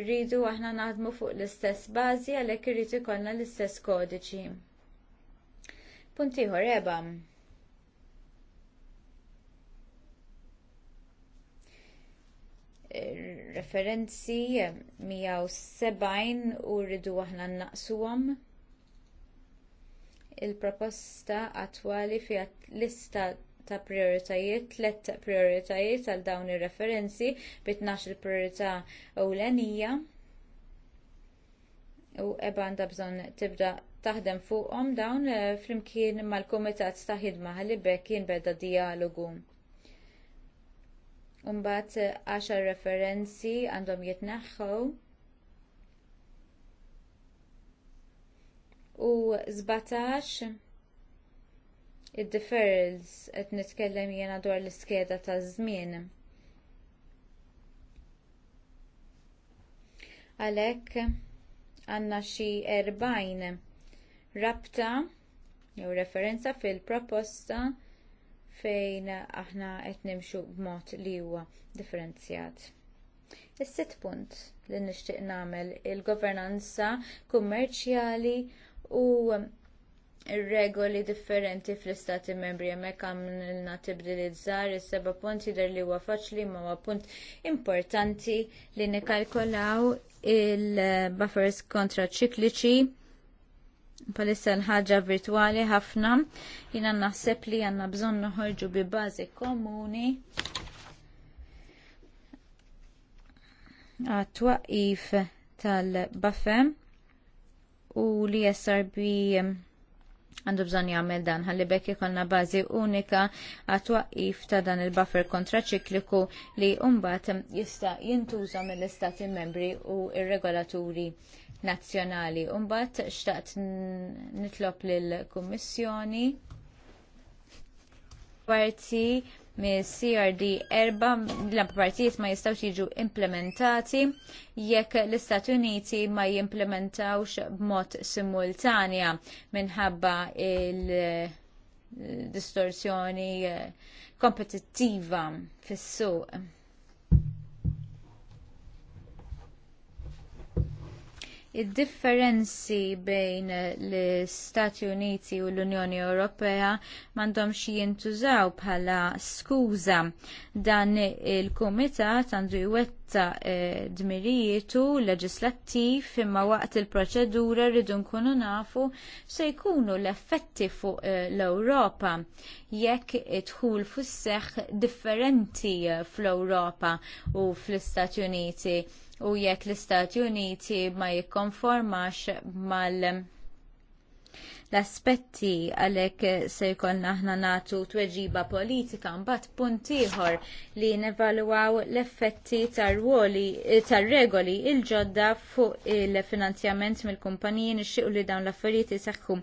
Rridu aħna naħdmu fuq l-istess bażi għalhekk irid ikollna l-istess kodiċi. Punti ħoreba. Referenzi 170 u rridu aħna għam. Il-proposta attwali fiha lista ta' prioritajiet, tliet prioritajiet għal dawn ir-referenzi bitnax il-priorità ewlenija. U ebba għandha bżonn tibda taħdem fuqhom dawn eh, flimkien mal-Kumitat ta' ħidma ħalli kien jinbeda dialogu. Umbat eh, għaxar referenzi għandhom jitneħħu u 17 id-deferrals qed nitkellem jiena dwar l-iskeda ta' żmien. Għalhekk għandna xi 40 rabta jew referenza fil-proposta fejn aħna qed nimxu b'mod li huwa differenzjat. Is-sitt punt li nixtieq nagħmel il-governanza kummerċjali u regoli differenti fl-istati membri hemmhekk għamilna tibdiliet żgħar is-seba' punt jidher li huwa faċli ma huwa punt importanti li nikkalkolaw il-buffers ċikliċi palissa l-ħagġa virtuali ħafna, jina naħseb li għanna bżon noħorġu bi bazi komuni għat-twaqif tal-bafem u li SRB għandu bżon jagħmel dan ħalli bekk ikonna bażi unika għat twaqif ta' dan il-buffer kontraċikliku li mbagħad jista' jintuża mill-istati membri u ir-regolaturi nazzjonali. Umbat xtaqt nitlob lill-Kummissjoni parti mis CRD erba l-partijiet ma jistawx jiġu implementati jekk l-Istati Uniti ma jimplementawx b'mod simultanja minħabba il-distorsjoni eh, kompetittiva fis-suq. Id-differenzi bejn l-Stati Uniti u l-Unjoni Ewropea m'għandhomx jintużaw bħala skuża dan il-Kumitat għandu jwetta eh, dmirijietu leġislattiv imma waqt il-proċedura rridu nkunu nafu se jkunu l-effetti fuq eh, l-Ewropa jekk idħul fis-seħħ differenti eh, fl-Ewropa u fl-Istati Uniti u jekk l-Istati Uniti ma jikkonformax mal- l-aspetti għalhekk se jkollna aħna nagħtu tweġiba politika mbagħad punt ieħor li nevalwaw l-effetti tar-regoli il-ġodda fuq il-finanzjament mill-kumpaniji nixxiequ li dawn l-affarijiet isaħħu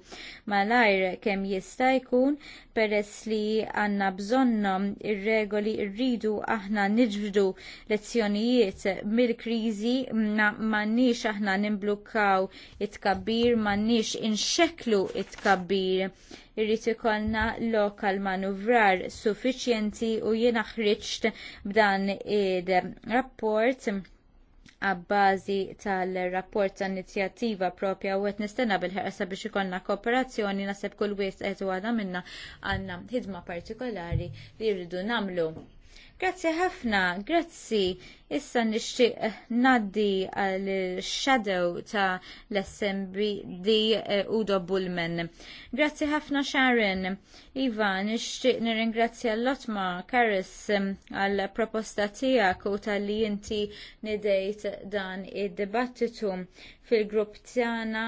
malajr kemm jista' jkun peress li għandna bżonnhom ir-regoli rridu aħna niġbdu lezzjonijiet mill-kriżi ma m'għandniex aħna nimblukkaw it tkabbir m'għandniex inxekklu it-tkabbir. Irrid ikollna lokal manuvrar suffiċjenti u jiena ħriġt b'dan ir-rapport għabbażi tal-rapport ta' inizjattiva propja u qed nistenna bil-ħerqsa biex ikollna kooperazzjoni naħseb kull wieħed qed għadha minna għandna ħidma partikolari li rridu nagħmlu. Grazzi ħafna, grazzi. Issa nixtieq naddi għal shadow ta' l-SMBD eh, Udo Bullman. Grazzi ħafna Sharon. Iva, nixtieq nirringrazzja l-Lotma Karis eh, għal proposta tiegħek u tal-li inti nidejt dan id-dibattitu fil-grupp tjana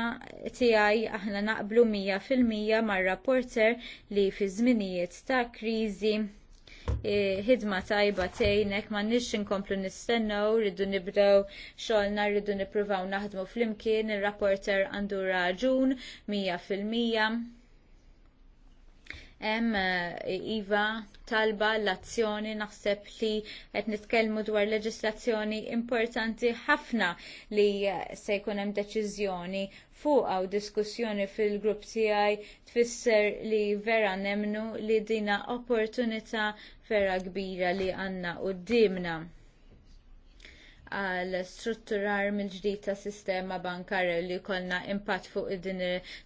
tiegħi aħna naqblu mija fil-mija mar-rapporter li fi żminijiet ta' kriżi Eh, ħidma tajba tgħinek ma nix inkomplu nistennew, rridu nibdew xogħolna, rridu nippruvaw naħdmu flimkien, ir rapporter għandu raġun mija fil-mija. Em eh, iva talba l-azzjoni naħseb li qed nitkellmu dwar leġislazzjoni importanti ħafna li eh, se jkun hemm deċiżjoni fuq u diskussjoni fil-grupp tiegħi tfisser li vera nemnu li dina opportunità vera kbira li għandna quddiemna għal strutturar mill-ġdid ta' sistema bankarja li jkollna impatt fuq din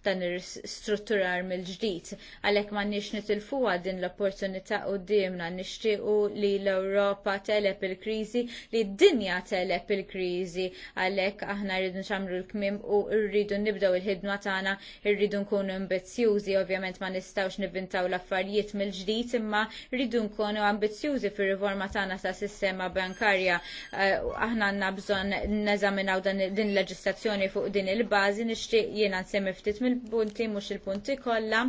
dan strutturar mill-ġdid. Għalhekk m'għandniex nitilfuha din l-opportunità quddiemna nixtiequ li l-Ewropa telep il-kriżi, li d-dinja telep il-kriżi, għalhekk aħna rridu nxamru l-kmim u rridu nibdew il-ħidma tagħna, rridu nkunu ambizzjużi, ovvjament ma nistgħux nivvintaw l-affarijiet mill-ġdid, imma rridu nkunu ambizzjużi fir-riforma tagħna tas sistema bankarja. Uh, aħna għanna bżonn neżaminaw din leġislazzjoni fuq din il-bażi nixtieq jiena nsemmi ftit mill-punti mhux il-punti kollha.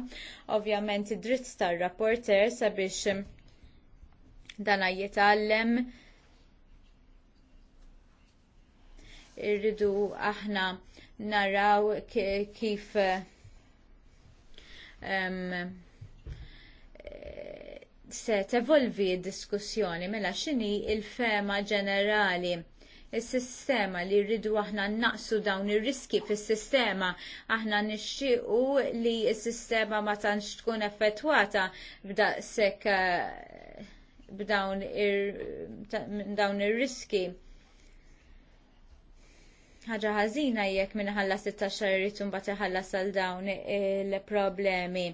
Ovvjament id-dritt tar-rapporter sabiex dana jitgħallem irridu aħna naraw kif um, se tevolvi d diskussjoni mela x'inhi l fema ġenerali is-sistema li rridu aħna naqsu dawn ir-riski fis-sistema. Aħna nixxiequ li s-sistema ma tantx tkun effettwata b'daqshekk eh, b'dawn dawn ir-riski. Ħaġa ħażina jekk it 16 irid imbagħad iħallas għal dawn il-problemi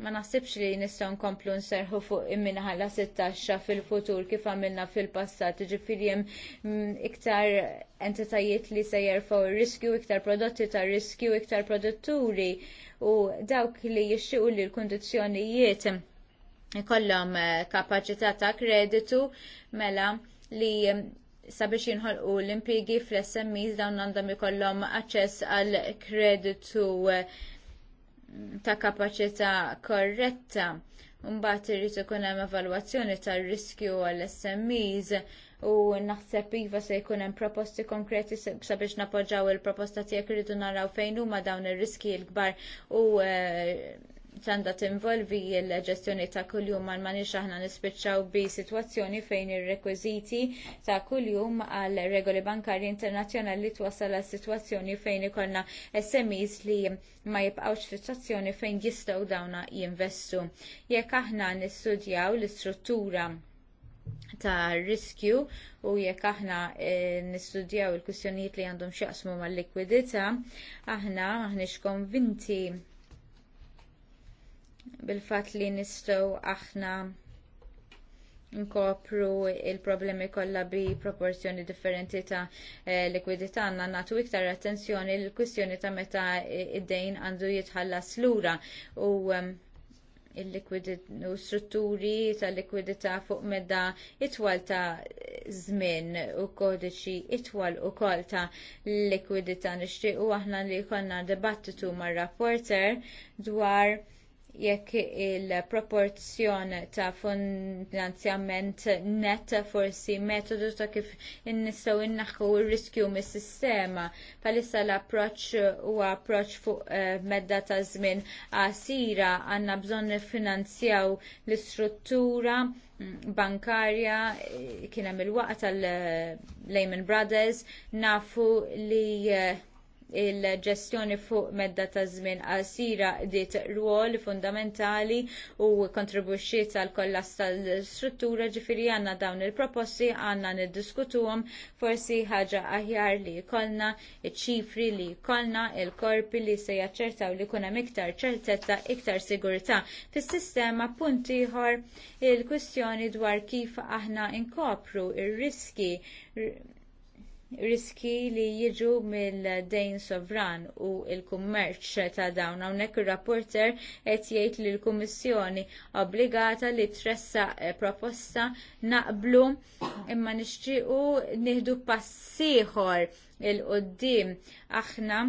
ma naħsibx li nistgħu nkomplu nserħu fuq imminna ħalla 16 fil-futur kif għamilna fil-passat, ġifiri jem mm, iktar entitajiet li se jerfgħu riskju iktar prodotti ta' riskju, iktar produtturi u dawk li jixxiqu li l-kundizzjonijiet ikollhom eh, kapaċità ta' kreditu mela li mm, sabiex jinħolqu l impjiegi fl-SMEs dawn għandhom ikollhom aċċess għal kreditu eh, ta' kapaċità korretta. Mbagħad irid ikun hemm evalwazzjoni tar-riskju għall smis u naħseb iva se jkun hemm proposti konkreti sabiex napoġġaw il-proposta tiegħek iridu naraw fejn huma dawn ir-riski l-kbar u eh, tanda tinvolvi l-ġestjoni ta' kuljum għal manix aħna nispiċċaw bi sitwazzjoni fejn ir-rekwiżiti ta' kuljum għal regoli bankarji internazzjonali twassal għal sitwazzjoni fejn ikollna SMEs li ma jibqgħux f'sitwazzjoni fejn jistgħu dawna jinvestu. Jekk aħna nistudjaw l-istruttura ta' riskju u jekk aħna e, nistudjaw il-kwistjonijiet li għandhom x'jaqsmu mal-likwidità, aħna maħniex konvinti bil-fat li nistgħu aħna nkopru il-problemi kollha bi proporzjoni differenti ta' eh, likwidità għandna nagħtu iktar attenzjoni l kwistjoni ta' meta id-dejn għandu jitħallas lura u il-likwidità strutturi ta' likwidità fuq medda itwal ta' żmien u kodiċi itwal ukoll ta' likwidità nixtiequ aħna li jkollna dibattitu mar-rapporter dwar jekk il-proporzjon ta' finanzjament net forsi metodu ta' kif nistgħu innaħħu r riskju mis-sistema bħalissa l-approċċ huwa approċċ fuq uh, medda ta' żmien qasira għandna bżonn niffinanzjaw l-istruttura bankarja eh, kien hemm il-waqt tal eh, Lehman Brothers nafu li uh, il-ġestjoni fuq medda ta' żmien qasira diet rwol fundamentali u kontribwixxiet tal kollas tal-struttura ġifieri għandna dawn il-proposti għandna niddiskutuhom forsi ħaġa aħjar li jkollna iċ-ċifri li jkollna il-korpi li se jaċċertaw li jkun hemm iktar ċertezza iktar sigurtà fis-sistema punt ieħor il-kwistjoni dwar kif aħna nkopru r riski riski li jiġu mill-dejn sovran u l kummerċ ta' dawn hawnhekk ir-rapporter qed jgħid li l-Kummissjoni obbligata li tressaq eh, proposta naqblu imma nixtiequ nieħdu pass ieħor il-qoddim aħna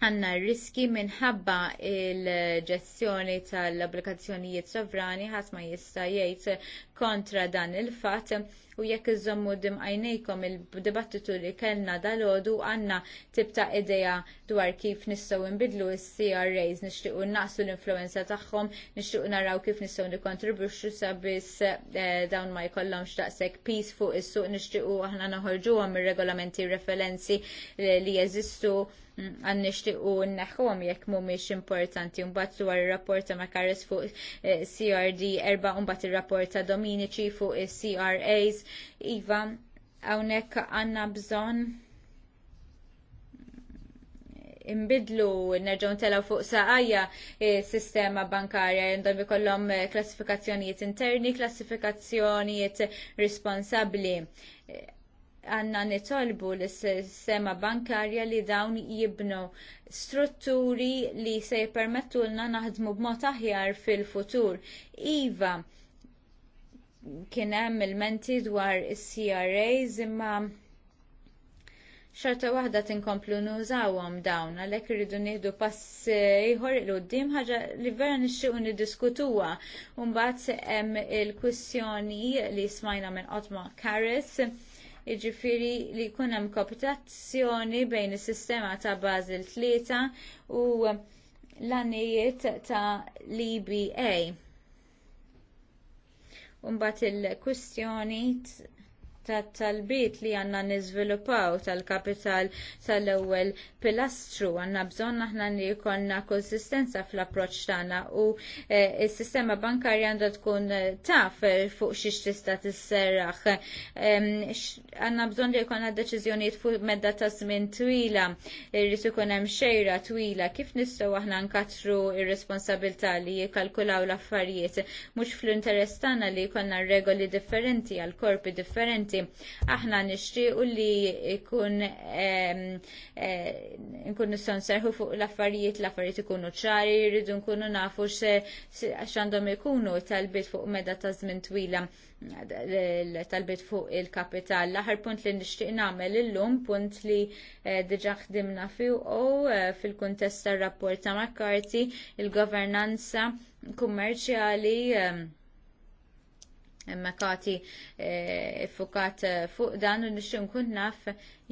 għanna riski minħabba il-ġestjoni tal-applikazzjonijiet sovrani ħasma jista' jgħid kontra dan il-fatt u jekk iżommu għajnejkom il-dibattitu li kellna dal-ħodu għanna tibta ideja dwar kif nistgħu nbidlu s-CRAs nixtiequ naqsu l-influenza tagħhom, nixtiequ naraw kif nistgħu nikkontribwixxu sabiex eh, dawn ma jkollhomx daqshekk peace fuq is-suq nixtiequ aħna noħorġuhom ir-regolamenti referenzi li jeżistu għan nixtiequ nneħħuhom jekk mhumiex importanti mbagħad dwar ir-rapport ma Makaris fuq eh, CRD erba' u mbagħad ir-rapport ta' Dominici fuq eh, CRAs. Iva, hawnhekk għandna bżonn imbidlu, nerġun telaw fuq saqajja eh, sistema bankarja, jendom ikollhom klassifikazzjonijiet interni, klassifikazzjonijiet responsabbli għanna nitolbu l-sistema bankarja li dawn jibnu strutturi li se jipermettulna naħdmu b'mod aħjar fil-futur. Iva, kien hemm il-menti dwar is-CRAs imma xorta waħda tinkomplu nużawhom dawn għalhekk irridu nieħdu pass iħor il qudiem ħaġa li vera nixtiequ niddiskutuha. Mbagħad hemm il-kwistjoni li smajna minn Otma Karis jiġifieri li jkun hemm kopitazzjoni bejn is-sistema ta' Basel tlieta u l-għanijiet ta' l-EBA. Umbat il-kustjoni ta' talbiet li għandna niżviluppaw tal-kapital tal-ewwel pilastru għandna bżonn aħna li jkollna konsistenza fl-approċċ tagħna u s-sistema eh, bankarja għandha tkun eh, taf eh, fuq xiex tista' tisserraħ. Għandna bżonn li jkollna deċiżjonijiet fuq medda ta' żmien twila, irrid ikun hemm xejra twila kif nistgħu aħna nkatru r responsabilità li jikkalkulaw l-affarijiet mhux fl-interess tagħna li jkollna regoli differenti għal korpi differenti Aħna nixtiequ li jkun nkun nistgħu nserħu fuq l-affarijiet, l-affarijiet ikunu ċari, jridu nkunu nafu x'għandhom ikunu talbiet fuq meda ta' żmien twila talbiet fuq il-kapital. L-aħħar punt li nixtieq nagħmel illum punt li eh, diġà ħdimna fiw u eh, fil-kuntest tar-rapport ta' McCarthy il-governanza kummerċjali imma kati eh, fukat eh, fuq dan u nixxin kun naf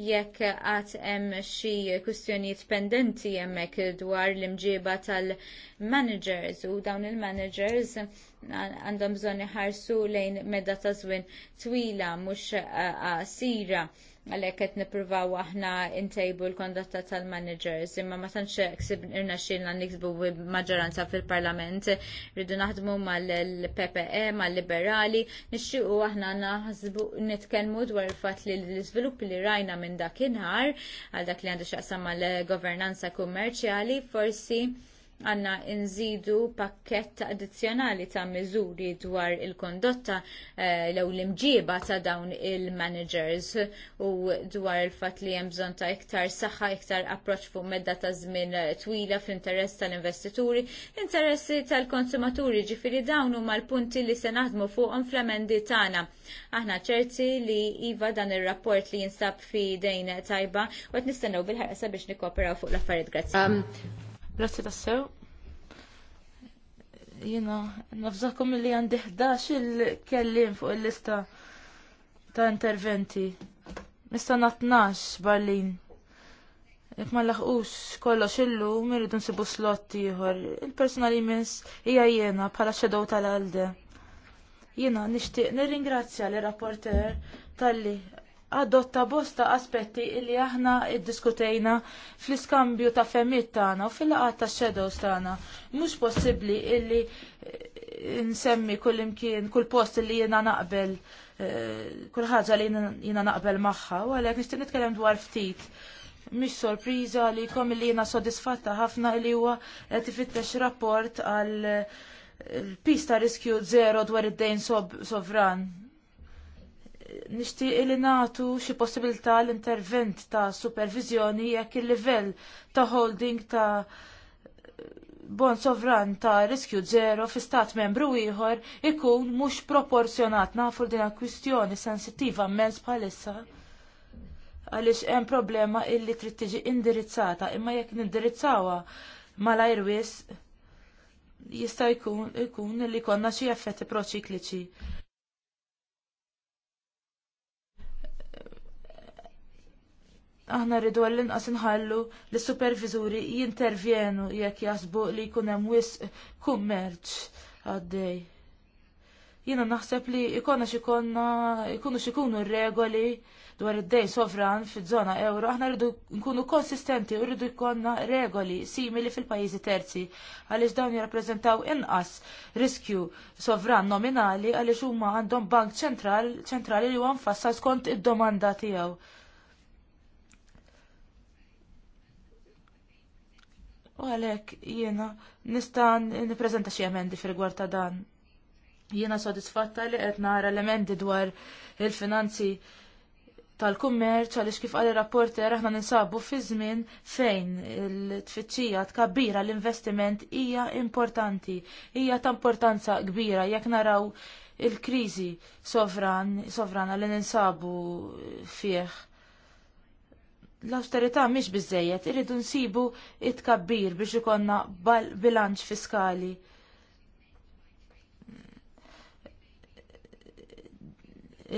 jekk għat hemm xi kwistjonijiet pendenti hemmhekk dwar l-imġiba tal-managers u dawn il-managers għandhom bżonn iħarsu lejn medda ta' żwien twila mhux eh, qasira għalhekk qed nippruvaw aħna intejbu l-kondotta tal-managers imma ma tantx ksib irna xilna niksbu maġġoranza fil-Parlament rridu naħdmu mal-PPE mal-Liberali nixtiequ aħna naħsbu nitkellmu dwar il fatt li l-iżvilupp li rajna minn dakinhar għal dak li għandu x'aqsam mal-governanza kummerċjali forsi għanna nżidu pakkett addizzjonali ta' miżuri dwar il-kondotta eh, l-ew l-imġiba ta' dawn il-managers u dwar il-fat li hemm bżonn ta' iktar saħħa, iktar approċ fuq medda ta' żmien eh, twila fl-interess tal-investituri, interessi tal-konsumaturi ġifiri dawn huma l-punti li se naħdmu fuqhom fl-emendi tagħna. Aħna ċerti li iva dan ir-rapport li jinsab fi dejn tajba u qed nistennew bil-ħarqsa biex nikkooperaw fuq l-affarijiet grazzi. Um, Grazzi tassew. Jina, nafzakum li għandi 11 il-kellim fuq il-lista ta' interventi. Nista' natnax barlin. Jek ma laħqux kollox illum irridu nsibu slotti ieħor. Il-persona li miss hija jiena bħala xedow tal-għalde. Jiena nixtieq nirringrazzja l rapporter talli adotta bosta aspetti illi aħna iddiskutejna fl-iskambju ta' femmit tagħna u fil-laqgħat ta' shadows tagħna. Mhux possibbli illi eh, nsemmi kull imkien, kull post illi jiena naqbel eh, kull ħaġa li jiena naqbel magħha, u għalhekk nixtieq nitkellem dwar ftit. Mhix sorpriża li kom illi jiena sodisfatta ħafna li huwa qed ifittex rapport għal eh, pista riskju zero dwar id-dejn sovran nixtieq li nagħtu xi possibilità l-intervent ta' supervizjoni jekk il-livell ta' holding ta' bon sovran ta' riskju zero fi stat membru ieħor ikun mhux proporzjonat nafu din kwistjoni sensittiva immens bħalissa għaliex hemm problema illi trid tiġi indirizzata imma jekk nindirizzawha malajr wisq jista' jkun ikun li konna xi effetti proċikliċi. aħna rridu għall-inqas inħallu li supervizuri jintervjenu jekk jasbu li jkun hemm wisq kummerċ għaddej. Jiena naħseb li ikonna xikonna, ikunu xikunu regoli dwar id-dej sovran fiż-żona euro, aħna rridu nkunu konsistenti u rridu jkollna regoli simili fil-pajjiżi terzi għaliex dawn jirrappreżentaw inqas riskju sovran nominali għaliex huma għandhom bank ċentrali li huwa mfassal skont id-domanda tiegħu U għalhekk jiena nista' nippreżenta xi emendi fil-gwar ta' dan. Jiena sodisfatta li qed nara l-emendi dwar il-finanzi tal-kummerċ għaliex kif għal rapporti aħna ninsabu fi żmien fejn il-tfittxija tkabbira l-investiment hija importanti, hija ta' importanza kbira jekk naraw il-kriżi sovran, sovrana li ninsabu fih l-austerità mhix biżejjed, irridu nsibu it-kabbir biex ikonna bilanċ fiskali.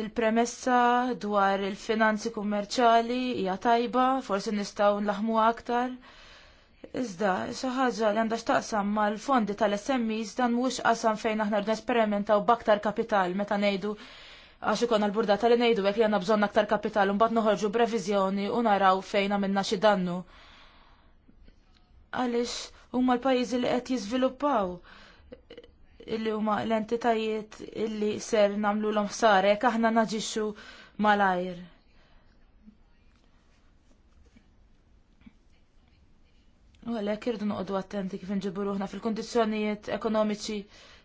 Il-premessa dwar il-finanzi kummerċali hija tajba, forsi nistgħu nlaħmu aktar. Iżda, xi ħaġa li għandha x'taqsam mal-fondi tal-SMEs dan mhux qasam fejn aħna nesperimentaw b'aktar kapital meta ngħidu għax ikon għal-burda tal ngħidu għek li għandna bżonn aktar kapital un mbagħad noħorġu previżjoni u naraw fejn għamilna xi dannu. Għaliex huma l-pajjiżi li qed jiżviluppaw illi huma l-entitajiet illi ser nagħmluhom l jekk aħna naġixxu malajr. U għalhekk irdu noqogħdu attenti kif nġibu fil-kundizzjonijiet ekonomiċi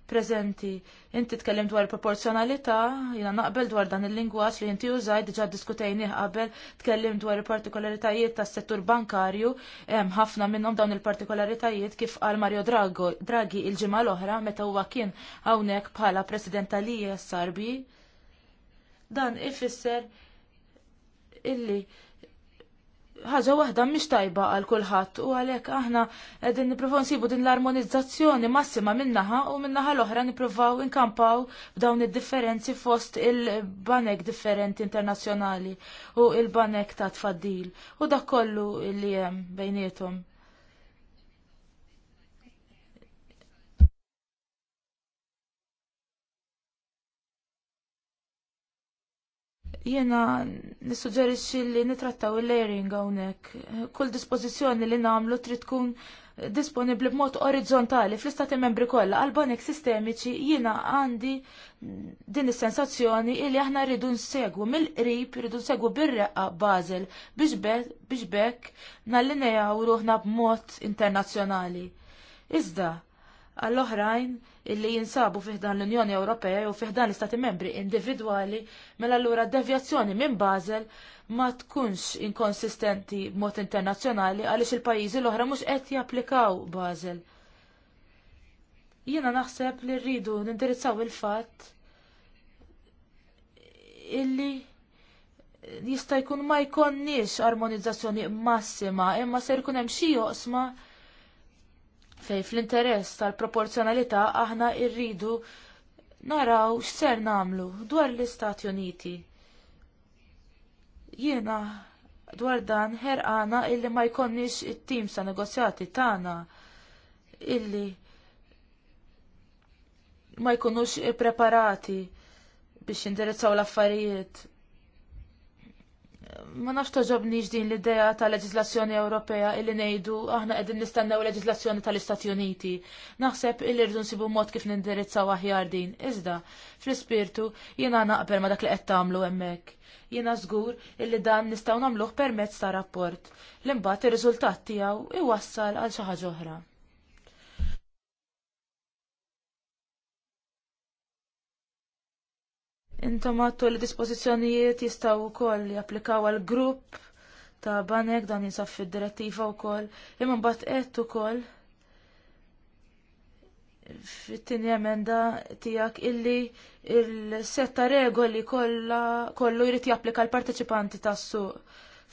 preżenti. Inti tkellem dwar proporzjonalità, jiena naqbel dwar dan il lingwaċ li inti użaj diġà diskutejnih qabel, tkellim dwar il-partikolaritajiet tas-settur bankarju, hemm ħafna minnhom dawn il-partikolaritajiet kif għal Mario Drago, Draghi il-ġimgħa l-oħra meta huwa kien hawnhekk bħala President tal-ISRB. Dan ifisser illi ħaġa waħda mhix tajba għal kulħadd u għalhekk aħna qegħdin nippruvaw nsibu din l-armonizzazzjoni massima minnaħa u minnaħa l-oħra nippruvaw inkampaw b'dawn id-differenzi fost il-banek differenti internazzjonali u il-banek ta' tfaddil u dak kollu li hemm bejniethom. Jiena nissuġġerixxi li nitrattaw il-layering hawnhekk. Kull dispożizzjoni li nagħmlu trid tkun disponibbli b'mod orizzontali fl-istati membri kollha għal banek sistemiċi jiena għandi din is-sensazzjoni li aħna rridu nsegwu mill-qrib, rridu nsegwu bir-reqqa Basel biex bekk nallinejaw ruħna b'mod internazzjonali. Iżda, għall-oħrajn illi jinsabu fiħdan l-Unjoni Ewropea u fiħdan l-Istati membri individwali mela allura devjazzjoni minn Basel ma tkunx inkonsistenti b'mod internazzjonali għaliex il-pajjiżi l-oħra mhux qed japplikaw Basel. Jiena naħseb li rridu nindirizzaw il-fatt illi jista' jkun ma jkonniex armonizzazzjoni massima, imma se jkun hemm xi joqsma fejn fl-interess tal-proporzjonalità aħna rridu naraw x'ser nagħmlu dwar l-Istati Uniti. Jiena dwar dan ħerqana illi ma jkollniex it-tim sa negozjati tagħna illi ma jkunux preparati biex jindirizzaw l-affarijiet ma nafx toġobniex din l-idea ta' leġislazzjoni Ewropea illi ngħidu aħna qegħdin nistennew leġislazzjoni tal-Istati Uniti. Naħseb illi rridu nsibu mod kif nindirizzaw aħjar din. Iżda, fl-ispirtu jiena naqbel ma dak li qed tagħmlu hemmhekk. Jiena żgur illi dan nistgħu nagħmluh permezz ta' rapport. L-imbagħad ir-riżultat tiegħu iwassal għal xi ħaġa oħra. Intom għattu li dispozizjonijiet jistaw u koll japplikaw għal grupp ta' banek dan jinsaffi fid direttiva u koll. Imman bat għettu koll fit-tini emenda tijak illi il-setta regoli kollu jrid japplika l-parteċipanti tas suq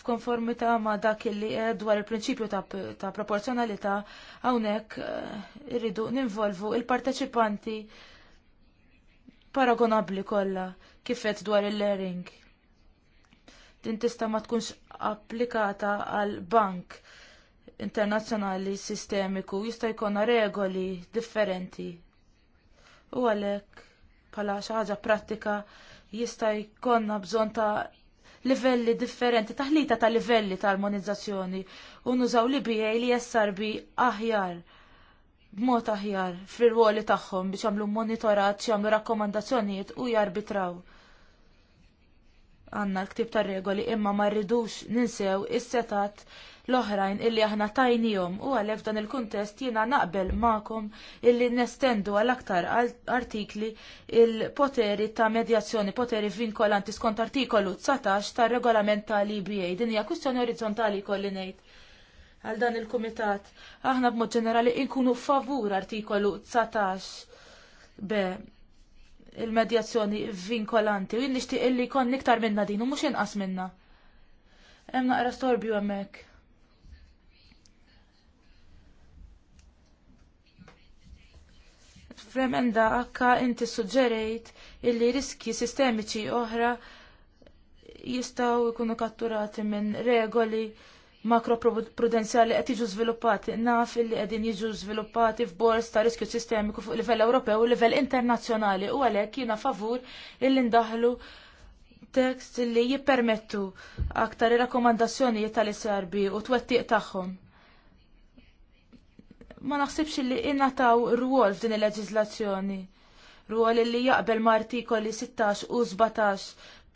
f'konformità ma' dak illi qed dwar il-prinċipju ta', proporzjonalità hawnhekk eh, irridu ninvolvu il-parteċipanti il partiċipanti il parteċipanti paragonabli kollha kifet dwar il learing Din tista' ma tkunx applikata għal bank internazzjonali sistemiku jista' jkollna regoli differenti. U għalhekk bħala xi ħaġa prattika jista' jkollna bżonn ta' livelli differenti, taħlita ta' livelli ta' armonizzazzjoni u nużaw li bijaj li jessarbi aħjar b'mod aħjar fir-ruoli tagħhom biex jagħmlu monitorat, jagħmlu rakkomandazzjonijiet u jarbitraw. Għanna l-ktib tar regoli imma ma rridux ninsew is-setat l-oħrajn illi aħna tajnijom u għalhekk f'dan il-kuntest jiena naqbel magħkom illi nestendu għal aktar artikli il-poteri ta' medjazzjoni, poteri vinkolanti skont artikolu 19 tar regolament tal-IBA. Din hija kwistjoni orizzontali kolli ngħid għal dan il-kumitat. Aħna b'mod ġenerali inkunu favur artikolu 19 be il-medjazzjoni vinkolanti u jien nixtieq illi jkun iktar minna din u mhux inqas minna. Hemm naqra u hemmhekk. Fremenda akka inti suġġerejt illi riski sistemiċi oħra jistgħu jkunu katturati minn regoli makroprudenzjali qed jiġu żviluppati. Naf li qegħdin jiġu żviluppati f'bors ta' riskju sistemiku fuq livell Ewropew u livell internazzjonali u għalhekk jiena favur illi ndaħlu tekst li jippermettu aktar ir-rakkomandazzjonijiet tal-ISRB u twettiq tagħhom. Ma naħsibx li innataw rwol f'din il-leġiżlazzjoni. Rwol li jaqbel ma' artikoli 16 u 17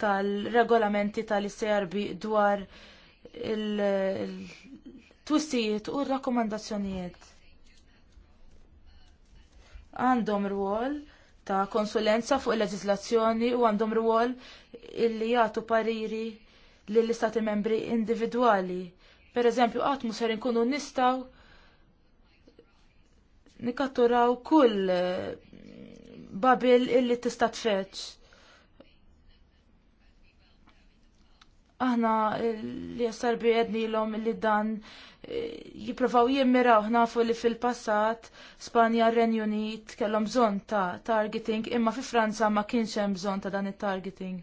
tal-regolamenti tal-ISRB dwar il-twissijiet u r-rakkomandazzjonijiet għandhom rwol ta' konsulenza fuq il leġizlazzjoni u għandhom rwol illi jagħtu pariri lill istati membri individwali. Per eżempju, qatt mhux ser inkunu nistaw nikatturaw kull babil illi tista' tfetx. aħna eh, li jassarbi għedni l-om li dan eh, jiprofaw jimmiraw nafu li fil-passat Spanja Renju Unit kellhom bżon ta' targeting imma fi Franza ma kienx hemm bżon ta' dan il targeting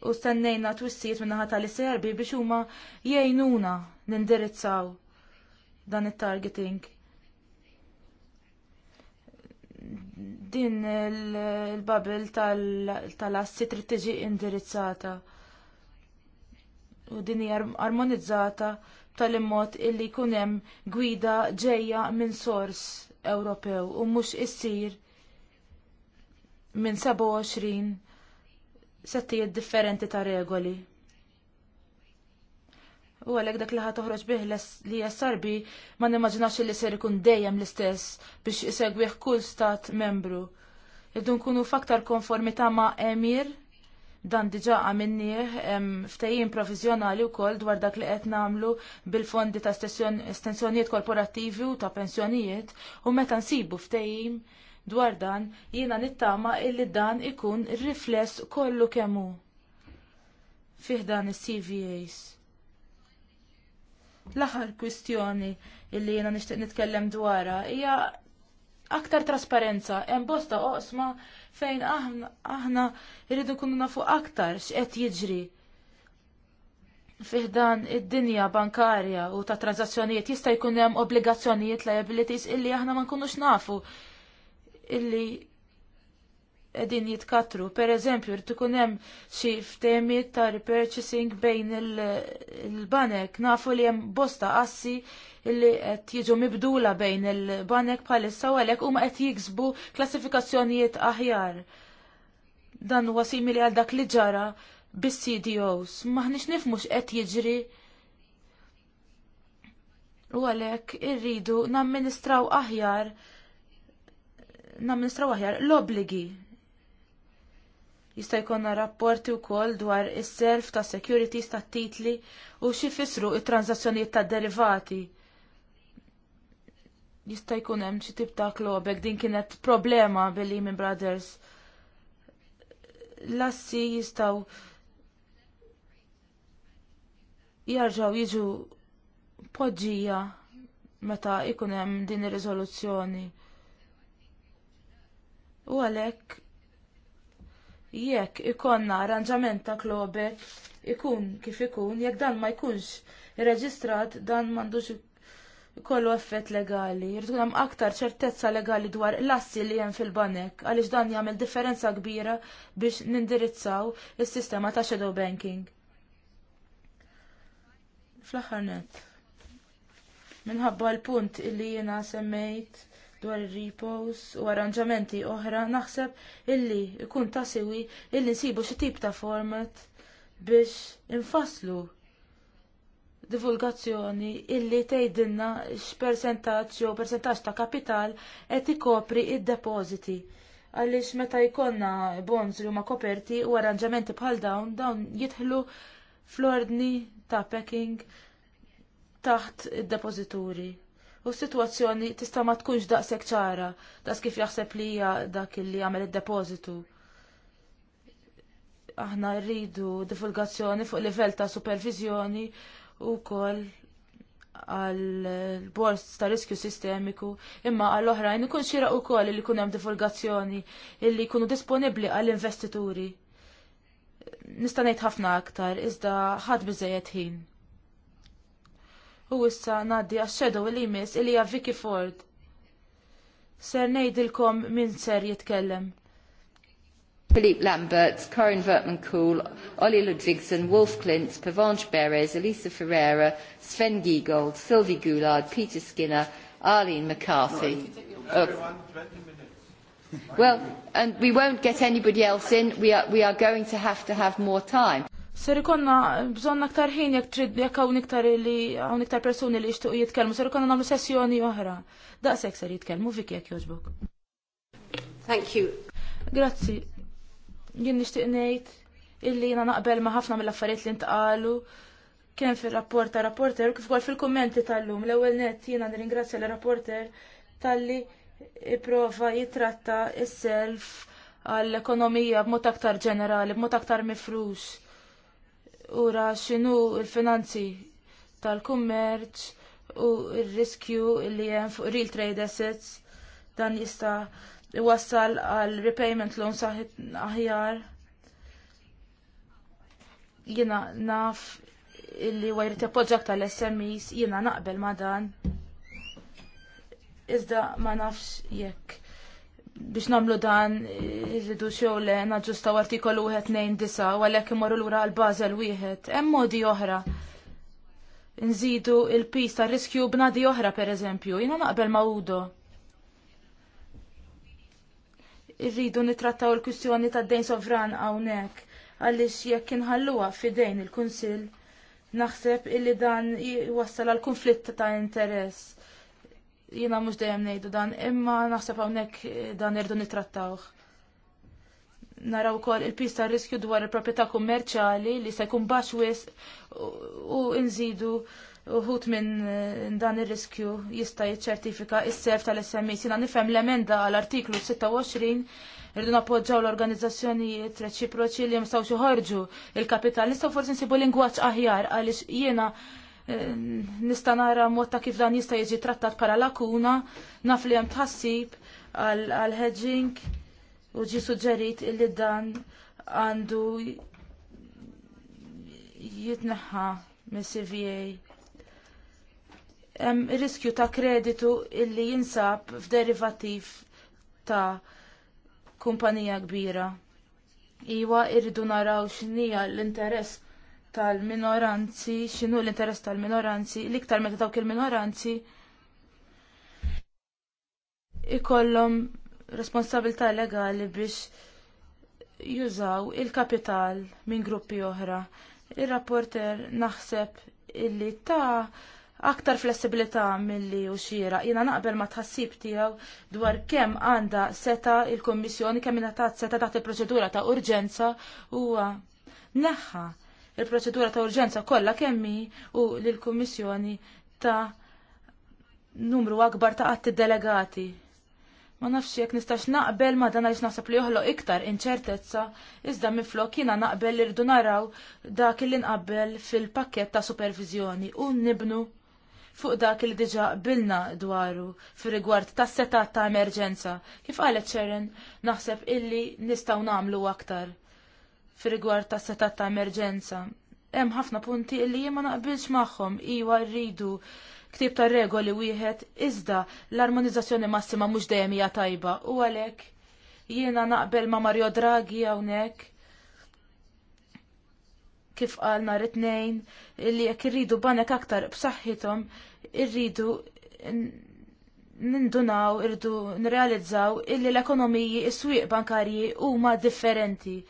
U stennejna twissijiet minnaħa tal-serbi biex huma jgħinuna nindirizzaw dan it-targeting. Din il-babel tal-assi trid tiġi indirizzata u din hija armonizzata tal-immod illi jkun hemm gwida ġejja minn sors Ewropew u mhux issir minn 27 settijiet differenti ta' regoli. U għalhekk dak li ħat toħroġ bih li jessarbi ma nimmaġinax li ser ikun dejjem l-istess biex isegwih kull stat membru. Iddun nkunu faktar konformità ma' emir dan diġa għamenni ftejjim provizjonali u koll dwar dak li qed namlu bil-fondi ta' estensjonijiet korporattivi u ta' pensjonijiet u meta nsibu ftejjim dwar dan jiena nittama illi dan ikun rifless kollu kemmu fih dan is-CVAs. L-aħħar kwistjoni illi jiena nixtieq nitkellem dwarha hija aktar trasparenza hemm bosta oqsma fejn aħna aħna rridu kunu nafu aktar x'qed jiġri fiħdan id-dinja bankarja u ta' tranzazzjonijiet jista' jkun hemm obbligazzjonijiet liabilities illi aħna ma nkunux nafu illi edin jitkatru. Per eżempju, ikun hemm xi ftemi ta' repurchasing bejn il-banek. Il Nafu li hemm bosta assi li qed jiġu mibdula bejn il-banek bħalissa u għalhekk huma qed jiksbu klassifikazzjonijiet aħjar. Dan huwa simili għal dak li ġara bis-CDOs. Maħniex nifmux qed jiġri u għalhekk irridu namministraw aħjar namministraw aħjar l-obligi Jista' jkollna rapporti wkoll dwar is-self ta' securities ta' titli u xi fissru t transazzjonijiet ta' derivati. Jista' jkun hemm xi tip ta' klobek din kienet problema bil-Lehman Brothers. Lassi jistgħu jarġaw jiġu poġġija meta ikun hemm din ir-riżoluzzjoni. U għalhekk jekk ikonna arranġament ta' klobe ikun kif ikun, jekk dan ma jkunx irreġistrat dan m'għandux kollu effett legali. Jrid hemm aktar ċertezza legali dwar l-assi li hemm fil-banek għaliex dan jagħmel differenza kbira biex nindirizzaw is-sistema ta' shadow banking. Fl-aħħar net. Minħabba l-punt illi jiena semmejt dwar repos u arranġamenti oħra, naħseb illi ikun ta' siwi illi nsibu xi tip ta' format biex infasslu divulgazzjoni illi tgħidilna x'persentaġġ jew persentaġġ ta' kapital qed ikopri id-depożiti għaliex meta jkollna bonds li huma koperti u arranġamenti bħal dawn dawn jidħlu fl-ordni ta' packing taħt id depożituri u s-sitwazzjoni tista' ma tkunx daqshekk ċara, daqs kif jaħseb li hija dak li jagħmel id-depożitu. Aħna rridu divulgazzjoni fuq livell ta' supervizjoni u koll bors ta' riskju sistemiku, imma għall oħrajn ikun xira u koll li jkun hemm divulgazzjoni illi jkunu disponibli għall investituri. Nista' ngħid ħafna aktar, iżda ħadd biżejjed ħin. U issa ngħaddi għax xedow li jmiss li hija Vicky Ford. Ser ngħidilkom min ser jitkellem. Philippe Lambert, Corinne Vertman Cool, Ollie Ludvigsen, Wolf Klintz, Pavanche Beres, Elisa Ferreira, Sven Giegold, Sylvie Goulard, Peter Skinner, Arlene McCarthy. No, uh, well, and we won't get anybody else in. We are, we are going to have to have more time. Ser ikonna bżonn aktar ħin jekk trid jekk hawn iktar li hawn iktar persuni li jixtuq jitkellmu, ser ikonna nagħmlu sessjoni oħra. Daqshekk ser jitkellmu fik jekk jogħġbok. Thank you. Grazzi. Jien nixtieq ngħid illi jiena naqbel ma' ħafna mill-affarijiet li ntqalu kien fir rapport ta' rapporter, kif ukoll fil-kummenti tal-lum, l-ewwel nett jiena nirringrazzja l-rapporter talli iprova jitratta s-self għall-ekonomija b'mod aktar ġenerali, b'mod aktar mifrux ura x'inhu l-finanzi tal-kummerċ u r-riskju li hemm fuq real trade assets dan jista' iwassal għal repayment loan saħit aħjar. Jiena naf illi wajrit appoġġak tal-SMEs jiena naqbel ma dan. Iżda ma nafx jekk biex namlu dan irridu xew le naġġustaw artikolu 1.9 u għalhekk imorru lura għal Basel wieħed. Hemm modi oħra. Nżidu il-pis ta' riskju b'nadi oħra pereżempju, jiena naqbel ma' udo. Irridu nitrattaw il-kwistjoni tad dejn sovran hawnhekk għaliex jekk inħalluha fidejn il-Kunsill naħseb illi dan jwassal għal konflitt ta' interess Jiena mhux dejjem ngħidu dan, imma naħseb hawnhekk eh, dan irdu nittrattawh. Naraw ukoll il pista ta' riskju dwar il-proprjetà kummerċjali li se jkun baxx wisq u nżidu uħut minn eh, dan ir-riskju jista' jiċċertifika s serf tal-SMS. Jiena nifhem l-emenda għall-artiklu 26 rridu nappoġġaw l-organizzazzjonijiet reċiproċi li jimstawx joħorġu il-kapital. Nistaw forsi nsibu lingwaġġ aħjar għaliex jiena Eh, nista' nara mod ta' kif dan jista' jiġi trattat bħala lakuna, naf li hemm tħassib għal hedging u ġi suġġerit li dan għandu jitneħħa mis CVA. Hemm riskju ta' kreditu illi jinsab f'derivattiv ta' kumpanija kbira. Iwa irridu naraw x'nija l-interess tal-minoranzi, x'inhu l-interess tal-minoranzi, l-iktar meta dawk il-minoranzi ikollhom responsabilità legali biex jużaw il-kapital minn gruppi oħra. Ir-rapporter naħseb illi ta' aktar flessibilità milli u xira. Jina naqbel ma tħassib tijaw dwar kem għanda seta il-Kommissjoni, kem tat seta taħt il-proċedura ta' urġenza huwa neħħa il-proċedura ta' urġenza kollha kemmi u lill-Kummissjoni ta' numru akbar ta' għatti delegati. Ma nafx jekk nistax naqbel ma dan għaliex naħseb li joħloq iktar inċertezza, iżda miflok jiena naqbel li rdu naraw dak li nqabbel fil-pakket ta' supervizjoni u nibnu fuq dak li diġa bilna dwaru fil rigward tas setat ta' emerġenza. Kif qalet Sharon, naħseb illi nistaw namlu aktar fir-rigward ta' setat ta' emerġenza. Hemm ħafna punti li jien ma naqbilx magħhom iwa rridu ktib ta' regoli wieħed iżda l-armonizzazzjoni massima mhux dejjem hija tajba u għalhekk jiena naqbel ma' Mario Draghi hawnhekk kif qal nhar it-tnejn li jekk irridu banek aktar b'saħħithom irridu nindunaw, irridu nrealizzaw illi l-ekonomiji, is-swieq bankarji huma differenti.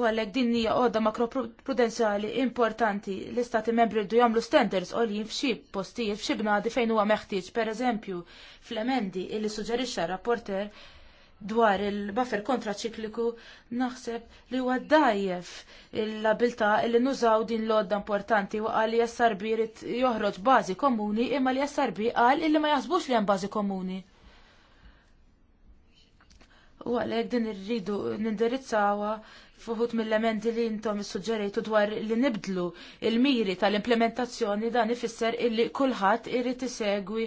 U għalhekk din hija għodda makroprudenzjali importanti li stati membri rridu jagħmlu standards għoljin f'xi postijiet f'xi bnadi fejn huwa meħtieġ, pereżempju fl-emendi illi suġġerixxa rapporter dwar il-buffer kontraċikliku naħseb li huwa dajjef l-abilta li nużaw din l-odda importanti u għal jessarbi jrid joħroġ bażi komuni imma li jessarbi qal illi ma jaħsbux li hemm bażi komuni u għalhekk din irridu nindirizzawha fuħut mill emendi li intom suġġerejtu dwar li nibdlu il-miri tal-implementazzjoni dan ifisser illi kulħadd irid isegwi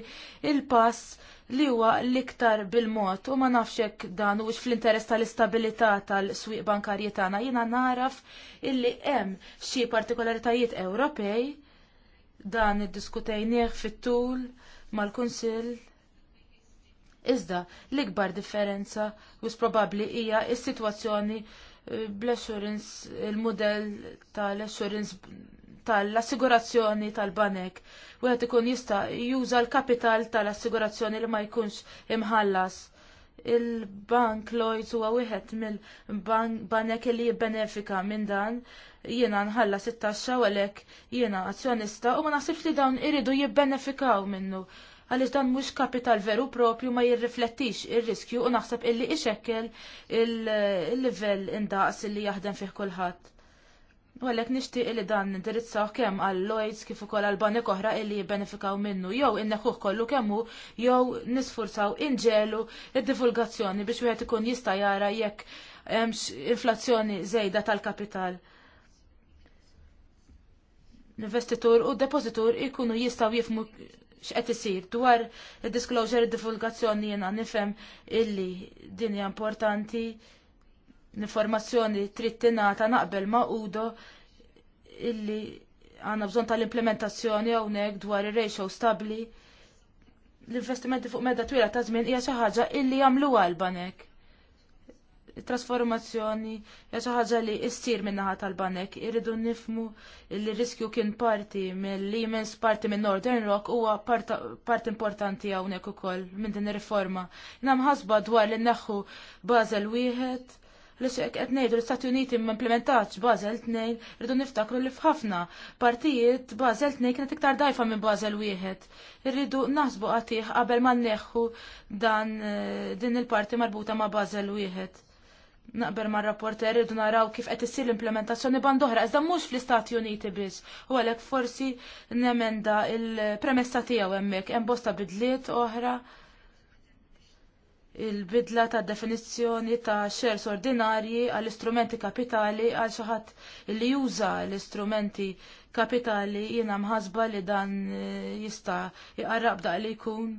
il-pass li huwa l-iktar bil-mod u ma nafx hekk dan huwiex fl-interess tal-istabilità tal-swieq bankarji tagħna jiena naraf illi hemm xi partikolaritajiet Ewropej dan iddiskutejnieh fit-tul mal-Kunsill Iżda l-ikbar differenza wis probabbli hija s-sitwazzjoni eh, bl-assurance, il-modell tal-assurance tal-assigurazzjoni tal-banek. U għet ikun jista juża l-kapital tal-assigurazzjoni li ma jkunx imħallas. Il-bank Lloyd huwa wieħed mill-banek li jibbenefika minn dan jiena nħallas it-taxxa għalhekk jiena azzjonista u ma naħsibx li dawn iridu jibbenefikaw minnu għaliex dan mhux kapital veru propju ma jirriflettix ir-riskju u naħseb illi ixekkel il-livell indaqs li jaħdem fih kulħadd. U għalhekk nixtieq li dan indirizzaw kemm għal Lloyds kif ukoll għal banek oħra illi jibbenefikaw minnu jew inneħuh kollu kemm hu jew nisfurzaw inġelu id-divulgazzjoni biex wieħed ikun jista' jara jekk hemmx inflazzjoni żejda tal-kapital. Investitur u depositur ikunu jistaw jifmu x'qed isir dwar id-disclosure id-divulgazzjoni jiena nifhem illi din hija importanti l-informazzjoni trid tingħata naqbel maqudo illi għandna bżonn tal-implementazzjoni hawnhekk dwar ir-ratio stabbli l-investimenti fuq medda twila ta' żmien hija xi ħaġa illi jagħmluha l-banek trasformazzjoni hija xi ħaġa li ssir min-naħa tal-banek. Irridu nifmu li riskju kien parti mill-Limens, parti minn Northern Rock huwa parti importanti hawnhekk ukoll minn din ir-riforma. Nam ħasba dwar li neħħu Basel wieħed li xek qed ngħidu l-Istati Uniti implementax Basel 2, rridu niftakru li f'ħafna partijiet Basel 2 kienet iktar dajfa minn Basel wieħed. Irridu naħsbu għatih qabel ma nneħħu dan eh, din il-parti marbuta ma' Basel wieħed naqber ma' rapporter rridu naraw kif qed issir l-implementazzjoni band oħra, iżda mhux fl-Istati Uniti biss. U għalhekk forsi nemenda il-premessa tiegħu hemmhekk hemm bosta bidliet oħra il-bidla ta' definizzjoni ta' shares ordinarji għall istrumenti kapitali għal xi ħadd li juża l-istrumenti kapitali jiena mħasba li dan eh, jista' jqarrab daq li jkun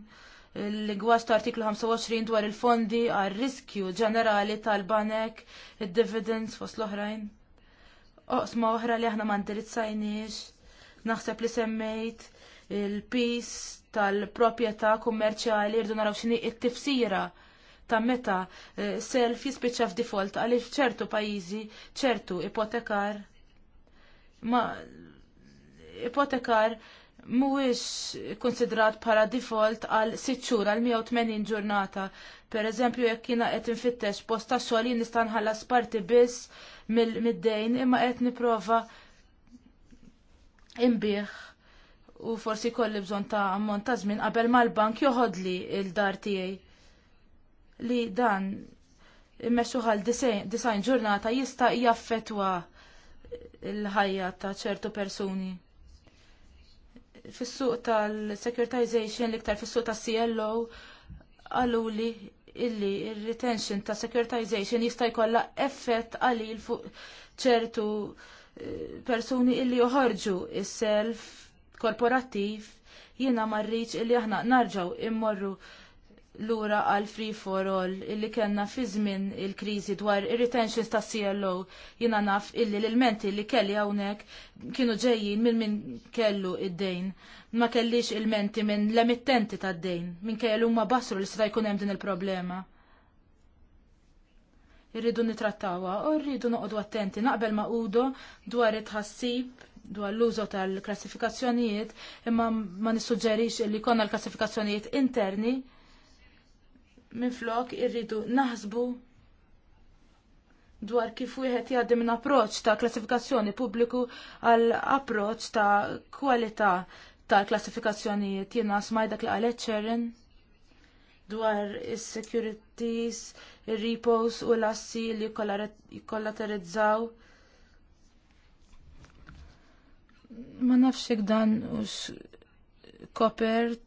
il-lingwaġġ ta' artiklu 25 dwar il-fondi għal riskju ġenerali tal-banek, id-dividends fost l-oħrajn. Oqsma oħra li aħna ma naħseb li semmejt il-pis tal-propieta kummerċjali irdu naraw xini it-tifsira ta' meta eh, self jispiċċa f'default għaliex ċertu pajjiżi, ċertu ipotekar ma ipotekar mhuwiex konsidrat bħala default għal sitt xhur għal 180 ġurnata. Per eżempju, jekk jiena qed infittex post ta' xogħol jien nista' nħallas parti biss mid-dejn imma qed nipprova imbieħ u forsi kolli bżon ta' ammont ta' żmien qabel mal-bank joħodli il-dar tiegħi. Li dan immexxu ħal disajn ġurnata jista' jaffetwa l-ħajja ta' ċertu persuni fis-suq tal-securitization l-iktar fis-suq ta' clo għaluli illi il-retention ta' securitization jista' jkollha effett għalil fuq ċertu eh, persuni illi joħorġu is-self korporattiv jiena marriċ illi aħna narġaw immorru lura għal free for all illi kellna fi żmien il-kriżi dwar ir-retentions ta' CLO jiena naf illi l-ilmenti li kelli hawnhekk kienu ġejjin minn min kellu id-dejn. Ma kellix ilmenti minn l-emittenti tad-dejn, minn kellu huma basru li sta' jkun hemm din il-problema. Irridu nitrattawa u rridu noqogħdu attenti naqbel ma' udo dwar it-ħassib dwar l-użu tal-klassifikazzjonijiet imma ma nissuġġerix li konna l-klassifikazzjonijiet interni minflok irridu naħsbu dwar kif wieħed jgħaddi minn approċċ ta' klassifikazzjoni pubbliku għal approċċ ta' kwalità ta' klassifikazzjonijiet jiena smajda li qalet Sharon dwar is-securities, ir-repos u l-assi li jkollaterizzaw. Ma nafx dan u kopert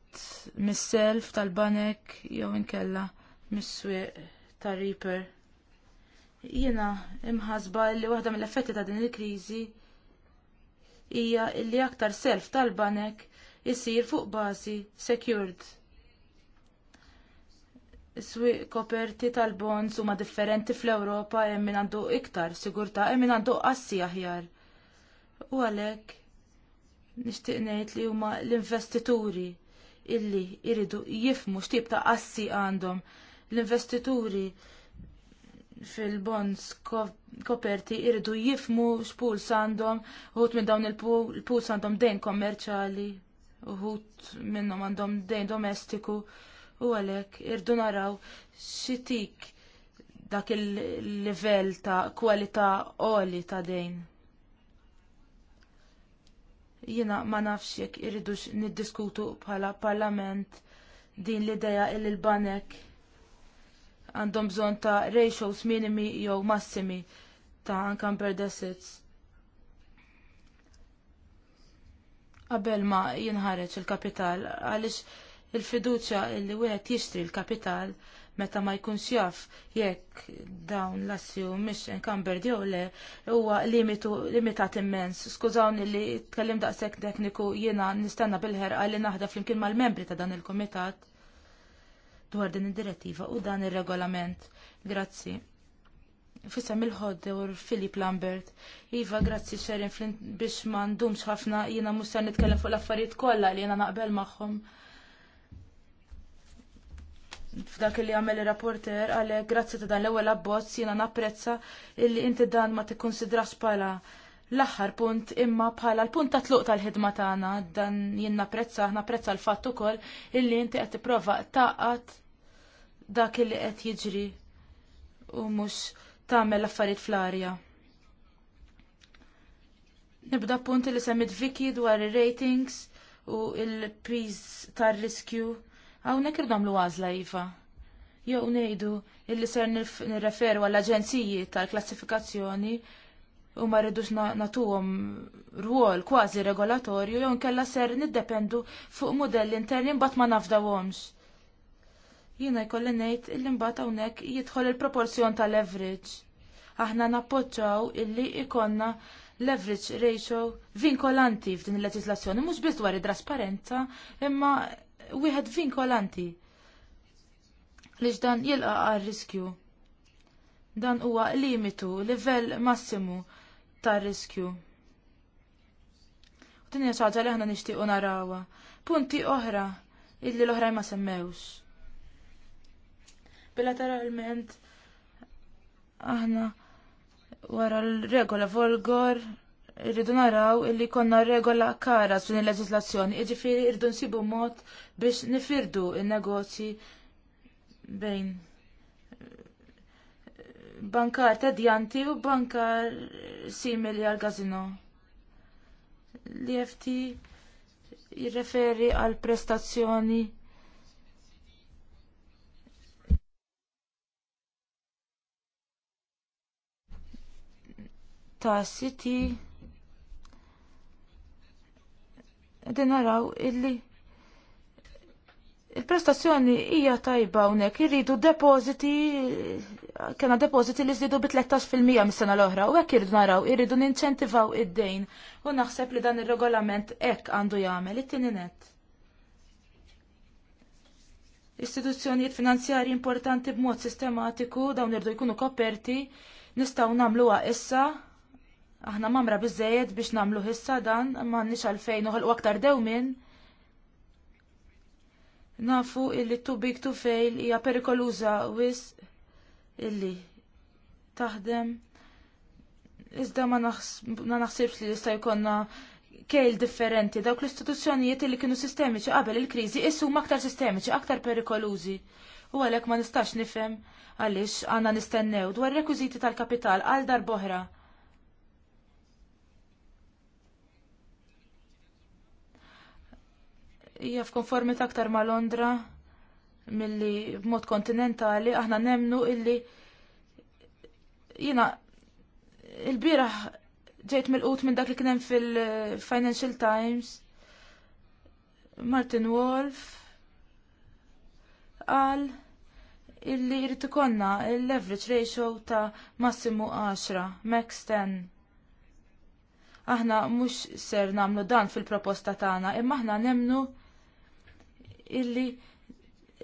mis-self tal-banek jew inkella mis-swieq tar reaper Jiena imħasba li waħda mill-effetti ta' din il-kriżi hija li aktar self tal-banek isir fuq bażi secured. Is-swieq koperti tal-bonds huma differenti fl-Ewropa hemm min għandu iktar sigurtà hemm min għandu qassi aħjar. U għalhekk nixtieq ngħid li huma l-investituri illi iridu jifmu x'tip ta' assi għandhom l-investituri fil-bonds koperti jridu jifmu x'puls għandhom uħut minn dawn il-puls għandhom dejn kommerċali uħut minnhom għandhom dejn domestiku u għalhekk irdu naraw xitik dak il-livell ta' kwalità għoli ta' dejn. Jiena ma nafx jekk irridux niddiskutu bħala parlament din l-idea illi l-banek għandhom bżonn ta' ratios minimi jew massimi ta' uncumbered assets. Qabel ma jinħareġ il-kapital għaliex il-fiduċja illi wieħed jixtri l-kapital meta ma jkunx jaf jekk dawn l assju u mhix inkamberdi jew le huwa limitat immens. Skużawni li tkellim daqshekk tekniku jiena nistenna bil-ħerqa li naħda flimkien mal-membri ta' dan il-kumitat dwar din id-direttiva u dan ir-regolament. Grazzi. Fissam il u Filip Lambert. Iva, grazzi xerin biex ma ndumx ħafna jiena mhux se nitkellem fuq l-affarijiet kollha li jiena naqbel magħhom f'dak li għamel il-rapporter għale grazzi ta' dan l-ewwel abbozz jiena napprezza illi inti dan ma tikkonsidras bħala l-aħħar punt imma bħala l-punt ta' tluq tal-ħidma tagħna dan jien napprezza napprezza l-fatt ukoll illi inti qed tipprova taqgħad dak illi qed jiġri u mhux tagħmel affarijiet fl-arja. Nibda punti li semmit Vicky dwar ir-ratings u il piece tar-riskju Hawnhekk irdu nagħmlu għażla iva. Jew ngħidu illi ser nirreferu għall-aġenziji tal-klassifikazzjoni u ma rridux natuhom rwol kważi regolatorju jew nkella ser niddependu fuq modelli interni mbagħad ma nafdawhomx. Jiena jkolli ngħid illi mbagħad hawnhekk jidħol il-proporzjon tal leverage. Aħna nappoġġaw illi ikonna leverage ratio vinkolanti f'din il-leġislazzjoni mhux biss dwar id-trasparenza imma wieħed vinkolanti li dan jilqa għal riskju. Dan huwa limitu, livell massimu tar riskju. U din hija li aħna nixtiequ narawha. Punti oħra illi l-oħrajn ma semmewx. Bilateralment aħna wara l-regola Volgor Irridu naraw illi konna regola kara fin il-leġislazzjoni, iġifiri rridu nsibu mod biex nifirdu il-negozji bejn eh, bankar ta' djanti u bankar simili għal gazino. L-EFT jirreferi għal prestazzjoni ta' siti Din naraw illi il-prestazzjoni hija tajba hawnhekk irridu depoziti kena depoziti li zidu bi 13% mis-sena l-oħra u hekk irridu naraw irridu ninċentivaw id-dejn u naħseb li dan ir-regolament hekk għandu jagħmel it-tieni net istituzzjonijiet finanzjarji importanti b'mod sistematiku dawn irdu jkunu koperti nistgħu nagħmluha issa Aħna mamra bizzejed biex namlu hissa dan, ma nix għalfejn uħal u aktar dew minn. Nafu illi too big to fail hija perikoluża wis illi taħdem. Iżda ma naħsibx li jista' jkollna kejl differenti dawk l-istituzzjonijiet li kienu sistemiċi qabel il-kriżi issu aktar sistemiċi, aktar perikolużi. U għalhekk ma nistax nifhem għaliex għandna nistennew dwar rekwiżiti tal-kapital għal boħra. hija f'konformità aktar ma' Londra milli b'mod kontinentali aħna nemnu illi jina il-biraħ ġejt mill-qut minn dak li kien fil-Financial Times Martin Wolf qal illi jrid ikonna l leverage ratio ta' massimu 10, max 10. Aħna mhux ser nagħmlu dan fil-proposta tagħna, imma aħna nemnu illi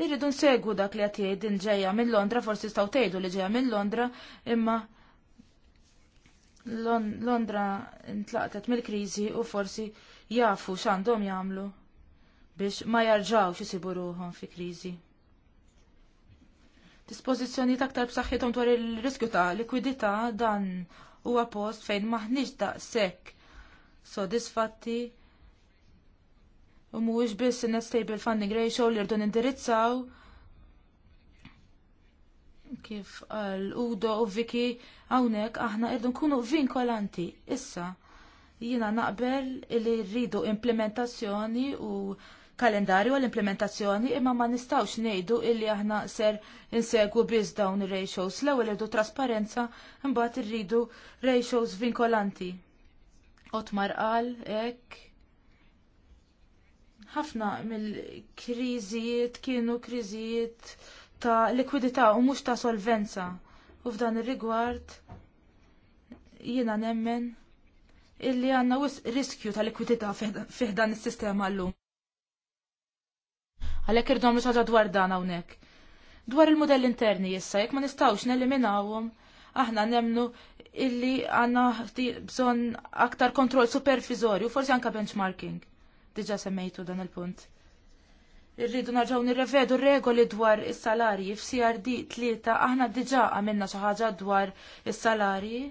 irridu nsegwu dak li għatijaj din ġeja minn Londra, forsi staw tejdu li ġeja minn Londra, imma Londra intlaqtet mill-krizi u forsi jafu x'għandhom jagħmlu biex ma jarġaw isibu ruħhom fi krizi. Dispożizzjoni taktar b'saħħithom dwar il-riskju ta' likwidità dan huwa post fejn maħniġ daqshekk sodisfatti u mhuwiex biss in stable funding ratio li rdu nindirizzaw kif għal Udo u Viki hawnhekk aħna rridu nkunu vinkolanti issa jiena naqbel li rridu implementazzjoni u kalendarju għall-implementazzjoni imma ma nistawx ngħidu illi aħna ser insegwu biss dawn ir-ratios. L-ewwel irdu trasparenza imbagħad irridu ratios vinkolanti. Otmar qal hekk ħafna mill-kriżijiet kienu kriżijiet ta' likwidità u mhux ta' solvenza. U f'dan ir-rigward jiena nemmen illi għandna riskju ta' likwidità fih dan is-sistema llum. Għalhekk irdhom li ħaġa dwar dan hawnhekk. Dwar il-modell interni issa, jekk ma nistgħux neliminawhom, aħna nemnu illi għandna bżonn aktar kontroll superfiżorju, forsi anke benchmarking diġa semmejtu dan il-punt. Irridu narġaw nirrevedu regoli dwar is-salarji crd tlieta aħna diġa għamilna xi ħaġa dwar is-salarji.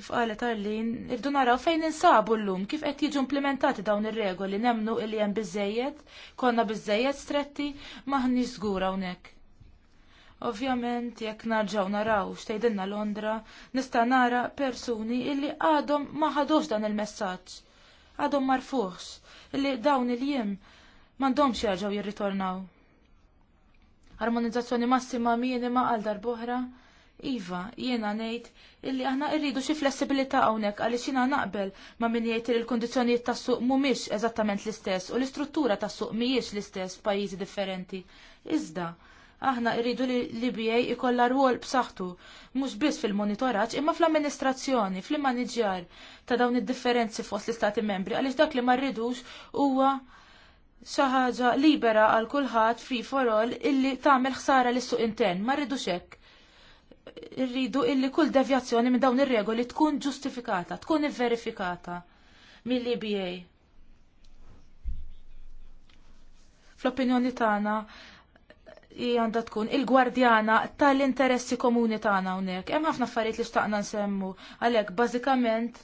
Kif qalet għallin, irdu naraw fejn insabu llum, kif qed jiġu implementati dawn ir-regoli nemnu illi hemm biżejjed, konna biżejjed stretti, m'aħni żgur hawnhekk. Ovvjament, jekk narġaw naraw xtejdinna Londra, nista nara persuni illi għadhom ma ħadux dan il-messaġġ għadhom marfuħs li dawn il-jiem m'għandhomx jerġgħu jirritornaw. Armonizzazzjoni massima minima għal darbohra. Iva, jiena ngħid illi aħna rridu xi flessibilità hawnhekk għaliex jiena naqbel ma' min jgħid li l-kundizzjonijiet tas-suq mhumiex eżattament l-istess u l-istruttura tas-suq mhijiex l-istess f'pajjiżi differenti. Iżda, Aħna rridu li l-IBA ikollha rwol b'saħħtu, mhux biss fil-monitoraġġ imma fl-amministrazzjoni, fil-maniġjar ta' dawn id-differenzi fost l-Istati membri għaliex dak li ma rridux huwa xi ħaġa libera għal kulħadd free for all illi tagħmel ħsara lis suq intern, ma rridux hekk. Rridu illi kull devjazzjoni minn dawn ir-regoli tkun ġustifikata, tkun ivverifikata mill-IBA. fl-opinjoni tagħna għandha tkun il-gwardjana tal-interessi komuni tagħna hawnhekk. Hemm ħafna affarijiet li xtaqna nsemmu għalhekk bażikament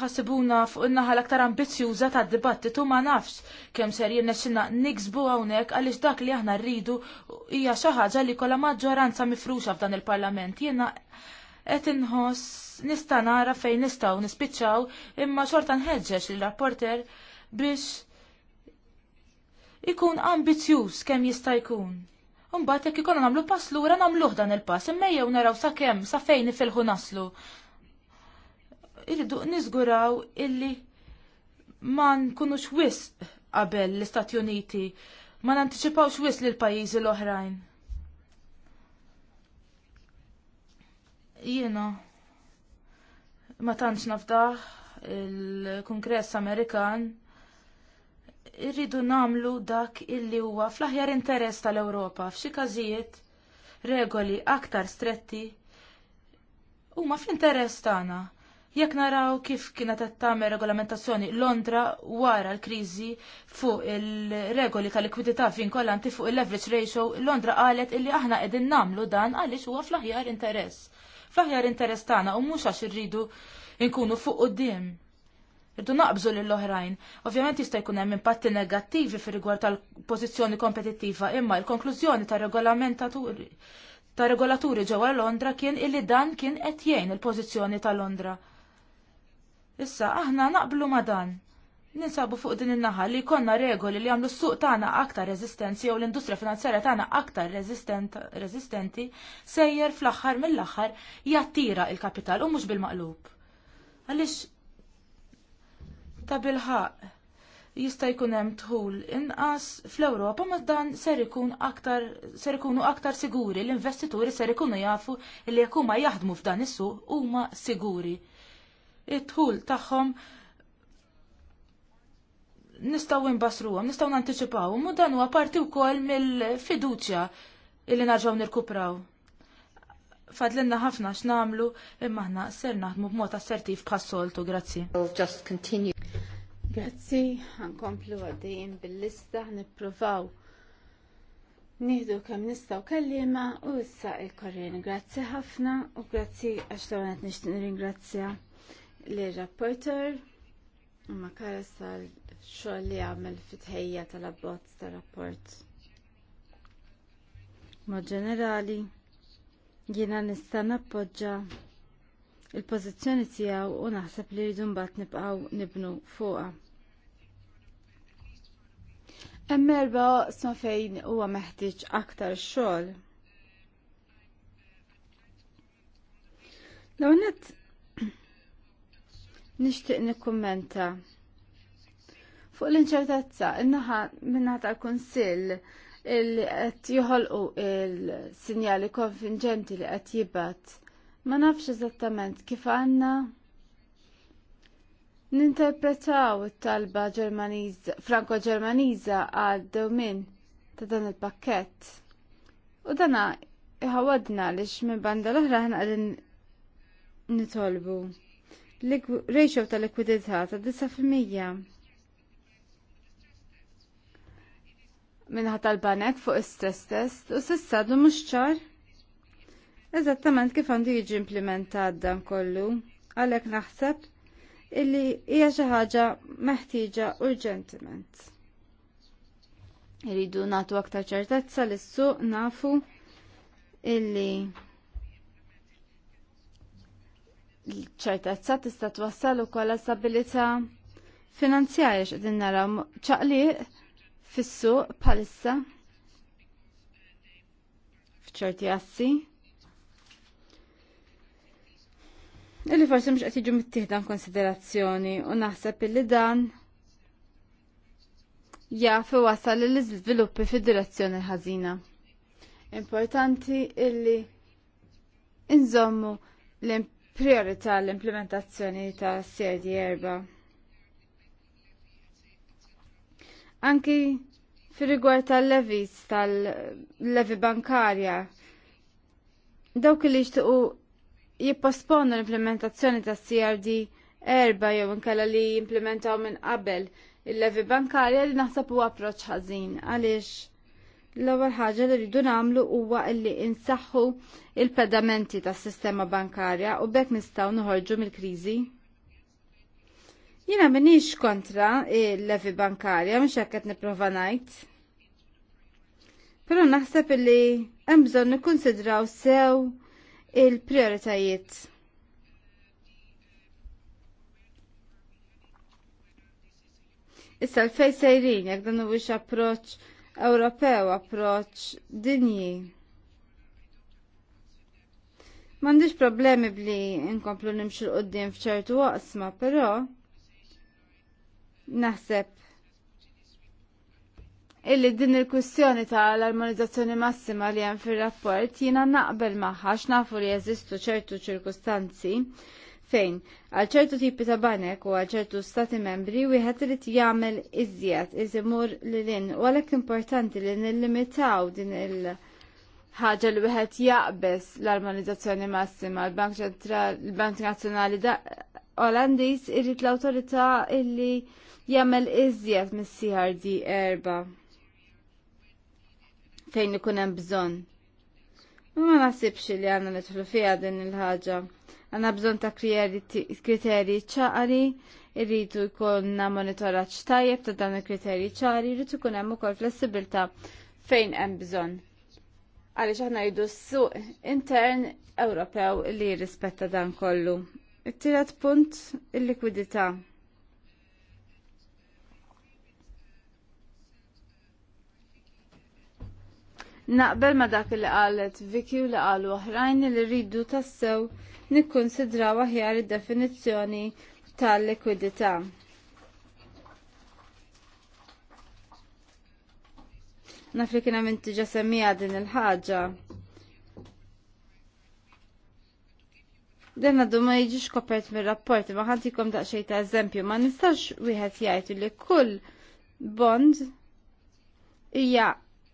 ħasibuna fuq in-naħa l-aktar ambizzjuża tad-dibattitu ma nafx kemm ser jinnexxinna niksbu hawnhekk għaliex dak li aħna rridu hija xi ħaġa li kollha maġġoranza mifruxa f'dan il-Parlament. Jiena qed inħoss nista' nara fejn nistgħu nispiċċaw imma xorta nħeġġeġ il-rapporter biex ikun ambizjuż kemm jista' jkun. Imbagħad jekk ikun nagħmlu pass lura nagħmluh dan il-pass, imma jew naraw sa kemm sa fejn ifilħu naslu. Irridu niżguraw illi ma nkunux wisq qabel l-Istati Uniti, ma nantiċipawx wis lil pajjiżi l-oħrajn. Jiena ma tantx nafdaħ il-Kongress Amerikan irridu namlu dak illi huwa fl-aħjar interess tal-Ewropa f'xi każijiet regoli aktar stretti huma fl-interess tagħna. Jekk naraw kif kienet qed tagħmel regolamentazzjoni Londra wara l-kriżi fuq il-regoli tal-likwidità vinkolanti fuq il-leverage ratio, Londra qalet illi aħna qegħdin nagħmlu dan għaliex huwa fl-aħjar interess. Fl-aħjar interess tagħna u mhux għax irridu nkunu fuq quddiem. Irdu naqbżu lill-oħrajn. Ovvjament jista' jkun hemm impatti negattivi fir-rigward tal-pożizzjoni kompetittiva, imma l-konklużjoni tar-regolamentaturi ta' regolaturi ġewwa Londra kien illi dan kien qed jgħin il-pożizzjoni ta' Londra. Issa aħna naqblu ma' dan. Ninsabu fuq din in-naħa li jkollna regoli li jagħmlu s-suq tagħna aktar reżistenzi jew l-industrija finanzjarja tagħna aktar reżistenti sejjer fl-aħħar mill-aħħar jattira il-kapital u mhux bil-maqlub. Għaliex ta' bilħaq jista' jkun hemm dħul inqas fl-Ewropa ma dan ser ikun aktar ser ikunu aktar siguri l-investituri ser ikunu jafu li jekk huma jaħdmu f'dan is-suq huma siguri. Id-dħul tagħhom nistgħu nbassruhom, nistgħu nanticipawhom u dan huwa parti wkoll mill-fiduċja li narġgħu nirkupraw. Fadlinna ħafna x'namlu imma aħna ser naħdmu b'mod assertiv bħas-soltu, grazzi. Grazzi, għankomplu għaddejjem bil-lista, nipprovaw Nieħdu kemm nistgħu kellima u issa il-korrien. Grazzi ħafna u grazzi għax dawn qed nixtieq li lir-rapporter ma karas tal-xogħol li għamel fitħejja tal abbot tar-rapport. Mod ġenerali jiena nista' nappoġġa il-pożizzjoni tiegħu u naħseb li rridu mbagħad nibqgħu nibnu fuqha. Hemm erba' oqsma fejn huwa meħtieġ aktar xogħol. L-għonet nixtieq nikkummenta fuq l-inċertezza in-naħa minnha tal-Kunsill il-qed joħolqu il-sinjali konfingenti li qed jibgħat Ma nafx eżattament kif għanna ninterpretaw it-talba franko-ġermaniża għal dewmien ta' dan il-pakkett. U dana iħawadna li minn banda l-oħra ħan għadin nitolbu. Ratio ta' likwidità ta' 9%. Minħat tal-banek fuq is-stress test u s-sissadu mux ċar eżattament kif għandu jiġi implementat dan kollu, għalhekk naħseb illi hija xi ħaġa meħtieġa urġentiment. Iridu nagħtu aktar ċertezza lis suq nafu illi ċertezza tista' twassal ukoll stabilità finanzjarja x'qegħdin naraw ċaqliq fis-suq bħalissa f'ċerti assi illi forsi mhux qed jiġu mittieħdan konsiderazzjoni u naħseb illi dan jaf wasal l-iżviluppi fi direzzjoni ħażina. Importanti illi inżommu l-priorità l-implementazzjoni ta' CRD erba. Anki fir-rigward tal-levis tal-levi bankarja dawk li jixtiequ jipposponu l-implementazzjoni ta' CRD erba jew inkella li jimplementaw minn qabel il-levi bankarja li naħseb huwa approċċ ħażin għaliex l-ewwel ħaġa li rridu nagħmlu huwa li insaħħu il-pedamenti tas-sistema bankarja u bekk nistgħu noħorġu mill-kriżi. Jiena minix kontra il-levi bankarja mhux hekk qed nipprova ngħid. Però naħseb li hemm bżonn nikkunsidraw sew il-prioritajiet. Issa l-fej sejrin, jek dan huwiex approċ Ewropew, approċ dinji. M'għandix problemi bli nkomplu nimxu l-qoddim f'ċertu waqsma, però naħseb illi din il-kwistjoni ta' l-armonizzazzjoni massima li hemm fir-rapport jiena naqbel magħha nafu li jeżistu ċertu ċirkustanzi fejn għal ċertu tipi ta' banek u għal ċertu stati membri wieħed irid jagħmel iżjed iż imur lil in u għalhekk importanti li nillimitaw din il- ħaġa li wieħed jaqbes l-armonizzazzjoni massima l-Bank Ċentrali, l-Bank Nazzjonali Olandiż irid l-awtorità illi jagħmel iżjed mis-CRD erba' fejn ikun hemm bżonn. Ma nasibx li għanna nitħlu fija din il ħaġa Għanna bżon ta' kriterji ċari, irridu jkollna monitoraċ tajjeb ta' dan il-kriterji ċari, irridu jkun hemm ukoll flessibilta fejn hemm bżonn. Għaliex aħna jdu s-suq intern Ewropew li jirrispetta dan kollu. It-tielet punt il-likwidità. il likwidità Naqbel ma dak li qalet Vicky u li qalu oħrajn li rridu tassew nikkonsidraw aħjar id-definizzjoni tal-likwidità. Naf li kienem inti ġa semmija din il-ħaġa. Dan għaddu ma jiġix kopert mir rapporti ma ħantikom daqxej ta' eżempju, ma nistax wieħed jgħid li kull bond hija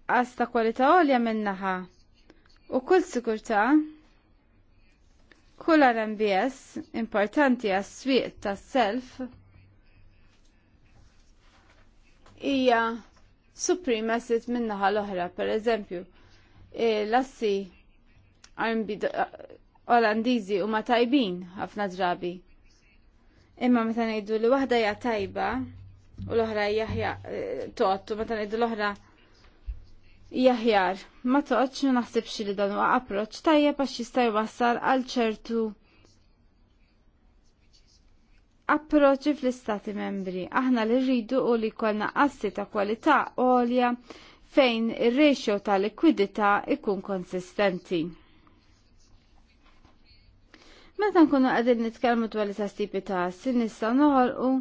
nuqqas ta' kwalità għolja minnaħa. U kull sikurtà, kull RMBS importanti għas swieq tas self hija supremasit minnaħa l-oħra, per eżempju, l-assi RMB olandizi u ma tajbin ħafna drabi. Imma meta ngħidu li waħda hija tajba u l-oħra jahja eh, toqtu, u meta ngħidu l-oħra jaħjar. Ma toqgħodx naħsibx li dan huwa approċċ tajjeb għax jista' jwassal għal ċertu approċċi fl-istati membri. Aħna li rridu u li jkollna assi ta' kwalità għolja fejn ir-ratio ta' likwidità ikun konsistenti. Meta nkunu qegħdin nitkellmu dwar l-istess tipi ta' assi nistgħu noħolqu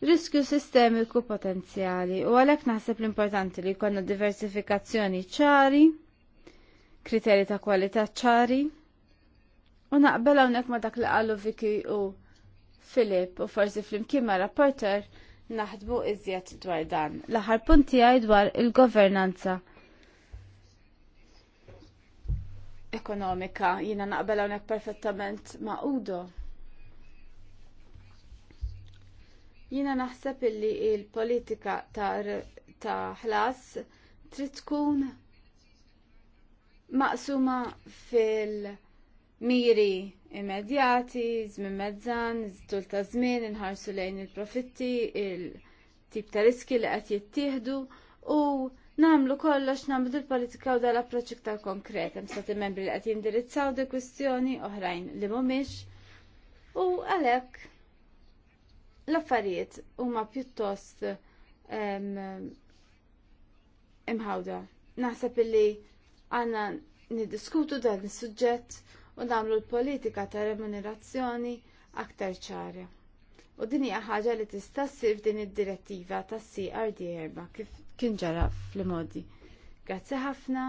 riskju sistemiku potenzjali u għalhekk naħseb l-importanti li jkollna diversifikazzjoni ċari, kriterji ta' kwalità ċari, u naqbel hawnhekk ma' dak li qalu Viki u Filip u forsi flimkien ma' rapporter naħdmu iżjed dwar dan. L-aħħar punti għaj dwar il-governanza ekonomika jina naqbel hawnhekk perfettament ma' Udo. Jiena naħseb illi il-politika ta' ħlas trid tkun maqsuma fil-miri immedjati, żmien mezzan, tul ta' żmien inħarsu lejn il-profitti, il-tip ta' riski li qed jittieħdu u namlu kollox namlu l politika u dal-approċ iktar konkret, hemm stati membri li qed jindirizzaw di kwistjoni oħrajn li mhumiex. U għalhekk l-affarijiet huma pjuttost imħawda. Naħseb illi għanna niddiskutu dan is-suġġett u nagħmlu l-politika ta' remunerazzjoni aktar ċara. U din hija ħaġa li tista' ssir din id-direttiva tas-CRD erba' kif kien ġara fl-modi. Grazzi ħafna.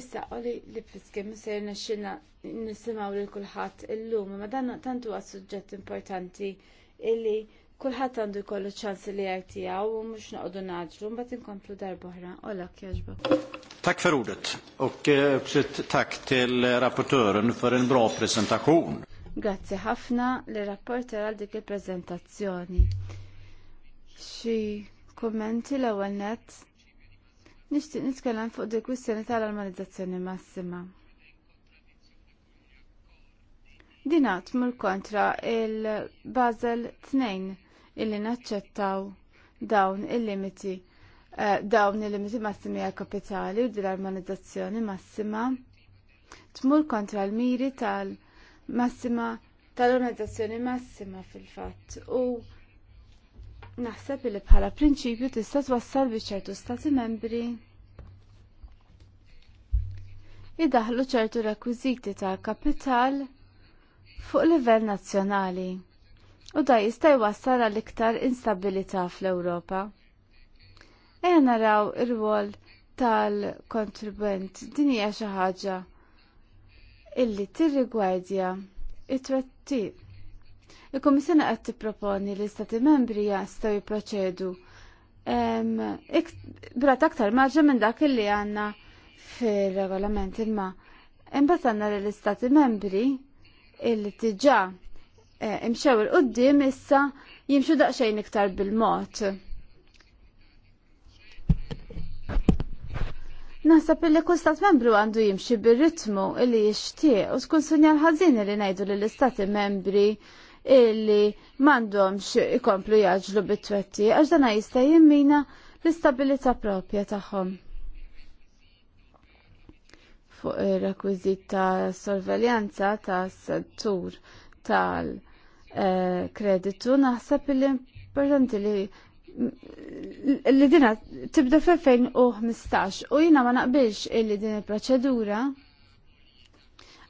Issa qoli li fiske misser nixxilna nisimgħu lil kulħadd illum, ma dan tantu għas suġġett importanti illi kulħadd għandu jkollu ċans li jgħid u mhux naqdu naġru mbat inkomplu darb'oħra. Olak jaġbok. Tack för ordet och eh, tack till eh, rapportören för en bra presentation. Grazie ħafna li rapporter għal dik il-prezentazzjoni. Xi kommenti l-ewwel nett? Nixtieq nitkellem fuq dik kwistjoni tal-armonizzazzjoni massima dinat mul kontra il-Basel 2 illi naċċettaw dawn il-limiti eh, dawn il-limiti massimi għal kapitali u dil-armonizzazzjoni massima tmur kontra l-miri tal-massima tal-organizzazzjoni massima fil-fatt u naħseb li bħala prinċipju tista' twassal bi ċertu stati membri idaħlu ċertu rekwiżiti tal kapital fuq livell nazzjonali u da jista' jwassal għal iktar instabilità fl-Ewropa. Ejja naraw ir-rwol tal-kontribwent din hija xi ħaġa illi tirrigwardja it-twetti. il komissjoni qed tipproponi li stati membri jistgħu jipproċedu brat aktar maġġa minn dak illi għandna fir-regolament imma imbatanna għandna l-istati membri illi tiġa eh, imxew il-qoddim issa jimxu daqxejn iktar bil-mod. Naħseb illi kull stat membru għandu jimxi bir-ritmu illi jixtieq u tkun sinjal ħażin li ngħidu lill istati membri illi m'għandhomx ikomplu jaġlu bit-twetti għax dan jista' jimmina l-istabilità propja tagħhom fuq ir-rekwiżit ta' sorveljanza ta' settur tal-kreditu eh, naħseb li importanti li li dina tibda fil-2015 u jina ma naqbilx illi din il-proċedura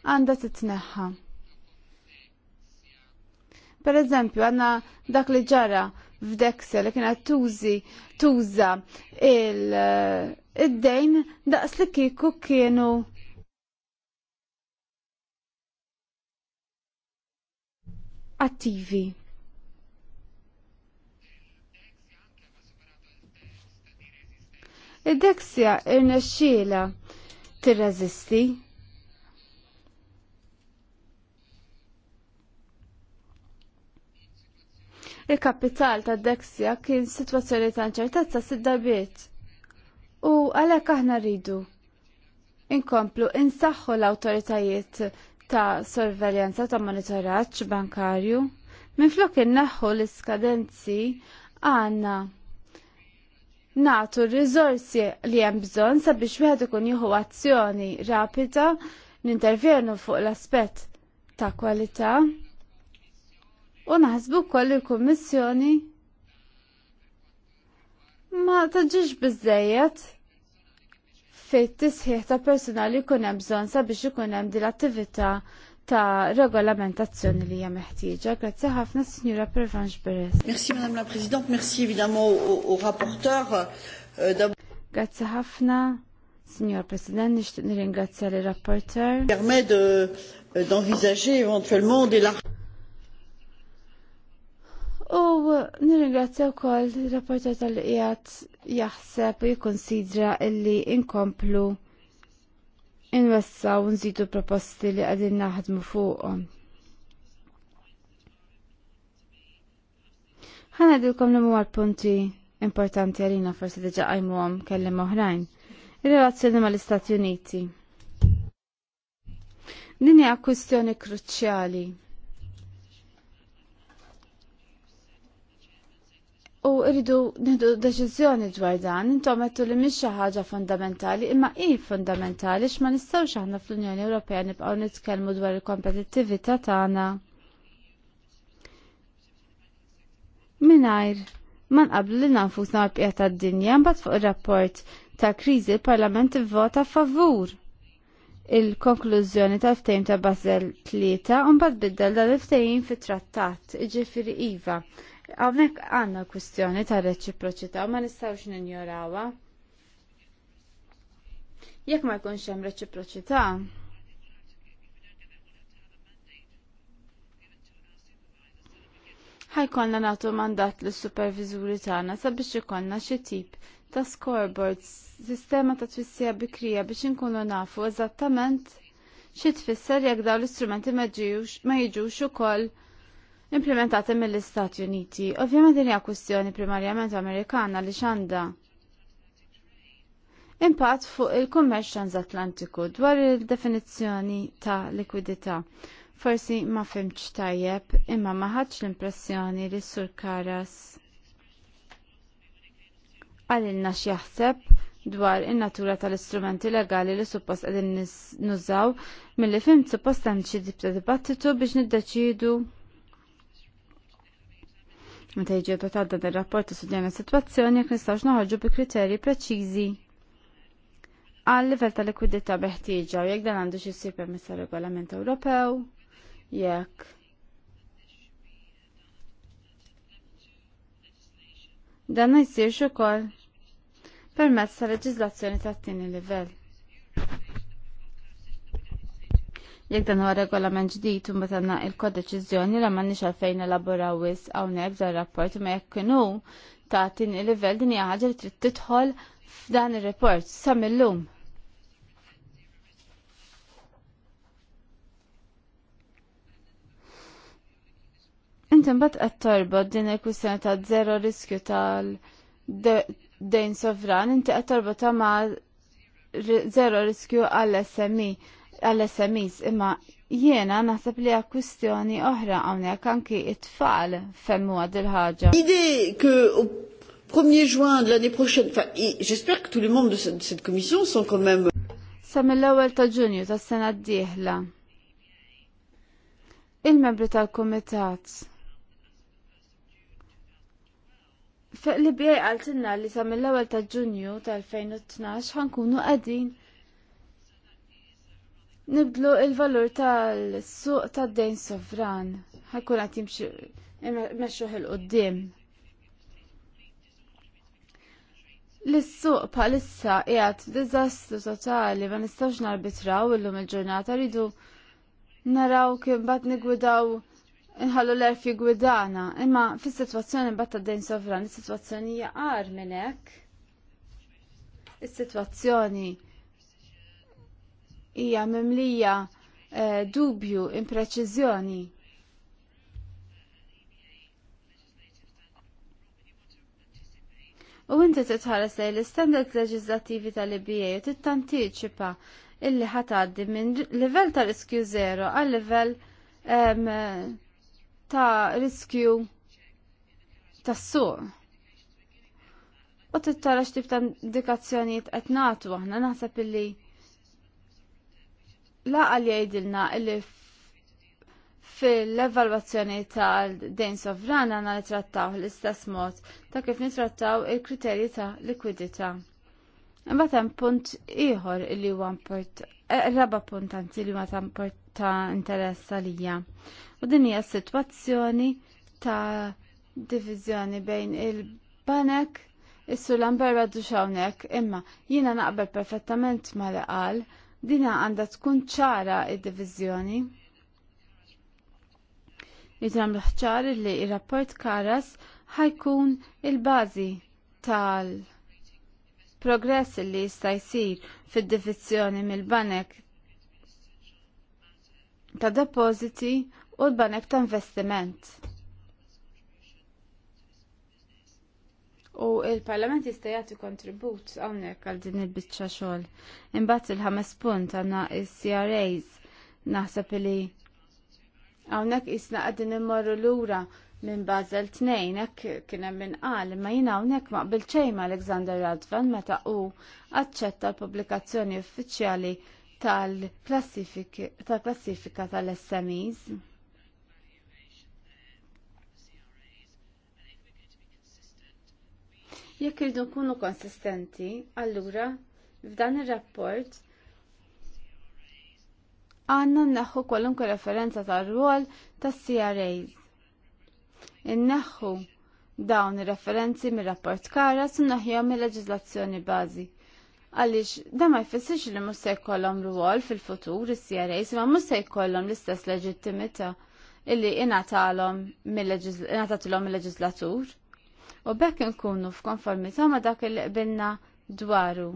għanda titneħħa. Per eżempju, għanna dak li ġara f'Dexel li kienet tużi tuża il-dejn eh, daqs li kiku kienu attivi. Id-deksja irnexxiela tirreżisti. Il-kapital ta' deksja kien situazzjoni ta' ċertezza sid-dabiet. U għalhekk aħna rridu inkomplu insaħħu l-awtoritajiet ta' sorveljanza ta' monitoraċ bankarju minflok innaħħu l-iskadenzi għandna natu r-rizorsi li hemm bżonn sabiex wieħed ikun jieħu azzjoni rapida nintervjenu fuq l-aspett ta' kwalità u naħsbu wkoll il-Kummissjoni ma taġġiex biżejjed fejt tisħiħ ta' personali jkun hemm bżonn sabiex ikun hemm din l-attività ta' regolamentazzjoni li hija meħtieġa. Grazzi ħafna Sinjura Pervanx Beres. Merci Madame la Présidente, merci évidemment au rapporteur. Euh, Grazzi ħafna. Signor President, nixtieq nirringrazzja l rapporteur Permet euh, d'envisager éventuellement des U nirringrazzja wkoll ir rapporta tal qijat jaħseb u jikkonsidra illi inkomplu inwessaw u nżidu proposti li qegħdin naħdmu fuqhom. Ħanadilkom li huma għal punti importanti għalina forsi diġa għom kellim oħrajn. Ir-relazzjoni mal-Istati Uniti. Din hija kwistjoni kruċjali U rridu nħdu deċiżjoni dwar dan, intom għettu li mhix xi ħaġa fundamentali, imma hi fundamentali x'ma nistgħux aħna fl-Unjoni Ewropea nibqgħu nitkellmu dwar il-kompetittività tagħna. Mingħajr ma nqablu li nafusna mal bqija tad-dinja mbagħad fuq ir-rapport ta' kriżi il-Parlament ivvota favur il-konklużjoni tal ftehim ta' Basel 3 u mbagħad biddel dal ftehim fit trattat iġifieri Iva. Għawnek għanna kwistjoni ta' reċiproċità u ma nistawx ninjorawa. Jekk ma jkunx hemm reċiproċità, ħajkonna nagħtu mandat lis supervizuri tagħna sabiex ikollna xi tip ta' scoreboard, sistema ta' twissija bikrija biex inkunu nafu eżattament xi tfisser jekk dawn l-istrumenti ma jiġux ukoll implementati mill-Istati Uniti. Ovvjament din hija kwistjoni primarjament Amerikana li xanda impatt fuq il-kummerċ transatlantiku dwar il-definizzjoni ta' likwidità. Forsi ma fimx tajjeb imma ma ħadx l-impressjoni li sur Karas għalilna x'jaħseb dwar in-natura tal-istrumenti legali li suppost qegħdin nużaw milli fim suppost hemm xi dibattitu biex niddeċidu Meta jiġi dotat dan ir su istudjajna is sitwazzjoni jekk nistgħux noħorġu bi kriterji preċiżi għal livell ta' likwidità beħtieġa u jekk dan għandu xi jsir permezz regolament Ewropew, jekk Dan jsirx ukoll permezz ta' leġiżlazzjoni tat-tieni livell. Jekk dan huwa regolament ġdid u meta għandna il-kodeċiżjoni la m'għandniex għalfejn elaboraw wis hawnhekk dan rapport ma jekk kienu tagħtin il-livell din hija ħaġa li trid tidħol f'dan ir-report sa millum. Inti mbagħad qed torbod din il-kwistjoni ta' zero riskju tal-dejn sovran, inti qed torbodha ma' zero riskju għall-SMI e għall-SMEs imma jiena naħseb li kwistjoni oħra hawnhekk anki it-tfal femmu għad il-ħaġa. Ide ke 1er juin de l'année prochaine, enfin, j'espère que tous les membres de cette, cette commission sont quand même. Sa mill-ewwel ta' Ġunju tas-sena d-dieħla. Il-membri tal-Kumitat Feq li bjej għaltinna li sa mill-ewwel ta' Ġunju tal-2012 ħankunu qegħdin nibdlu il-valur tal-suq tad-dejn sovran. Ħakun għat jimxuħ il-qoddim. L-suq palissa jgħat dizastru totali ma nistgħux narbitraw illum il-ġurnata rridu naraw kien bat nigwidaw nħallu l-erfi gwidana. Imma fis-situazzjoni bat tad-dejn sovran, is-situazzjoni jgħar minnek. Is-situazzjoni hija mimlija eh, dubju, impreċiżjoni. U inti titħares lej l-standard leġislattivi tal-IBA u tittantiċipa illi ħataddi minn livell ta' riskju zero għal livell ta' riskju ta' suq. U tittara x'tib ta' indikazzjonijiet qed nagħtu aħna naħseb illi Laqal li jgħidilna li fil-evalwazzjoni tal-dejn sovran għanna nitrattaw l-istess mod ta' kif nitrattaw il-kriterji ta' likwidità. Imbagħad hemm punt ieħor li huwa eh, raba punt li huwa ta', ta interess għalija. U din hija sitwazzjoni ta' diviżjoni bejn il-banek is sulan berra duxawnek, imma jina naqbel perfettament ma li qal Dina għandha tkun ċara id divizjoni Li l ħċar li il rapport Karas ħajkun il-bażi tal-progress li jista' jsir fid divizjoni mill-banek ta' depositi u l-banek ta' investiment. U il-Parlament jista' jagħti kontribut hawnhekk għal din il-biċċa xogħol. Imbagħad il-ħames punt għandna is-CRAs naħseb li hawnhekk isna qegħdin immorru lura minn Basel 2 hekk kien hemm inqal imma jiena hawnhekk maqbil xejn Alexander Radvan meta hu aċċetta l-pubblikazzjoni uffiċjali tal-klassifika tal-SMEs. tal klassifika tal smes Jekk irridu nkunu konsistenti, allura f'dan ir-rapport għandna nneħħu kwalunkwe referenza tar-rwol tas-CRAs. Inneħħu dawn ir-referenzi mir-rapport kara su naħjom il-leġiżlazzjoni bażi. Għaliex da ma jfissirx li mhux se jkollhom rwol fil-futur is-CRAs ma mhux se jkollhom l-istess leġittimità illi ingħatalhom mill-leġiżlatur u bekk nkunu f'konformità ma' dak il qbilna dwaru.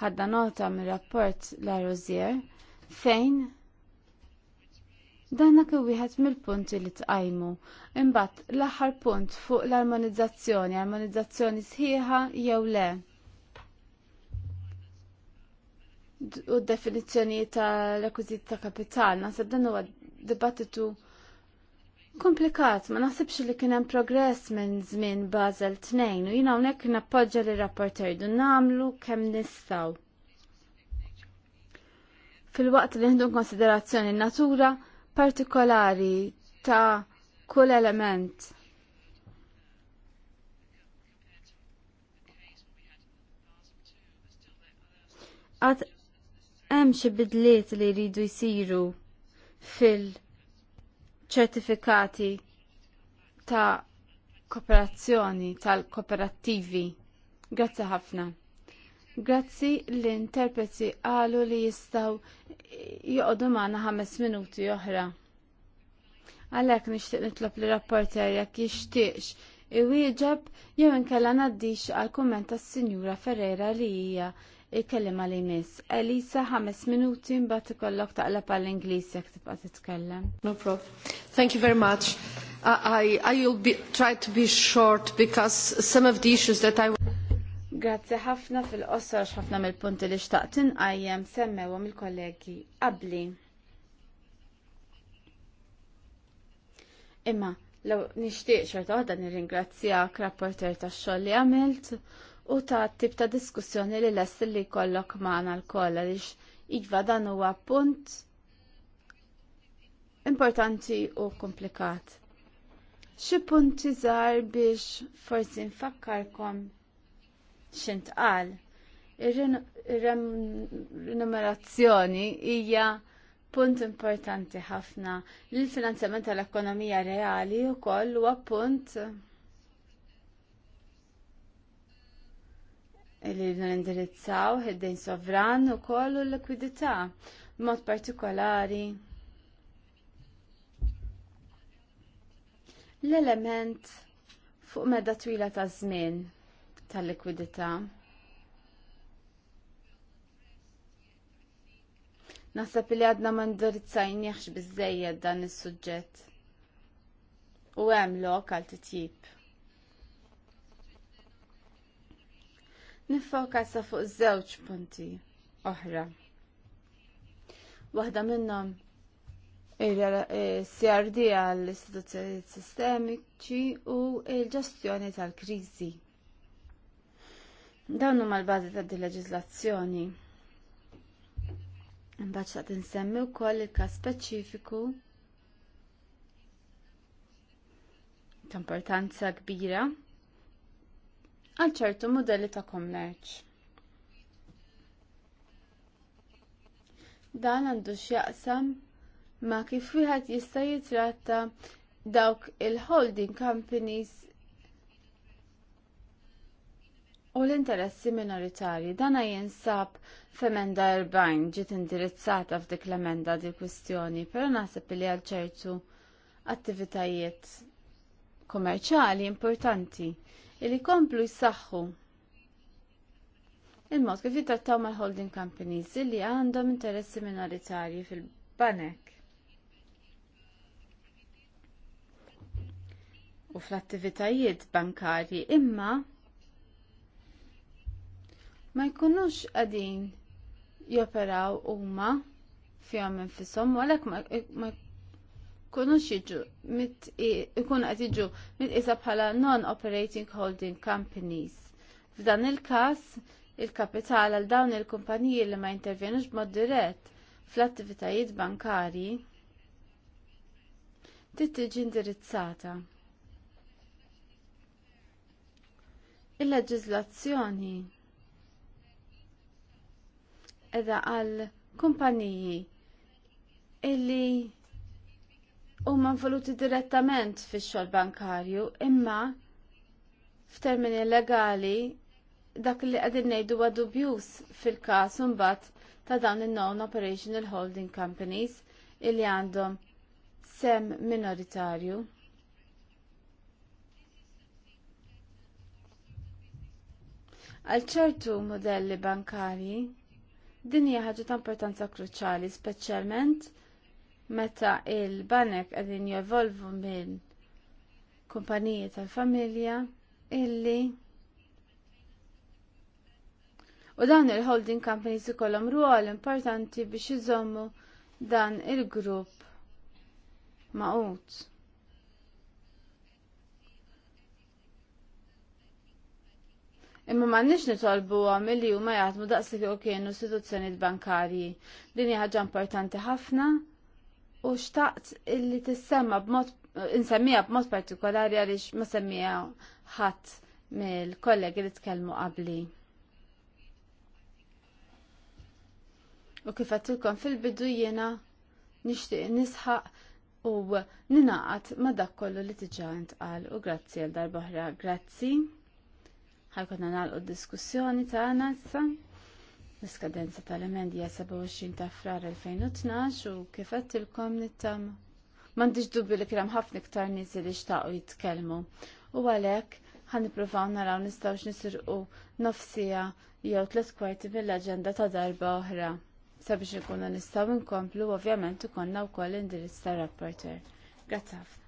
Ħadda nota mir rapport la Rozier fejn danna kien wieħed mill-punti li tqajmu. Imbagħad l-aħħar punt fuq l-armonizzazzjoni, armonizzazzjoni sħiħa jew le. U d-definizzjoni ta' rekwiziti ta' kapital, nasab dan huwa dibattitu komplikat, ma naħsibx li kien hemm progress minn żmien Basel 2 u jiena hawnhekk nappoġġa li rapporter du nagħmlu kemm nistgħu. Fil-waqt li nħdu konsiderazzjoni natura partikolari ta' kull element. Għad hemm xi bidliet li jridu jsiru fil- ċertifikati ta' kooperazzjoni tal-kooperattivi. Grazzi ħafna. Grazzi l-interpreti għalu li jistaw joqdu maħna ħames minuti oħra. Għalek nishtiq nitlob li rapporter jekk jishtiqx iwieġeb jew inkella naddix għal kumment tas-Sinjura Ferreira li hija il għal li Elisa, ħames minuti, mbagħad ikollok taqleb għall-Ingliż jekk tibqa' titkellem. No prof. Thank you very much. I, I will be, try to be short because some of the issues that I Grazzi ħafna fil-qosor ħafna mill-punti li xtaqt inqajjem semmewhom il-kollegi qabli. Imma, law nixtieq xorta waħda nirringrazzjak rapporter tax-xogħol li għamilt u ta' tip ta' diskussjoni li lest li kollok maħna l-koll għalix iġva dan huwa punt importanti u komplikat. Xi punti żgħar biex forsi nfakkarkom x'intqal. Ir-renumerazzjoni hija punt importanti ħafna. l finanzjament tal-ekonomija reali wkoll huwa punt li nindirizzaw id-dejn sovran u kollu l-likwidità b'mod partikolari. L-element fuq medda twila ta' żmien tal-likwidità. Naħseb li għadna ma ndirizzajniex biżejjed dan is-suġġett. U hemm lok għal titjib. nifokassa fuq żewġ punti oħra. Waħda minnhom il-CRD eh, għall-istituzzjonijiet sistemiċi u il-ġestjoni tal-kriżi. Dawn huma l-bażi ta' din leġiżlazzjoni. Imbagħad ta insemmi wkoll il-każ speċifiku ta' importanza kbira għal ċertu modelli ta' kommerċ. Dan għandu x'jaqsam ma' kif wieħed jista' jitratta dawk il-holding companies u l-interessi minoritarji. Dan jinsab f'emenda 40 ġiet indirizzata f'dik l-emenda di kwistjoni, però naħseb li għal ċertu attivitajiet kommerċali importanti li komplu jissaxħu il-mod kif jitrattaw mal-holding companies li għandhom interessi minoritarji fil-banek. U fl-attivitajiet bankarji imma ma jkunux għadin joperaw huma fihom infisom u għalhekk ma kunux jiġu ikun qed mit isa bħala non-operating holding companies. F'dan il-każ il-kapital għal dawn il-kumpaniji li ma intervenux b'mod dirett fl-attivitajiet bankari tittiġi indirizzata. Il-leġizlazzjoni edha għal kumpaniji illi huma voluti direttament fix-xogħol bankarju, imma f'termini legali dak li qegħdin nejdu huwa fil-każ imbagħad ta' dawn in-non operational holding companies li għandhom sem minoritarju. Għal ċertu modelli bankarji, din hija ħaġa ta' importanza kruċjali, speċjalment meta il-banek għadin jevolvu minn kumpaniji tal-familja illi u dawn il-holding companies ikollhom ruol importanti biex iżommu dan il-grupp maqut. Imma ma nix nitolbu għam li huma jaħdmu daqsik kienu istituzzjonijiet bankarji. Din hija ħaġa importanti ħafna u xtaqt illi tissemma b'mod insemmija b'mod partikolari għaliex ma semmija ħadd mill-kollegi li tkellmu qabli. U kif għattilkom fil-bidu jiena nixtieq nisħaq u ninaqat ma dak kollu li tiġa għal u grazzi għal darba Grazzi. Ħajkonna nagħlqu d-diskussjoni tagħna issa. L-iskadenza tal-emendi 27 ta' frar 2012 u kifet il-kom nittam. Mandiġ dubju li kiram ħafna iktar nies li xtaqu jitkellmu. U għalek, ħan niprofaw naraw nistawx u nofsija jew tlet kwarti mill-aġenda ta' darba oħra. Sabiex ikunu nistaw inkomplu, ovvjament ikonna wkoll indirizz ta' rapporter. Grazzaf.